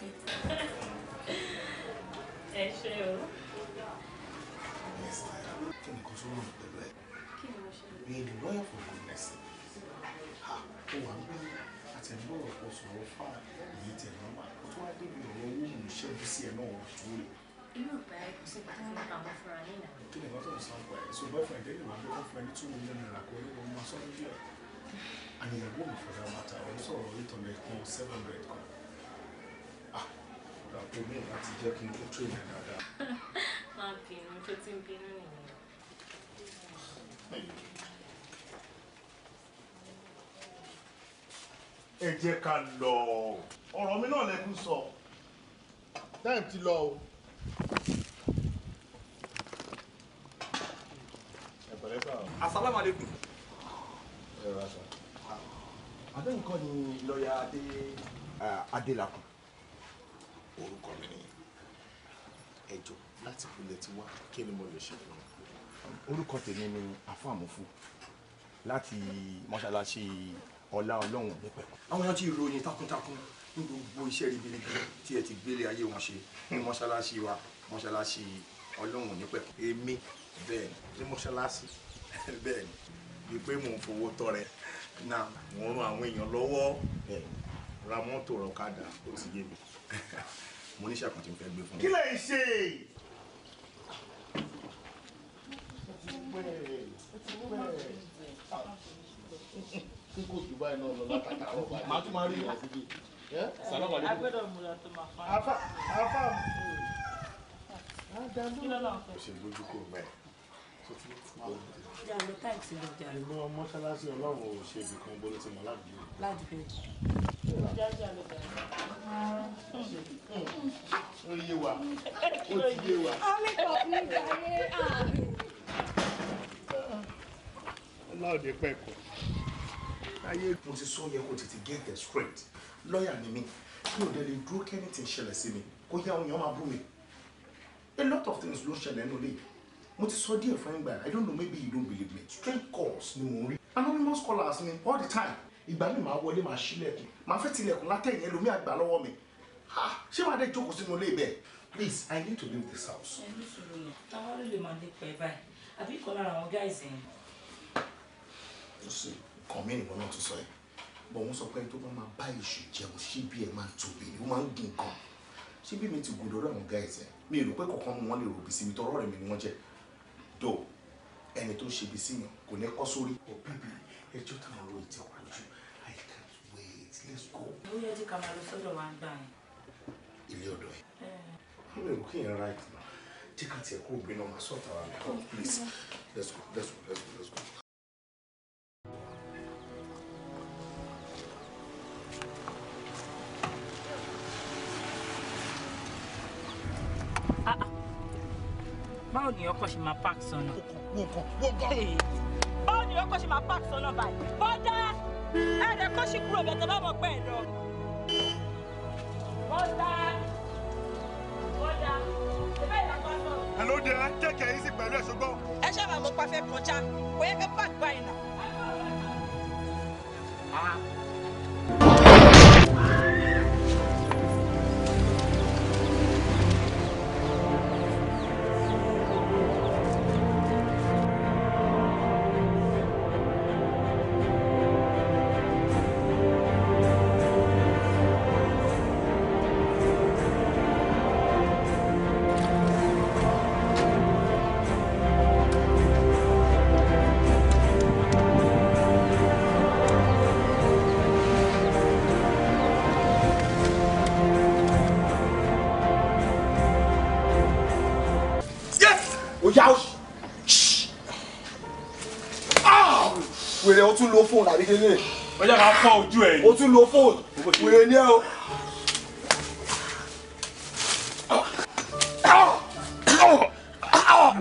ẹ ṣe o. kí ni for goodness. ha ó wà ń gbé àtẹ̀gbọ́rọ̀ kò sọ̀rọ̀ fà èyí tẹ̀ nọ́mà kó tó wá débi ọ̀rọ̀ owó mò ń ṣẹ́gun sí ẹ̀ náà tó rè. inú ìgbà ẹ kò sí pàtó nípa àwọn fúnra ní ìlànà. kí ni kọ́tọ̀ sọ pé so boyfriend ẹ̀ lè wá gbé kọ́fún ẹ ní two million naira kó lè wọ́n máa sọ́dún díẹ̀. àyẹ̀wò for that matter also sọ̀rọ̀ eight hundred kan seven hundred ọ̀dà pé mi láti jẹ́ kí n tó train ẹ̀ dáadáa. má bínú tó ti ń bínú nìyẹn. ẹ jẹ́ ká lọ ọ̀rọ̀ mi náà lẹ́kún sọ time ti lọ o. ẹ̀pẹ̀lẹ́ sọ. asalaamualeykum. nǹkan ni lọ́ọ̀yà adé. Ah, adélakùn orúkọ mi nìyẹn ẹjọ láti ìpínlẹ̀ tiwa kí ni mo lè ṣe fún un. orúkọ tèmi ni afáàmúfú láti mọ́ṣáláṣí ọlá ọlọ́run nípẹ̀. àwọn tí ìròyìn takuntakun ní gbogbo iṣẹ́ ribiribi tí ẹ ti gbélé ayé wọn ṣe ní mọ́ṣáláṣí wa mọ́ṣáláṣí ọlọ́run nípẹ̀. èmi bẹ́ẹ̀ ni mọ́ṣáláṣí bẹ́ẹ̀ ni bíi pé mò ń fowó tọrẹ náà mò ń ran àwọn èèyàn lọ́wọ́ ra mọ́tò rọ̀kadà ó ti yé mi. mo níṣẹ́ kan tí mo fẹ́ gbé fún mi. kí lè ṣe. kí kò jù báyìí náà lọ látàkà ọ̀rọ̀ báyìí. màá tún máa rí ìwà síbi. agbẹ́dọ̀ mu la tó máa fa. afa afa mu. kí ló lọ fẹ́. o ṣe lójú kò mẹ́ jalo táìsì lọ jalo. ìgbọ́ mọ́ṣáláṣí ọlọ́run ò ṣe ibìkan bolo ti mọ̀ ládùúgbò. ládùúgbò ó yé wa ó ti yé wa. ọlọ́ọ̀dẹ pẹ̀kọ́. ayé mo ti sọ yẹ kó tètè get the straight lọ́ọ̀yà ni mi mi ò dẹ̀ lè dúró kí anything ṣẹlẹ̀ sí mi kó yá òun yẹn máa a lot of things ló ṣẹlẹ̀ nínú ilé mo ti sọ díẹ̀ fún ẹgbẹ́ i don't know maybe you don't believe me strange calls ni mo ń rí anonymous callers ni all the time ìgbà mi máa wọlé máa ṣílẹ̀kùn máa fẹ́ tilẹ̀kùn látẹ̀yìn ẹlòmíà gbà lọ́wọ́ mi ṣé màá dé jókòó sínú ilé ibẹ̀ please i need to leave this house. ẹ ní sùúrù yẹn táwọn ló lè máa lè pẹ́ báyìí àbí ìkan lára àwọn gáìsì yẹn. kò sí kàn mí nìkan náà tún sọ yẹn bọ̀ wọ́n sọ pé tó bá máa bá èṣù jẹun síbi ẹ̀ máa tóbi ni ó máa ń gùn gan síbi mi ti gùn lọ́dọ̀ àwọn gáìsì yẹn mi rò pé kọ̀ọ̀kan mu wọn lè rò bí tọrọ rẹ̀ mi ni wọ́n jẹ́ dò ẹni tó ṣe bí síyàn kò ní kọ́ sórí. òbí mi ẹjọ́ táwọn olóyè ti wá let's go. bóyá jí ká máa lọ sọ́dọ̀ wa gbà yẹn. looking right now? jí ká tiẹ̀ kó obìnrin náà máa sọ àtàwọn àmì kan please let's go let's go let's go let's go. Ah, ah. báwo ni ọkọ̀ ṣe máa park sọ́nà. wọ́n kàn wọ́n kàn. báwo ni ọkọ̀ ṣe máa park sọ́nà báyìí. bọ́dà ẹ̀rẹ̀ kó sì kúrò bẹ̀tẹ̀ bá mọ̀ pẹ́ lọ. bọ́dà bọ́dà ẹ̀fẹ́ ìlànà lọ. ẹ ló dé take it easy pẹ̀lú ẹ̀ ṣùgbọ́n. ẹ ṣáà máa mọ pàfẹ́ kọjá kò yẹ kí pàgbà ìnà. wèrè o tún lo fóònù àbí kékeré. ó yẹ ká fọ́ ojú ẹ̀. o tún lo fóònù wèrè ni ẹ o.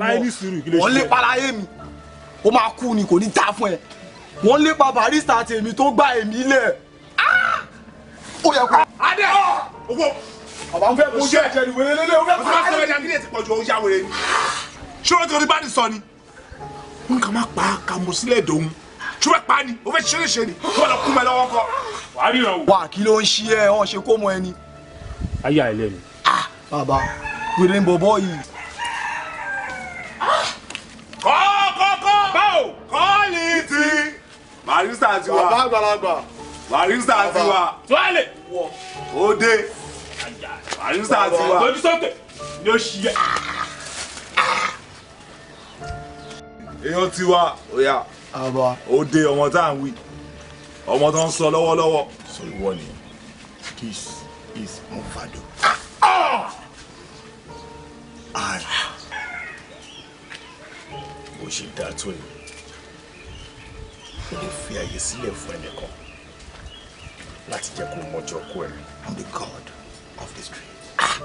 aláyé ní sùúrù kí ló ṣe. wọ́n lépa aláyé mi ó máa kú ni kò ní ta fún ẹ wọ́n lépa barista tèmi tó gba èmi lẹ̀ ó yẹ kó. adé owó bàbá ń fẹ́ kó ṣe ẹ̀jẹ̀ ni wèrè lélẹ̀ ó fẹ́ kó ṣe ẹ̀jẹ̀ ni. ó ti máa sọ ẹja kí ṣé o ti bá ti sọ ni. n kà má pa kàmú sílẹ̀ dòun tí wọ́n pa ni o fẹ́ ṣeré ṣe ni wọ́n lọ kú mẹ́ lọ́wọ́ kọ́. wà á ríran o. wà kí ló ń ṣe ẹ ọ ṣe kó mọ ẹni. ayé àìlẹ ni. Ah, bàbá wèrè ń bọ̀ bọ́ yìí. kọ́ kọ́ kọ́ báwo kọ́ ni ti barista ti wa bàbá àgbàlagbà barista ti wa tuwale òde barista ti wa lójú sókè ni ó ṣí ẹ. èèyàn ti wa àbá òde ọmọ tá à ń wí ọmọ tó ń sọ lọ́wọ́lọ́wọ́. sọ ìwọ ni this is mofado. ara bó ṣe dáa tó yìí kò lè fi àyè sílẹ̀ fún ẹnìkan láti jẹ́ kó mọjọ́ kó ẹ̀rí. I'm the god of this tree. Ah.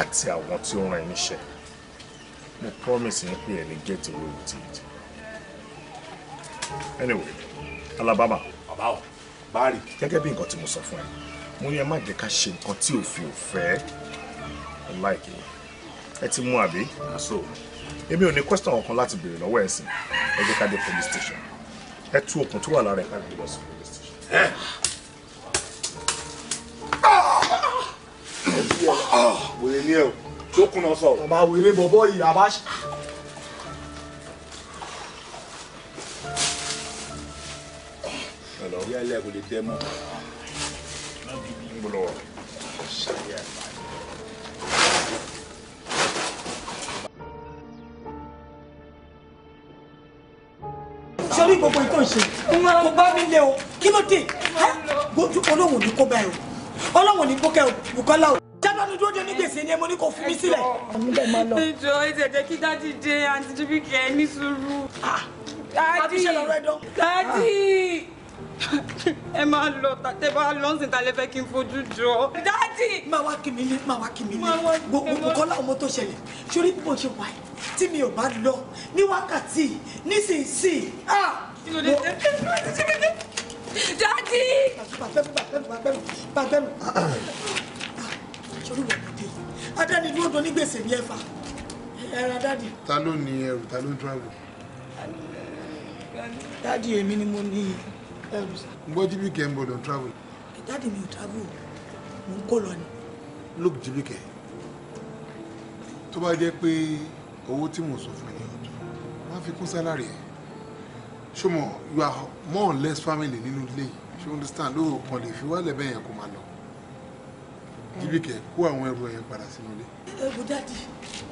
àti àwọn tí ó ràn ẹ́ níṣẹ́ mo promise yín pé ẹ lè get away with it anyway alabama bàbá o báàrì gẹ́gẹ́ bí nǹkan tí mo sọ fún ẹ mo ní ẹ má jẹ́ ká ṣe nǹkan tí òfin ò fẹ́ ẹ láìkè ẹ ti mú àbí àṣọ èmi ò ní question kankan láti béèrè lọ́wọ́ ẹ̀ sìn ẹ jẹ́ ká dé police station ẹ tú okùn tó wà lára ẹ̀ ká gbé lọ sí police station wèrè ni ẹ o tó kùnà sọ. bàbá wèrè bọ̀bọ̀ yìí àbá. yálẹ̀ kò lè tẹ́ mọ́. sọ́rí gbogbo ìtàn ṣe kó bá mi lé o kí ló dé gbójú olóhùn ní kó bá ẹ o ọlọ́wọ̀n ní kókẹ́ o Bùkọ́lá o jábọ́nú dúró dé ní gbèsè ni ẹ mo ní kó fi mí sílẹ̀. ìjọ ìjẹ jẹ kí dájú dé àǹtí jíbí kẹ ẹ ní sùúrù. dájú ah, dájú ẹ máa lọ tẹ bá lọ sí ta lè fẹ́ kí n fojú jọ. dáàdì. máa wá kí mi ní máa wá kí mi ní gbogbo kọ́lá ọmọ tó ṣẹlẹ̀ sórí bí mo ṣe wà yìí tí mi ò bá lọ ní wákàtí nísinsìnyí. Ah, kí ló dé tẹ́ tẹ́ tẹ́ tẹ́ tẹ́ tẹ́ dadi. adáni dúró tó ní gbèsè ní ẹ̀fà ẹ̀rọ adáni. ta ló ní ẹrù ta ló ń travel. dadi èmi ni mo ní ẹrù sá. n gbọ́ jíbìkẹ́ ń gbọ́dọ̀ travel. dadi mi ò travel mo ń kó lọ ni. look jíbìkẹ́ tó bá jẹ́ pé owó tí mo sọ fún ẹ ní ọjọ́ máa fi kún sálárì ẹ̀ ṣùgbọ́n you are more or less family nínú ilé yìí ṣé o understand lóò kàn lè fi wálẹ̀ bẹ́ẹ̀ yẹn kó máa lọ jíbi kẹ kó àwọn ẹrù ẹ̀yẹn padà sínú ilé. ẹ wo dáàdi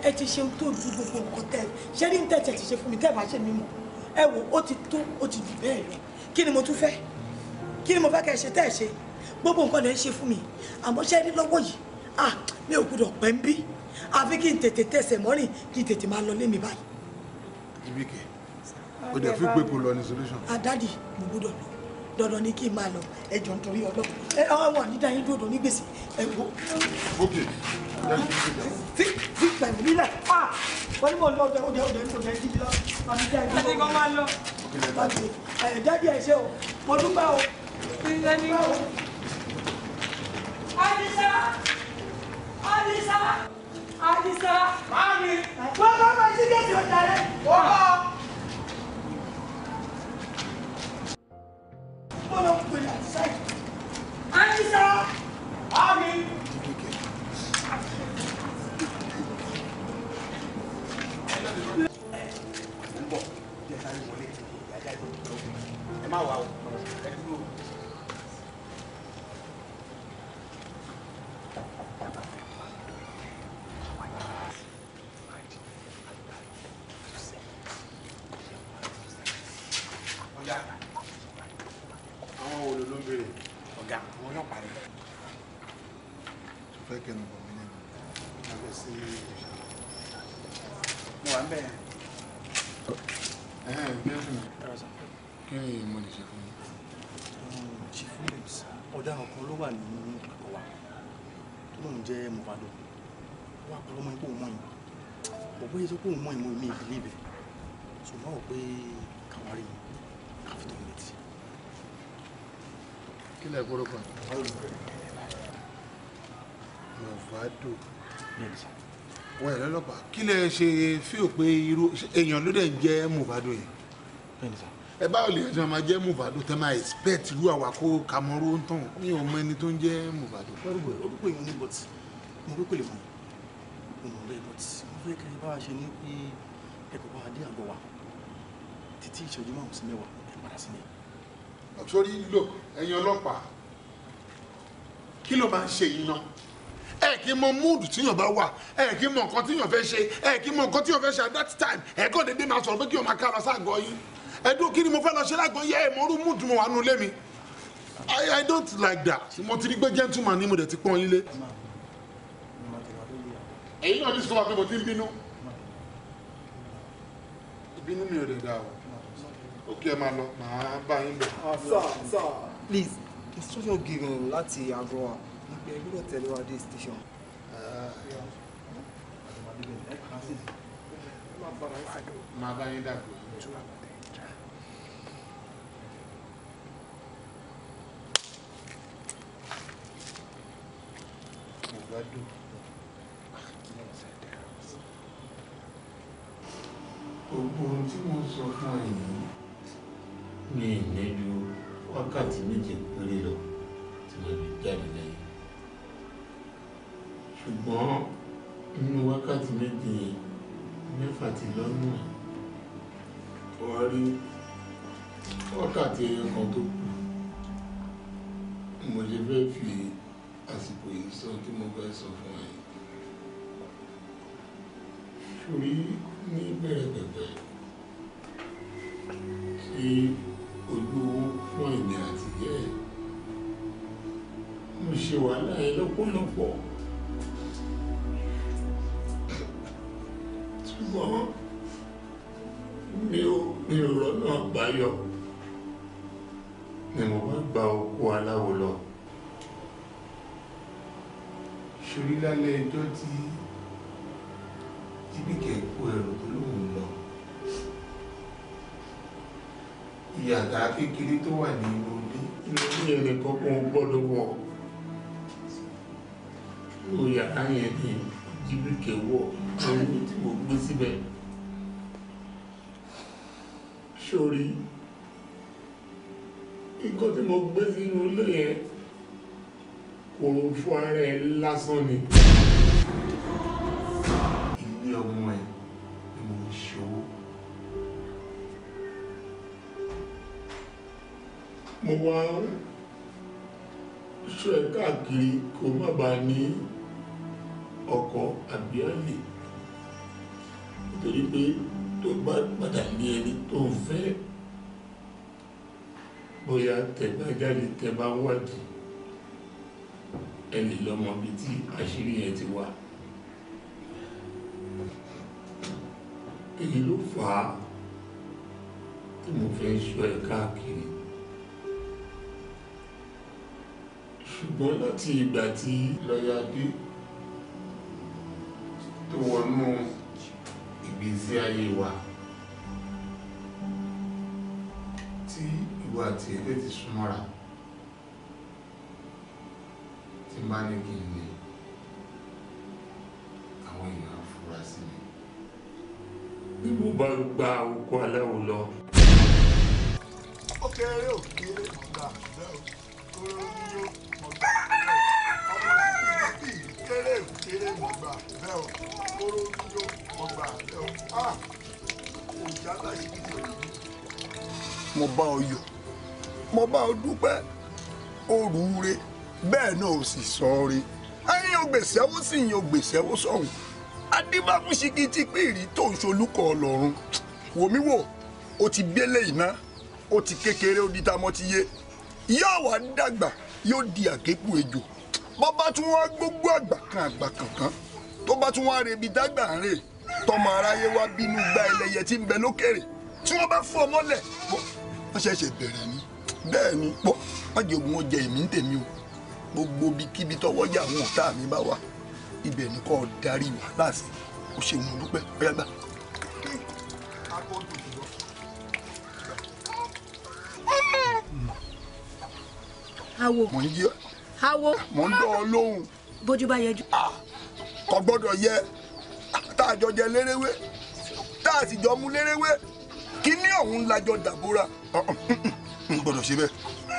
ẹ ti ṣe tó ju gbogbo nǹkan tẹ ṣé ní tẹ̀tẹ̀ ti ṣe fún mi tẹ́ bá ṣe mí mọ̀ ẹ wo ó ti tó ó ti jù bẹ́ẹ̀ lọ kí ni mo tún fẹ́ kí ni mo fẹ́ kẹ́ ṣe tẹ́ ṣe gbogbo nǹkan lè ṣe fún mi àmọ́ ṣé ní lọ́wọ́ yìí ah mi ò gbọdọ̀ pẹ́ ń bí àfi kí n tètè tẹ̀sẹ̀ mọ́rìn kí n tètè máa lọ lé mi báyìí. jíbi kẹ o dẹ̀ fi pé kó lọ ní solution. àdáàdì ah, mo gbọ́dọ̀ lọ dandan ni kí n máa lọ ẹjọ nítorí Ọlọ́run ẹ ọ wà ní dáyé dòdò ní gbèsè ẹ wo. ok fi fi pẹ̀lú nílẹ̀ a ah! wọ́n ní mò ń lọ ọdẹ ọdẹ ọdẹ ọdẹ jíjí lọ àti dáyé dòdò. àti kan máa lọ. ẹ dájú ẹ ṣe o mo dúpẹ́ o. ṣe ni o. Àdìsá Àdìsá Àdìsá. máa mi. wọ́n bá bá ṣí kéde ọ̀dà rẹ̀. wọ́n bá. Safe. bóyá sọ pé òun mọ ìmọ̀ mi ìbílẹ̀ ibẹ̀ ṣùgbọ́n ò pé kàwárí mi káfí tó ń létí. kí lẹ kúrò kan. mọ̀fádò wọ́n ẹ̀rọ ọlọ́pàá kí lẹ ṣe fíò pé irú èèyàn ló dẹ̀ ń jẹ́ mọ̀fádò yẹn ẹ báwo lè ṣe máa jẹ́ mùbàdó tẹ́ máa expect irú àwàkó Cameroon tán mi ò mọ ẹni tó ń jẹ́ mùbàdó. orúkọ ìwọ ní bọ́tì mo rúkọ lè fún un mo but mo fẹ́ kẹ́ bá a ṣe ní pé ẹ̀kọ́ bá a dé àgọ́ wa títí ìṣẹ́jú márùn sí mẹ́wàá ẹ padà sílẹ̀. sórí look ẹ̀yin ọlọ́pàá kí ló máa ń ṣe yìí náà ẹ kì í mọ múùdù tíyàn bá wà ẹ kì í mọ nǹkan tíyàn fẹ́ ṣe ẹ kì í mọ nǹkan tíyàn fẹ́ ṣe at that time ẹ kàn dédé máa sọ̀rọ̀ pé kí o máa kára sáàgọ́ yín ẹdún kí ni mo fẹ́ lọ ṣe lágbo yẹ I, don't like that èyí náà ní sọ́wọ́ pé mo ti ń bínú ìbínú mi ò lè dà o òkè máa lọ màá bá yín bẹ̀. Ah, please instruction given láti àgọ́ wa ni pé ẹ gbọ́dọ̀ tẹ̀lé wa dé station. máa bá yín dàgbò. Thank gbogbo ohun tí mo sọ fún ẹ yìí mi ì ní ju wákàtí méje péré lọ tí mo lè jáde lẹ́yìn ṣùgbọ́n nínú wákàtí méje mẹ́fà ti lọ́nà wàá rí wákàtí ẹyọkan tó kù mo lè fẹ́ fi àsìkò yìí sọ kí mo fẹ́ sọ fún ẹ. ṣòrí ní bẹ̀rẹ̀ pẹ̀pẹ̀ tí ojú owó fún ẹ̀mí àtìyẹ́ ẹ̀ mo ṣe wàhálà ẹ lọ́pọ̀lọpọ̀ ṣùgbọ́n mi ò mi ò rọ́nà àbáyọ ni mo bá gba òkú aláwo lọ ṣorí lálẹ́ ẹjọ́ tí tíbíkẹ̀ kó ẹrù tó lòun lọ ìyàtà kékeré tó wà ní inú ilé inú ilé rẹ̀ kọ́kọ́ gbọ́dọ̀ wọ̀ ló yàrá yẹn ní tíbíkẹ̀ wọ̀ lórí tí mo gbé síbẹ̀ sórí nǹkan tí mo gbé sínú ilé yẹn kò fún ara ẹ lásán ni ní ọmọ ẹ̀ ni mò ń ṣòwò. mo wá sọ ẹ káàkiri kó má bàa ní ọkọ àbí àlè nítorí pé tó bá padà ní ẹni tó ń fẹ́ bóyá tẹ̀gbá jáde bá wádìí ẹ lè lọ́mọ bíi tí àṣírí yẹn ti wà. èyí ló fà á tí mo fi ń sọ ẹ káàkiri ṣùgbọ́n láti ìgbà tí lọ́ọ̀yà dé tó wọnú ìgbésí ayé wa tí ìwà àti ẹ̀dẹ́ ti súnmọ́ra tí n ní kí n ní bí mo bá gba oko aláwo lọ. ó kéré ó kéré ọ̀gá ọ̀gá kóró yíyó ọ̀gá ọmọ ìbí kéré ó kéré ọ̀gá ọ̀gá kóró yíyó ọ̀gá ọ̀gá òjá láti bí tòun. mo bá ọ yọ̀ mo bá ọ dúpẹ́ òrùure bẹ́ẹ̀ náà ò sì sọ ọ́ rí ẹ̀yin ògbèsẹ́wó sì yin ògbèsẹ́wó sọ̀hún adébáfúnṣigi ti pé ìrì tó ń ṣolúkọ ọlọ́run wòmí wò ó ti gbélé iná ó ti kékeré ó di tamọ́ ti yé yóò wá dàgbà yóò di àgékù ejò bó bá tún wá gbogbo àgbà kan àgbà kankan tó bá tún wá rebi dágbà ń rè tọmọ aráyé wá bínú gba ẹlẹ́yẹ tí ń bẹ lókèrè tí wọ́n bá fọ́ mọ́lẹ̀ bọ́ wọ́n ṣẹ̀ṣẹ̀ bẹ̀rẹ̀ ni bẹ́ẹ̀ ni pọ́ wọ́n jẹ ogun ń tèmi o gbogbo bíkíbi tọwọ́ jà àwọn ọ̀tá mi bá wà ibẹ̀ ni kò darí wàhálà sí o ṣe mú dúpẹ́ bóyá gbà. awo mò ń yẹ awo mò ń dán ọ lóhùn. bójú bá yẹjú. kò gbọ́dọ̀ yẹ tá a jọ jẹ lérewé tá a sì jọ mú lérewé kí ní òun lajọ dàbúrà. n gbọ́dọ̀ ṣe bẹ́ẹ̀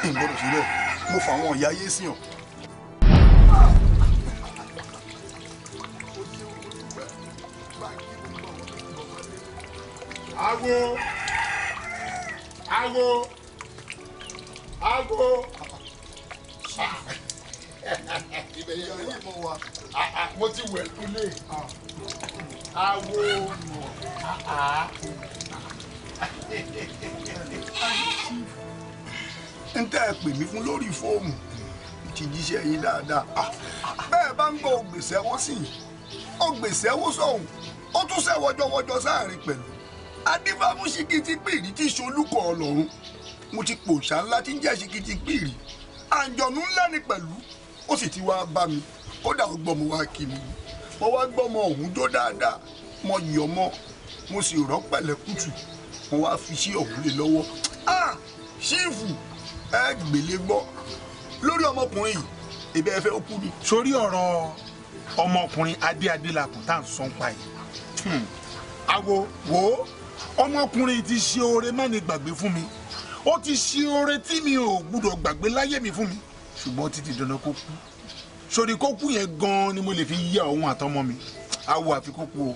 n gbọ́dọ̀ ṣe bẹ́ẹ̀ mo fà wọn ìyá yé sí ọ. ago ago ago ìbẹ̀yẹ̀ yìí mo wà mo ti wẹ̀ lólè awo n tẹ́ ẹ pè mí fún lórí fóònù ti jíṣẹ́ yín dáadáa bẹ́ẹ̀ bá ń gbọ́ ògbèsẹ́wó sí i ògbèsẹ́wó sọ̀hún ó tún sẹ́wọ́jọ́wọ́jọ́ sáàrin pẹ̀lú adébámu ṣìkìtì pìrì ti ṣolúkọ ọlọ́run mo ti pòṣà ńlá tí ń jẹ́ ṣìkìtì pìrì àǹjọ̀nú ńlá ni pẹ̀lú ó sì ti wáá bá mi kódà ó gbọ́mọ wá kí mi mo wá gbọ́mọ ọ̀hún tó dáadáa mo yọ̀ mọ́ mo sì rọ́ pẹ̀lẹ́kùtù mo wá fi sí ọ̀hún lé lọ́wọ́ ṣífù ẹ gbélé gbọ́ lórí ọmọkùnrin yìí ebi ẹ fẹ́ ó kú ni. sórí ọ̀rọ̀ ọmọkùnrin adéadé làkùn tá à ń sọ yìí hmm. àwo wò ọmọkùnrin ti ṣe oore má ní gbàgbé fún mi ó ti ṣe oore tí mi ò gbúdọ̀ gbàgbé láyé mi fún mi ṣùgbọ́n títí dandan kó kú sori kó kú yẹn gan-an ni mo lè fi yá òun àtọmọ mi awo àfi kó kú o.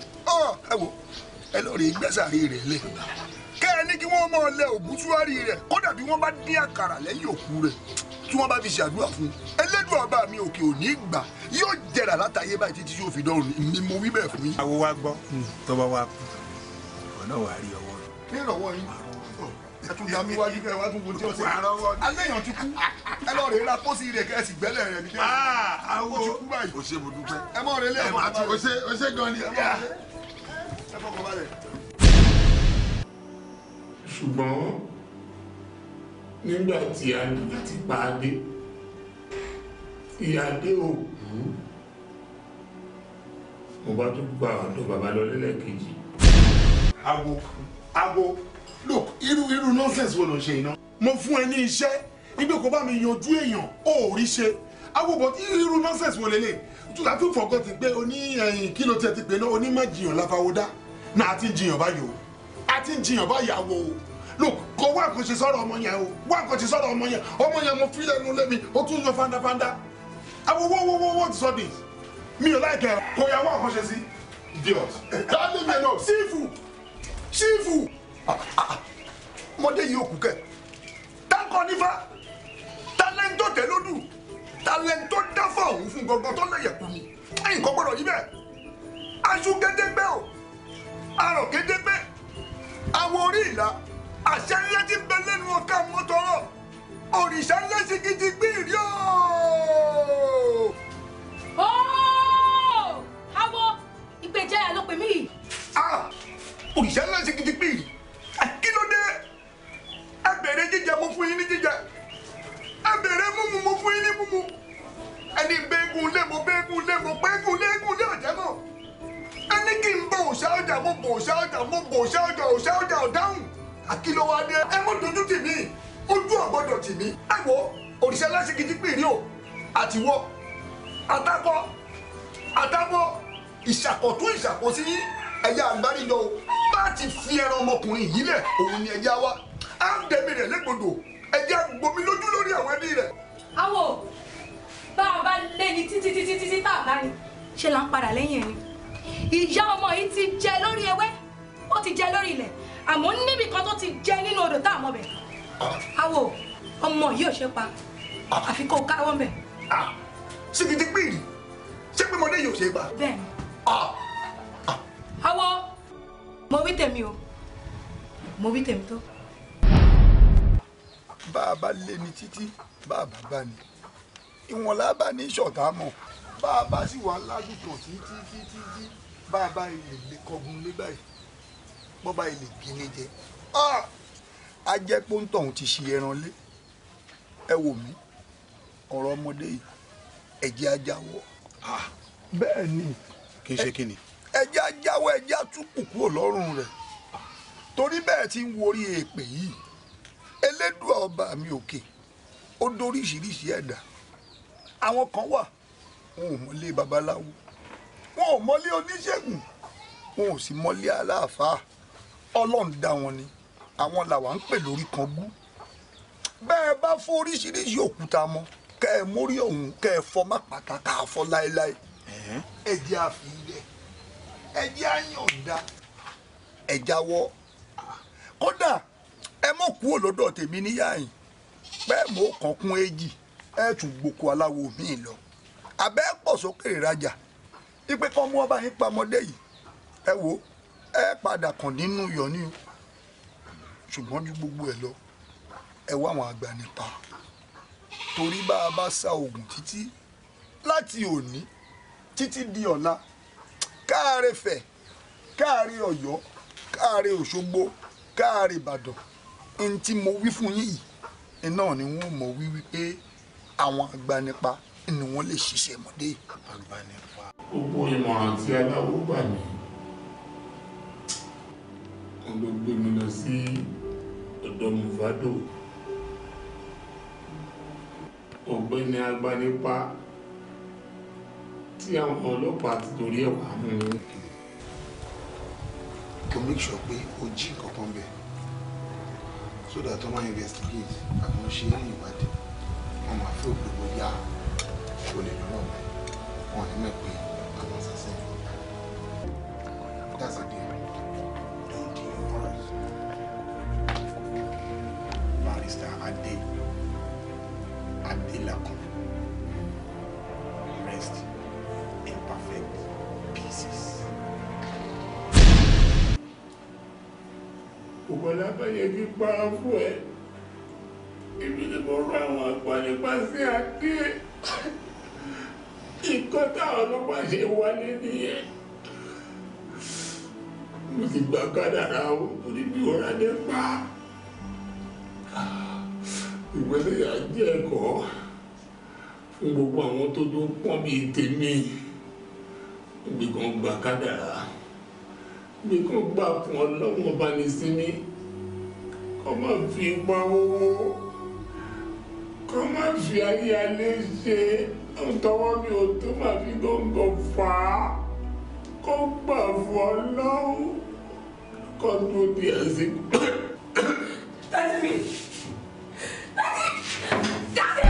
ẹ wo ẹ lọ rí gbẹ́sàárì rẹ̀ lẹ̀ kẹ́ ẹ ní kí wọ́n mọ̀ lẹ òbútúárì rẹ̀ kódà bí wọ́n bá dín àkàrà lẹ́yìn òkú rẹ̀ tí wọ́n bá fi ṣàdúrà fún un ẹlẹ́dùn ọba mi òkè òní gbà yóò jẹrà látàyè báyìí títí yóò fi dọ́rùn mi mo wí bẹ́ẹ̀ fún yín. àwo wa gbọ́ tó bá wa kú náà wà á rí ọwọ́ rẹ. kí ìrọ̀wọ́ yín ẹ tún dá mi wájú kẹwàá tún wo tí ó ṣe aléyàn ti kú ẹ lọ rè ra pósí rẹ kẹsì gbẹlẹ rẹ ní kẹsì ah, ó ti kú báyìí. o ṣe mo dúpẹ́ ẹ mọ̀ rẹ lẹ́yìn àti o ṣe o ṣe gan ni. ẹ fọkàn balẹ̀. ṣùgbọ́n nígbà tí a ní láti pa adé ìyáde òkú mo bá tún gba ọ̀dọ̀ bàbá awo awo look irú irú nonsense wo ló ń ṣe iná. mo fún ẹ ní iṣẹ́ nígbà kó bá mi yanjú èèyàn ó rí ṣe awo but irú nonsense wo lélẹ̀ tún àfi fọ̀gọ́tì pé oní ẹ̀yìn eh, kí ló tiẹ̀ ti pè náà onímọ̀jìyàn láfáwọ́dá náà àti jiyàn báyò àti jiyàn báyàwó o look kó wá nǹkan ṣe sọ́dọ̀ ọmọ yẹn o wá nǹkan ṣe sọ́dọ̀ ọmọ yẹn ọmọ yẹn mo fi lẹ́nu lẹ́mi ó tún yan fandafanda awo wo wo wo wo ti sọ this mi ò láìkẹ́ kò yà wá nǹkan ṣe sí idiot. dáadé mi náà sífù ṣífù ọmọdé ah, ah, ah. yìí òkú kẹ táǹkọ nífà tálẹ́ńtò tẹ́lódù tálẹ́ńtò dáfà òun fún gbọ̀ngàn tó lẹ̀yẹ̀ kú mi ẹ̀yìn kan gbọ́dọ̀ yí bẹ́ẹ̀ aṣú gédégbé o arọ̀ gédégbé àwọn orí ìlà àṣẹ ńlá ti bẹ lẹ́nu ọ̀ká mọ́tọ́rọ̀ òrìṣà ńlá sì gidi gbé ìrí o. ó àwọ ìgbèjà ló pè mí òrìṣà ńlá ṣe gidi pé yìí àkílódé ẹ bèrè jíjẹ mo fún yín ní jíjẹ ẹ bèrè múmu mo fún yín ní múmu ẹni bẹ́ẹ̀gùn lé mo bẹ́ẹ̀gùn lé mo bẹ́ẹ̀gùn lé ẹ̀gùn lé ọ̀jẹ̀ mọ̀ ẹni kí n bọ òṣà ọjà mo bọ òṣà ọjà mo bọ òṣà ọjà òṣà ọjà ọ̀dáhùn àkílówádé ẹ mọ̀ dojú tì mí ojú àgbọ̀dọ̀ tì mí ẹ wọ òrìṣà ńlá ṣe gidi pé yìí o àtiwọ́ àtakọ àtabọ̀ ìṣàkọ̀tún ìṣàkóso yín ẹ̀yà àgbáríjọ o bá ti fi ẹran ọmọkùnrin yìí lẹ̀ òun ni ẹ̀yà wa á ń dẹ̀mí rẹ̀ légbodò ẹ̀yà gbomi lójú lórí àwọn ẹbí rẹ̀. awo bá a bá lé ní títí títí títí tá a bá ní ṣe là ń padà lẹ́yìn ẹ̀ ni ìyá ọmọ yìí ti jẹ lórí ewé ó ti jẹ lórí ilẹ̀ àmọ́ níbi kan tó ti jẹ nínú odò tá a mọ̀ bẹ̀ awo ọmọ yìí ò ṣe pa àfi kó káwọ́ mẹ́. Ah, ṣé kìí ti pín ìrì ṣé pé mo dé yìí ò ṣe é gbà. bẹ́ẹ̀ni. Ah awọ mo wí tèmi o mo wí tèmi tó. bá a bá lé ní títí bá a bá bá ní ìwọ̀n lábá ní ṣọ̀tá mọ̀ bá a bá sì wà ládùúgbò títí títí tí bá a bá ilé lè kọgun lé báyìí bọ́ bá ilé gílé jẹ a jẹ́ pọ́ńtọ̀ ti ṣe ẹran lé ẹ wò mí ọ̀rọ̀ ọmọdé yìí ẹ̀jẹ̀ ajáwọ̀. bẹ́ẹ̀ ni. kì í ṣe kí ni ẹjẹ́ ajáwọ́ ẹjẹ́ àtúkù kúrò lọ́rùn rẹ̀ torí bẹ́ẹ̀ ti ń worí èpè yìí elédùà ọba mi òkè ó dóríṣiríṣi ẹ̀dá àwọn kan wà wọn ò mọ̀lé babaláwo wọn ò mọ̀lé oníṣègùn wọn ò sì mọ̀lé aláàfáà ọlọ́run dá wọn ni àwọn làwa ń pè lórí kan bú bẹ́ẹ̀ bá fún oríṣiríṣi òkúta mọ́ kẹ́ ẹ mórí ọ̀hún kẹ́ ẹ fọ́ má pàtàkì àfọ́ láéláé ẹ̀jẹ̀ àfi ilẹ̀ ẹjẹ́ àyànda ẹ̀já wọ́ kódà ẹ mọ̀ kúrò lọ́dọ̀ tèmi níyàyìn bẹ́ẹ̀ mo kàn kún èjì ẹ tún gboko aláwo mi lọ abẹ́ pọ̀ sókè ìrajà ipe kan mú ọba yín pamọ́dé yìí ẹ wo ẹ padà kàn nínú yọ ní ṣùgbọ́n ju gbogbo ẹ lọ ẹ wá àwọn agbanipa torí bá a bá sa oògùn títí láti òní títí di ọ̀la káàárẹ fẹ̀ káàárẹ Ọ̀yọ́ káàárẹ Òṣogbo káàárẹ Ìbàdàn n tí mo wí fún yín yìí náà ni wọ́n mọ̀ wí wípé àwọn agbanipa ni wọ́n lè ṣiṣẹ́ mọdé. agbanipa. gbogbo ìmọ̀ràn tí aláwo gbà mí wọ́n ló gbé mi lọ sí ọ̀dọ̀ mufado ọ̀gbẹ́ni agbanipa tí àwọn ọlọ́pàá ti torí ẹ̀ wá mú mi. to make sure pé o jí nǹkan kan bẹ̀ so that wọ́n máa investigate àwọn ṣe é ìwádìí wọ́n máa fi òpin bóyá o lè lọ́wọ́ mi wọ́n ní mẹ́ pé àwọn sàṣẹ́ that's the deal. Barrister Ade Adelakun. Bọ́lá Fáyẹmí pa fún ẹ èmi ni mo rọ àwọn àgbà nípa sí adé nǹkan táwọn ọlọ́pàá ṣe wálé nìyẹn mo sì gbà kádàrá o torí bí ọ̀rá dé pa ìgbẹ́lẹ́yà jẹ́ ẹ̀kọ́ fún gbogbo àwọn tó tó pọ́n bíi tèmi ibi gbà kádàrá ibi kan gbà fún ọlọ́run ọba ní sinmi kọ́ máa fi pa owó kọ́ máa fi ayé alẹ́ ṣe tọwọ́ mi ò tó máa fi gbọ̀ngàn fà á kó gbà fún ọ lọ́wọ́ kó tó di àsìkò. That's me. That's it.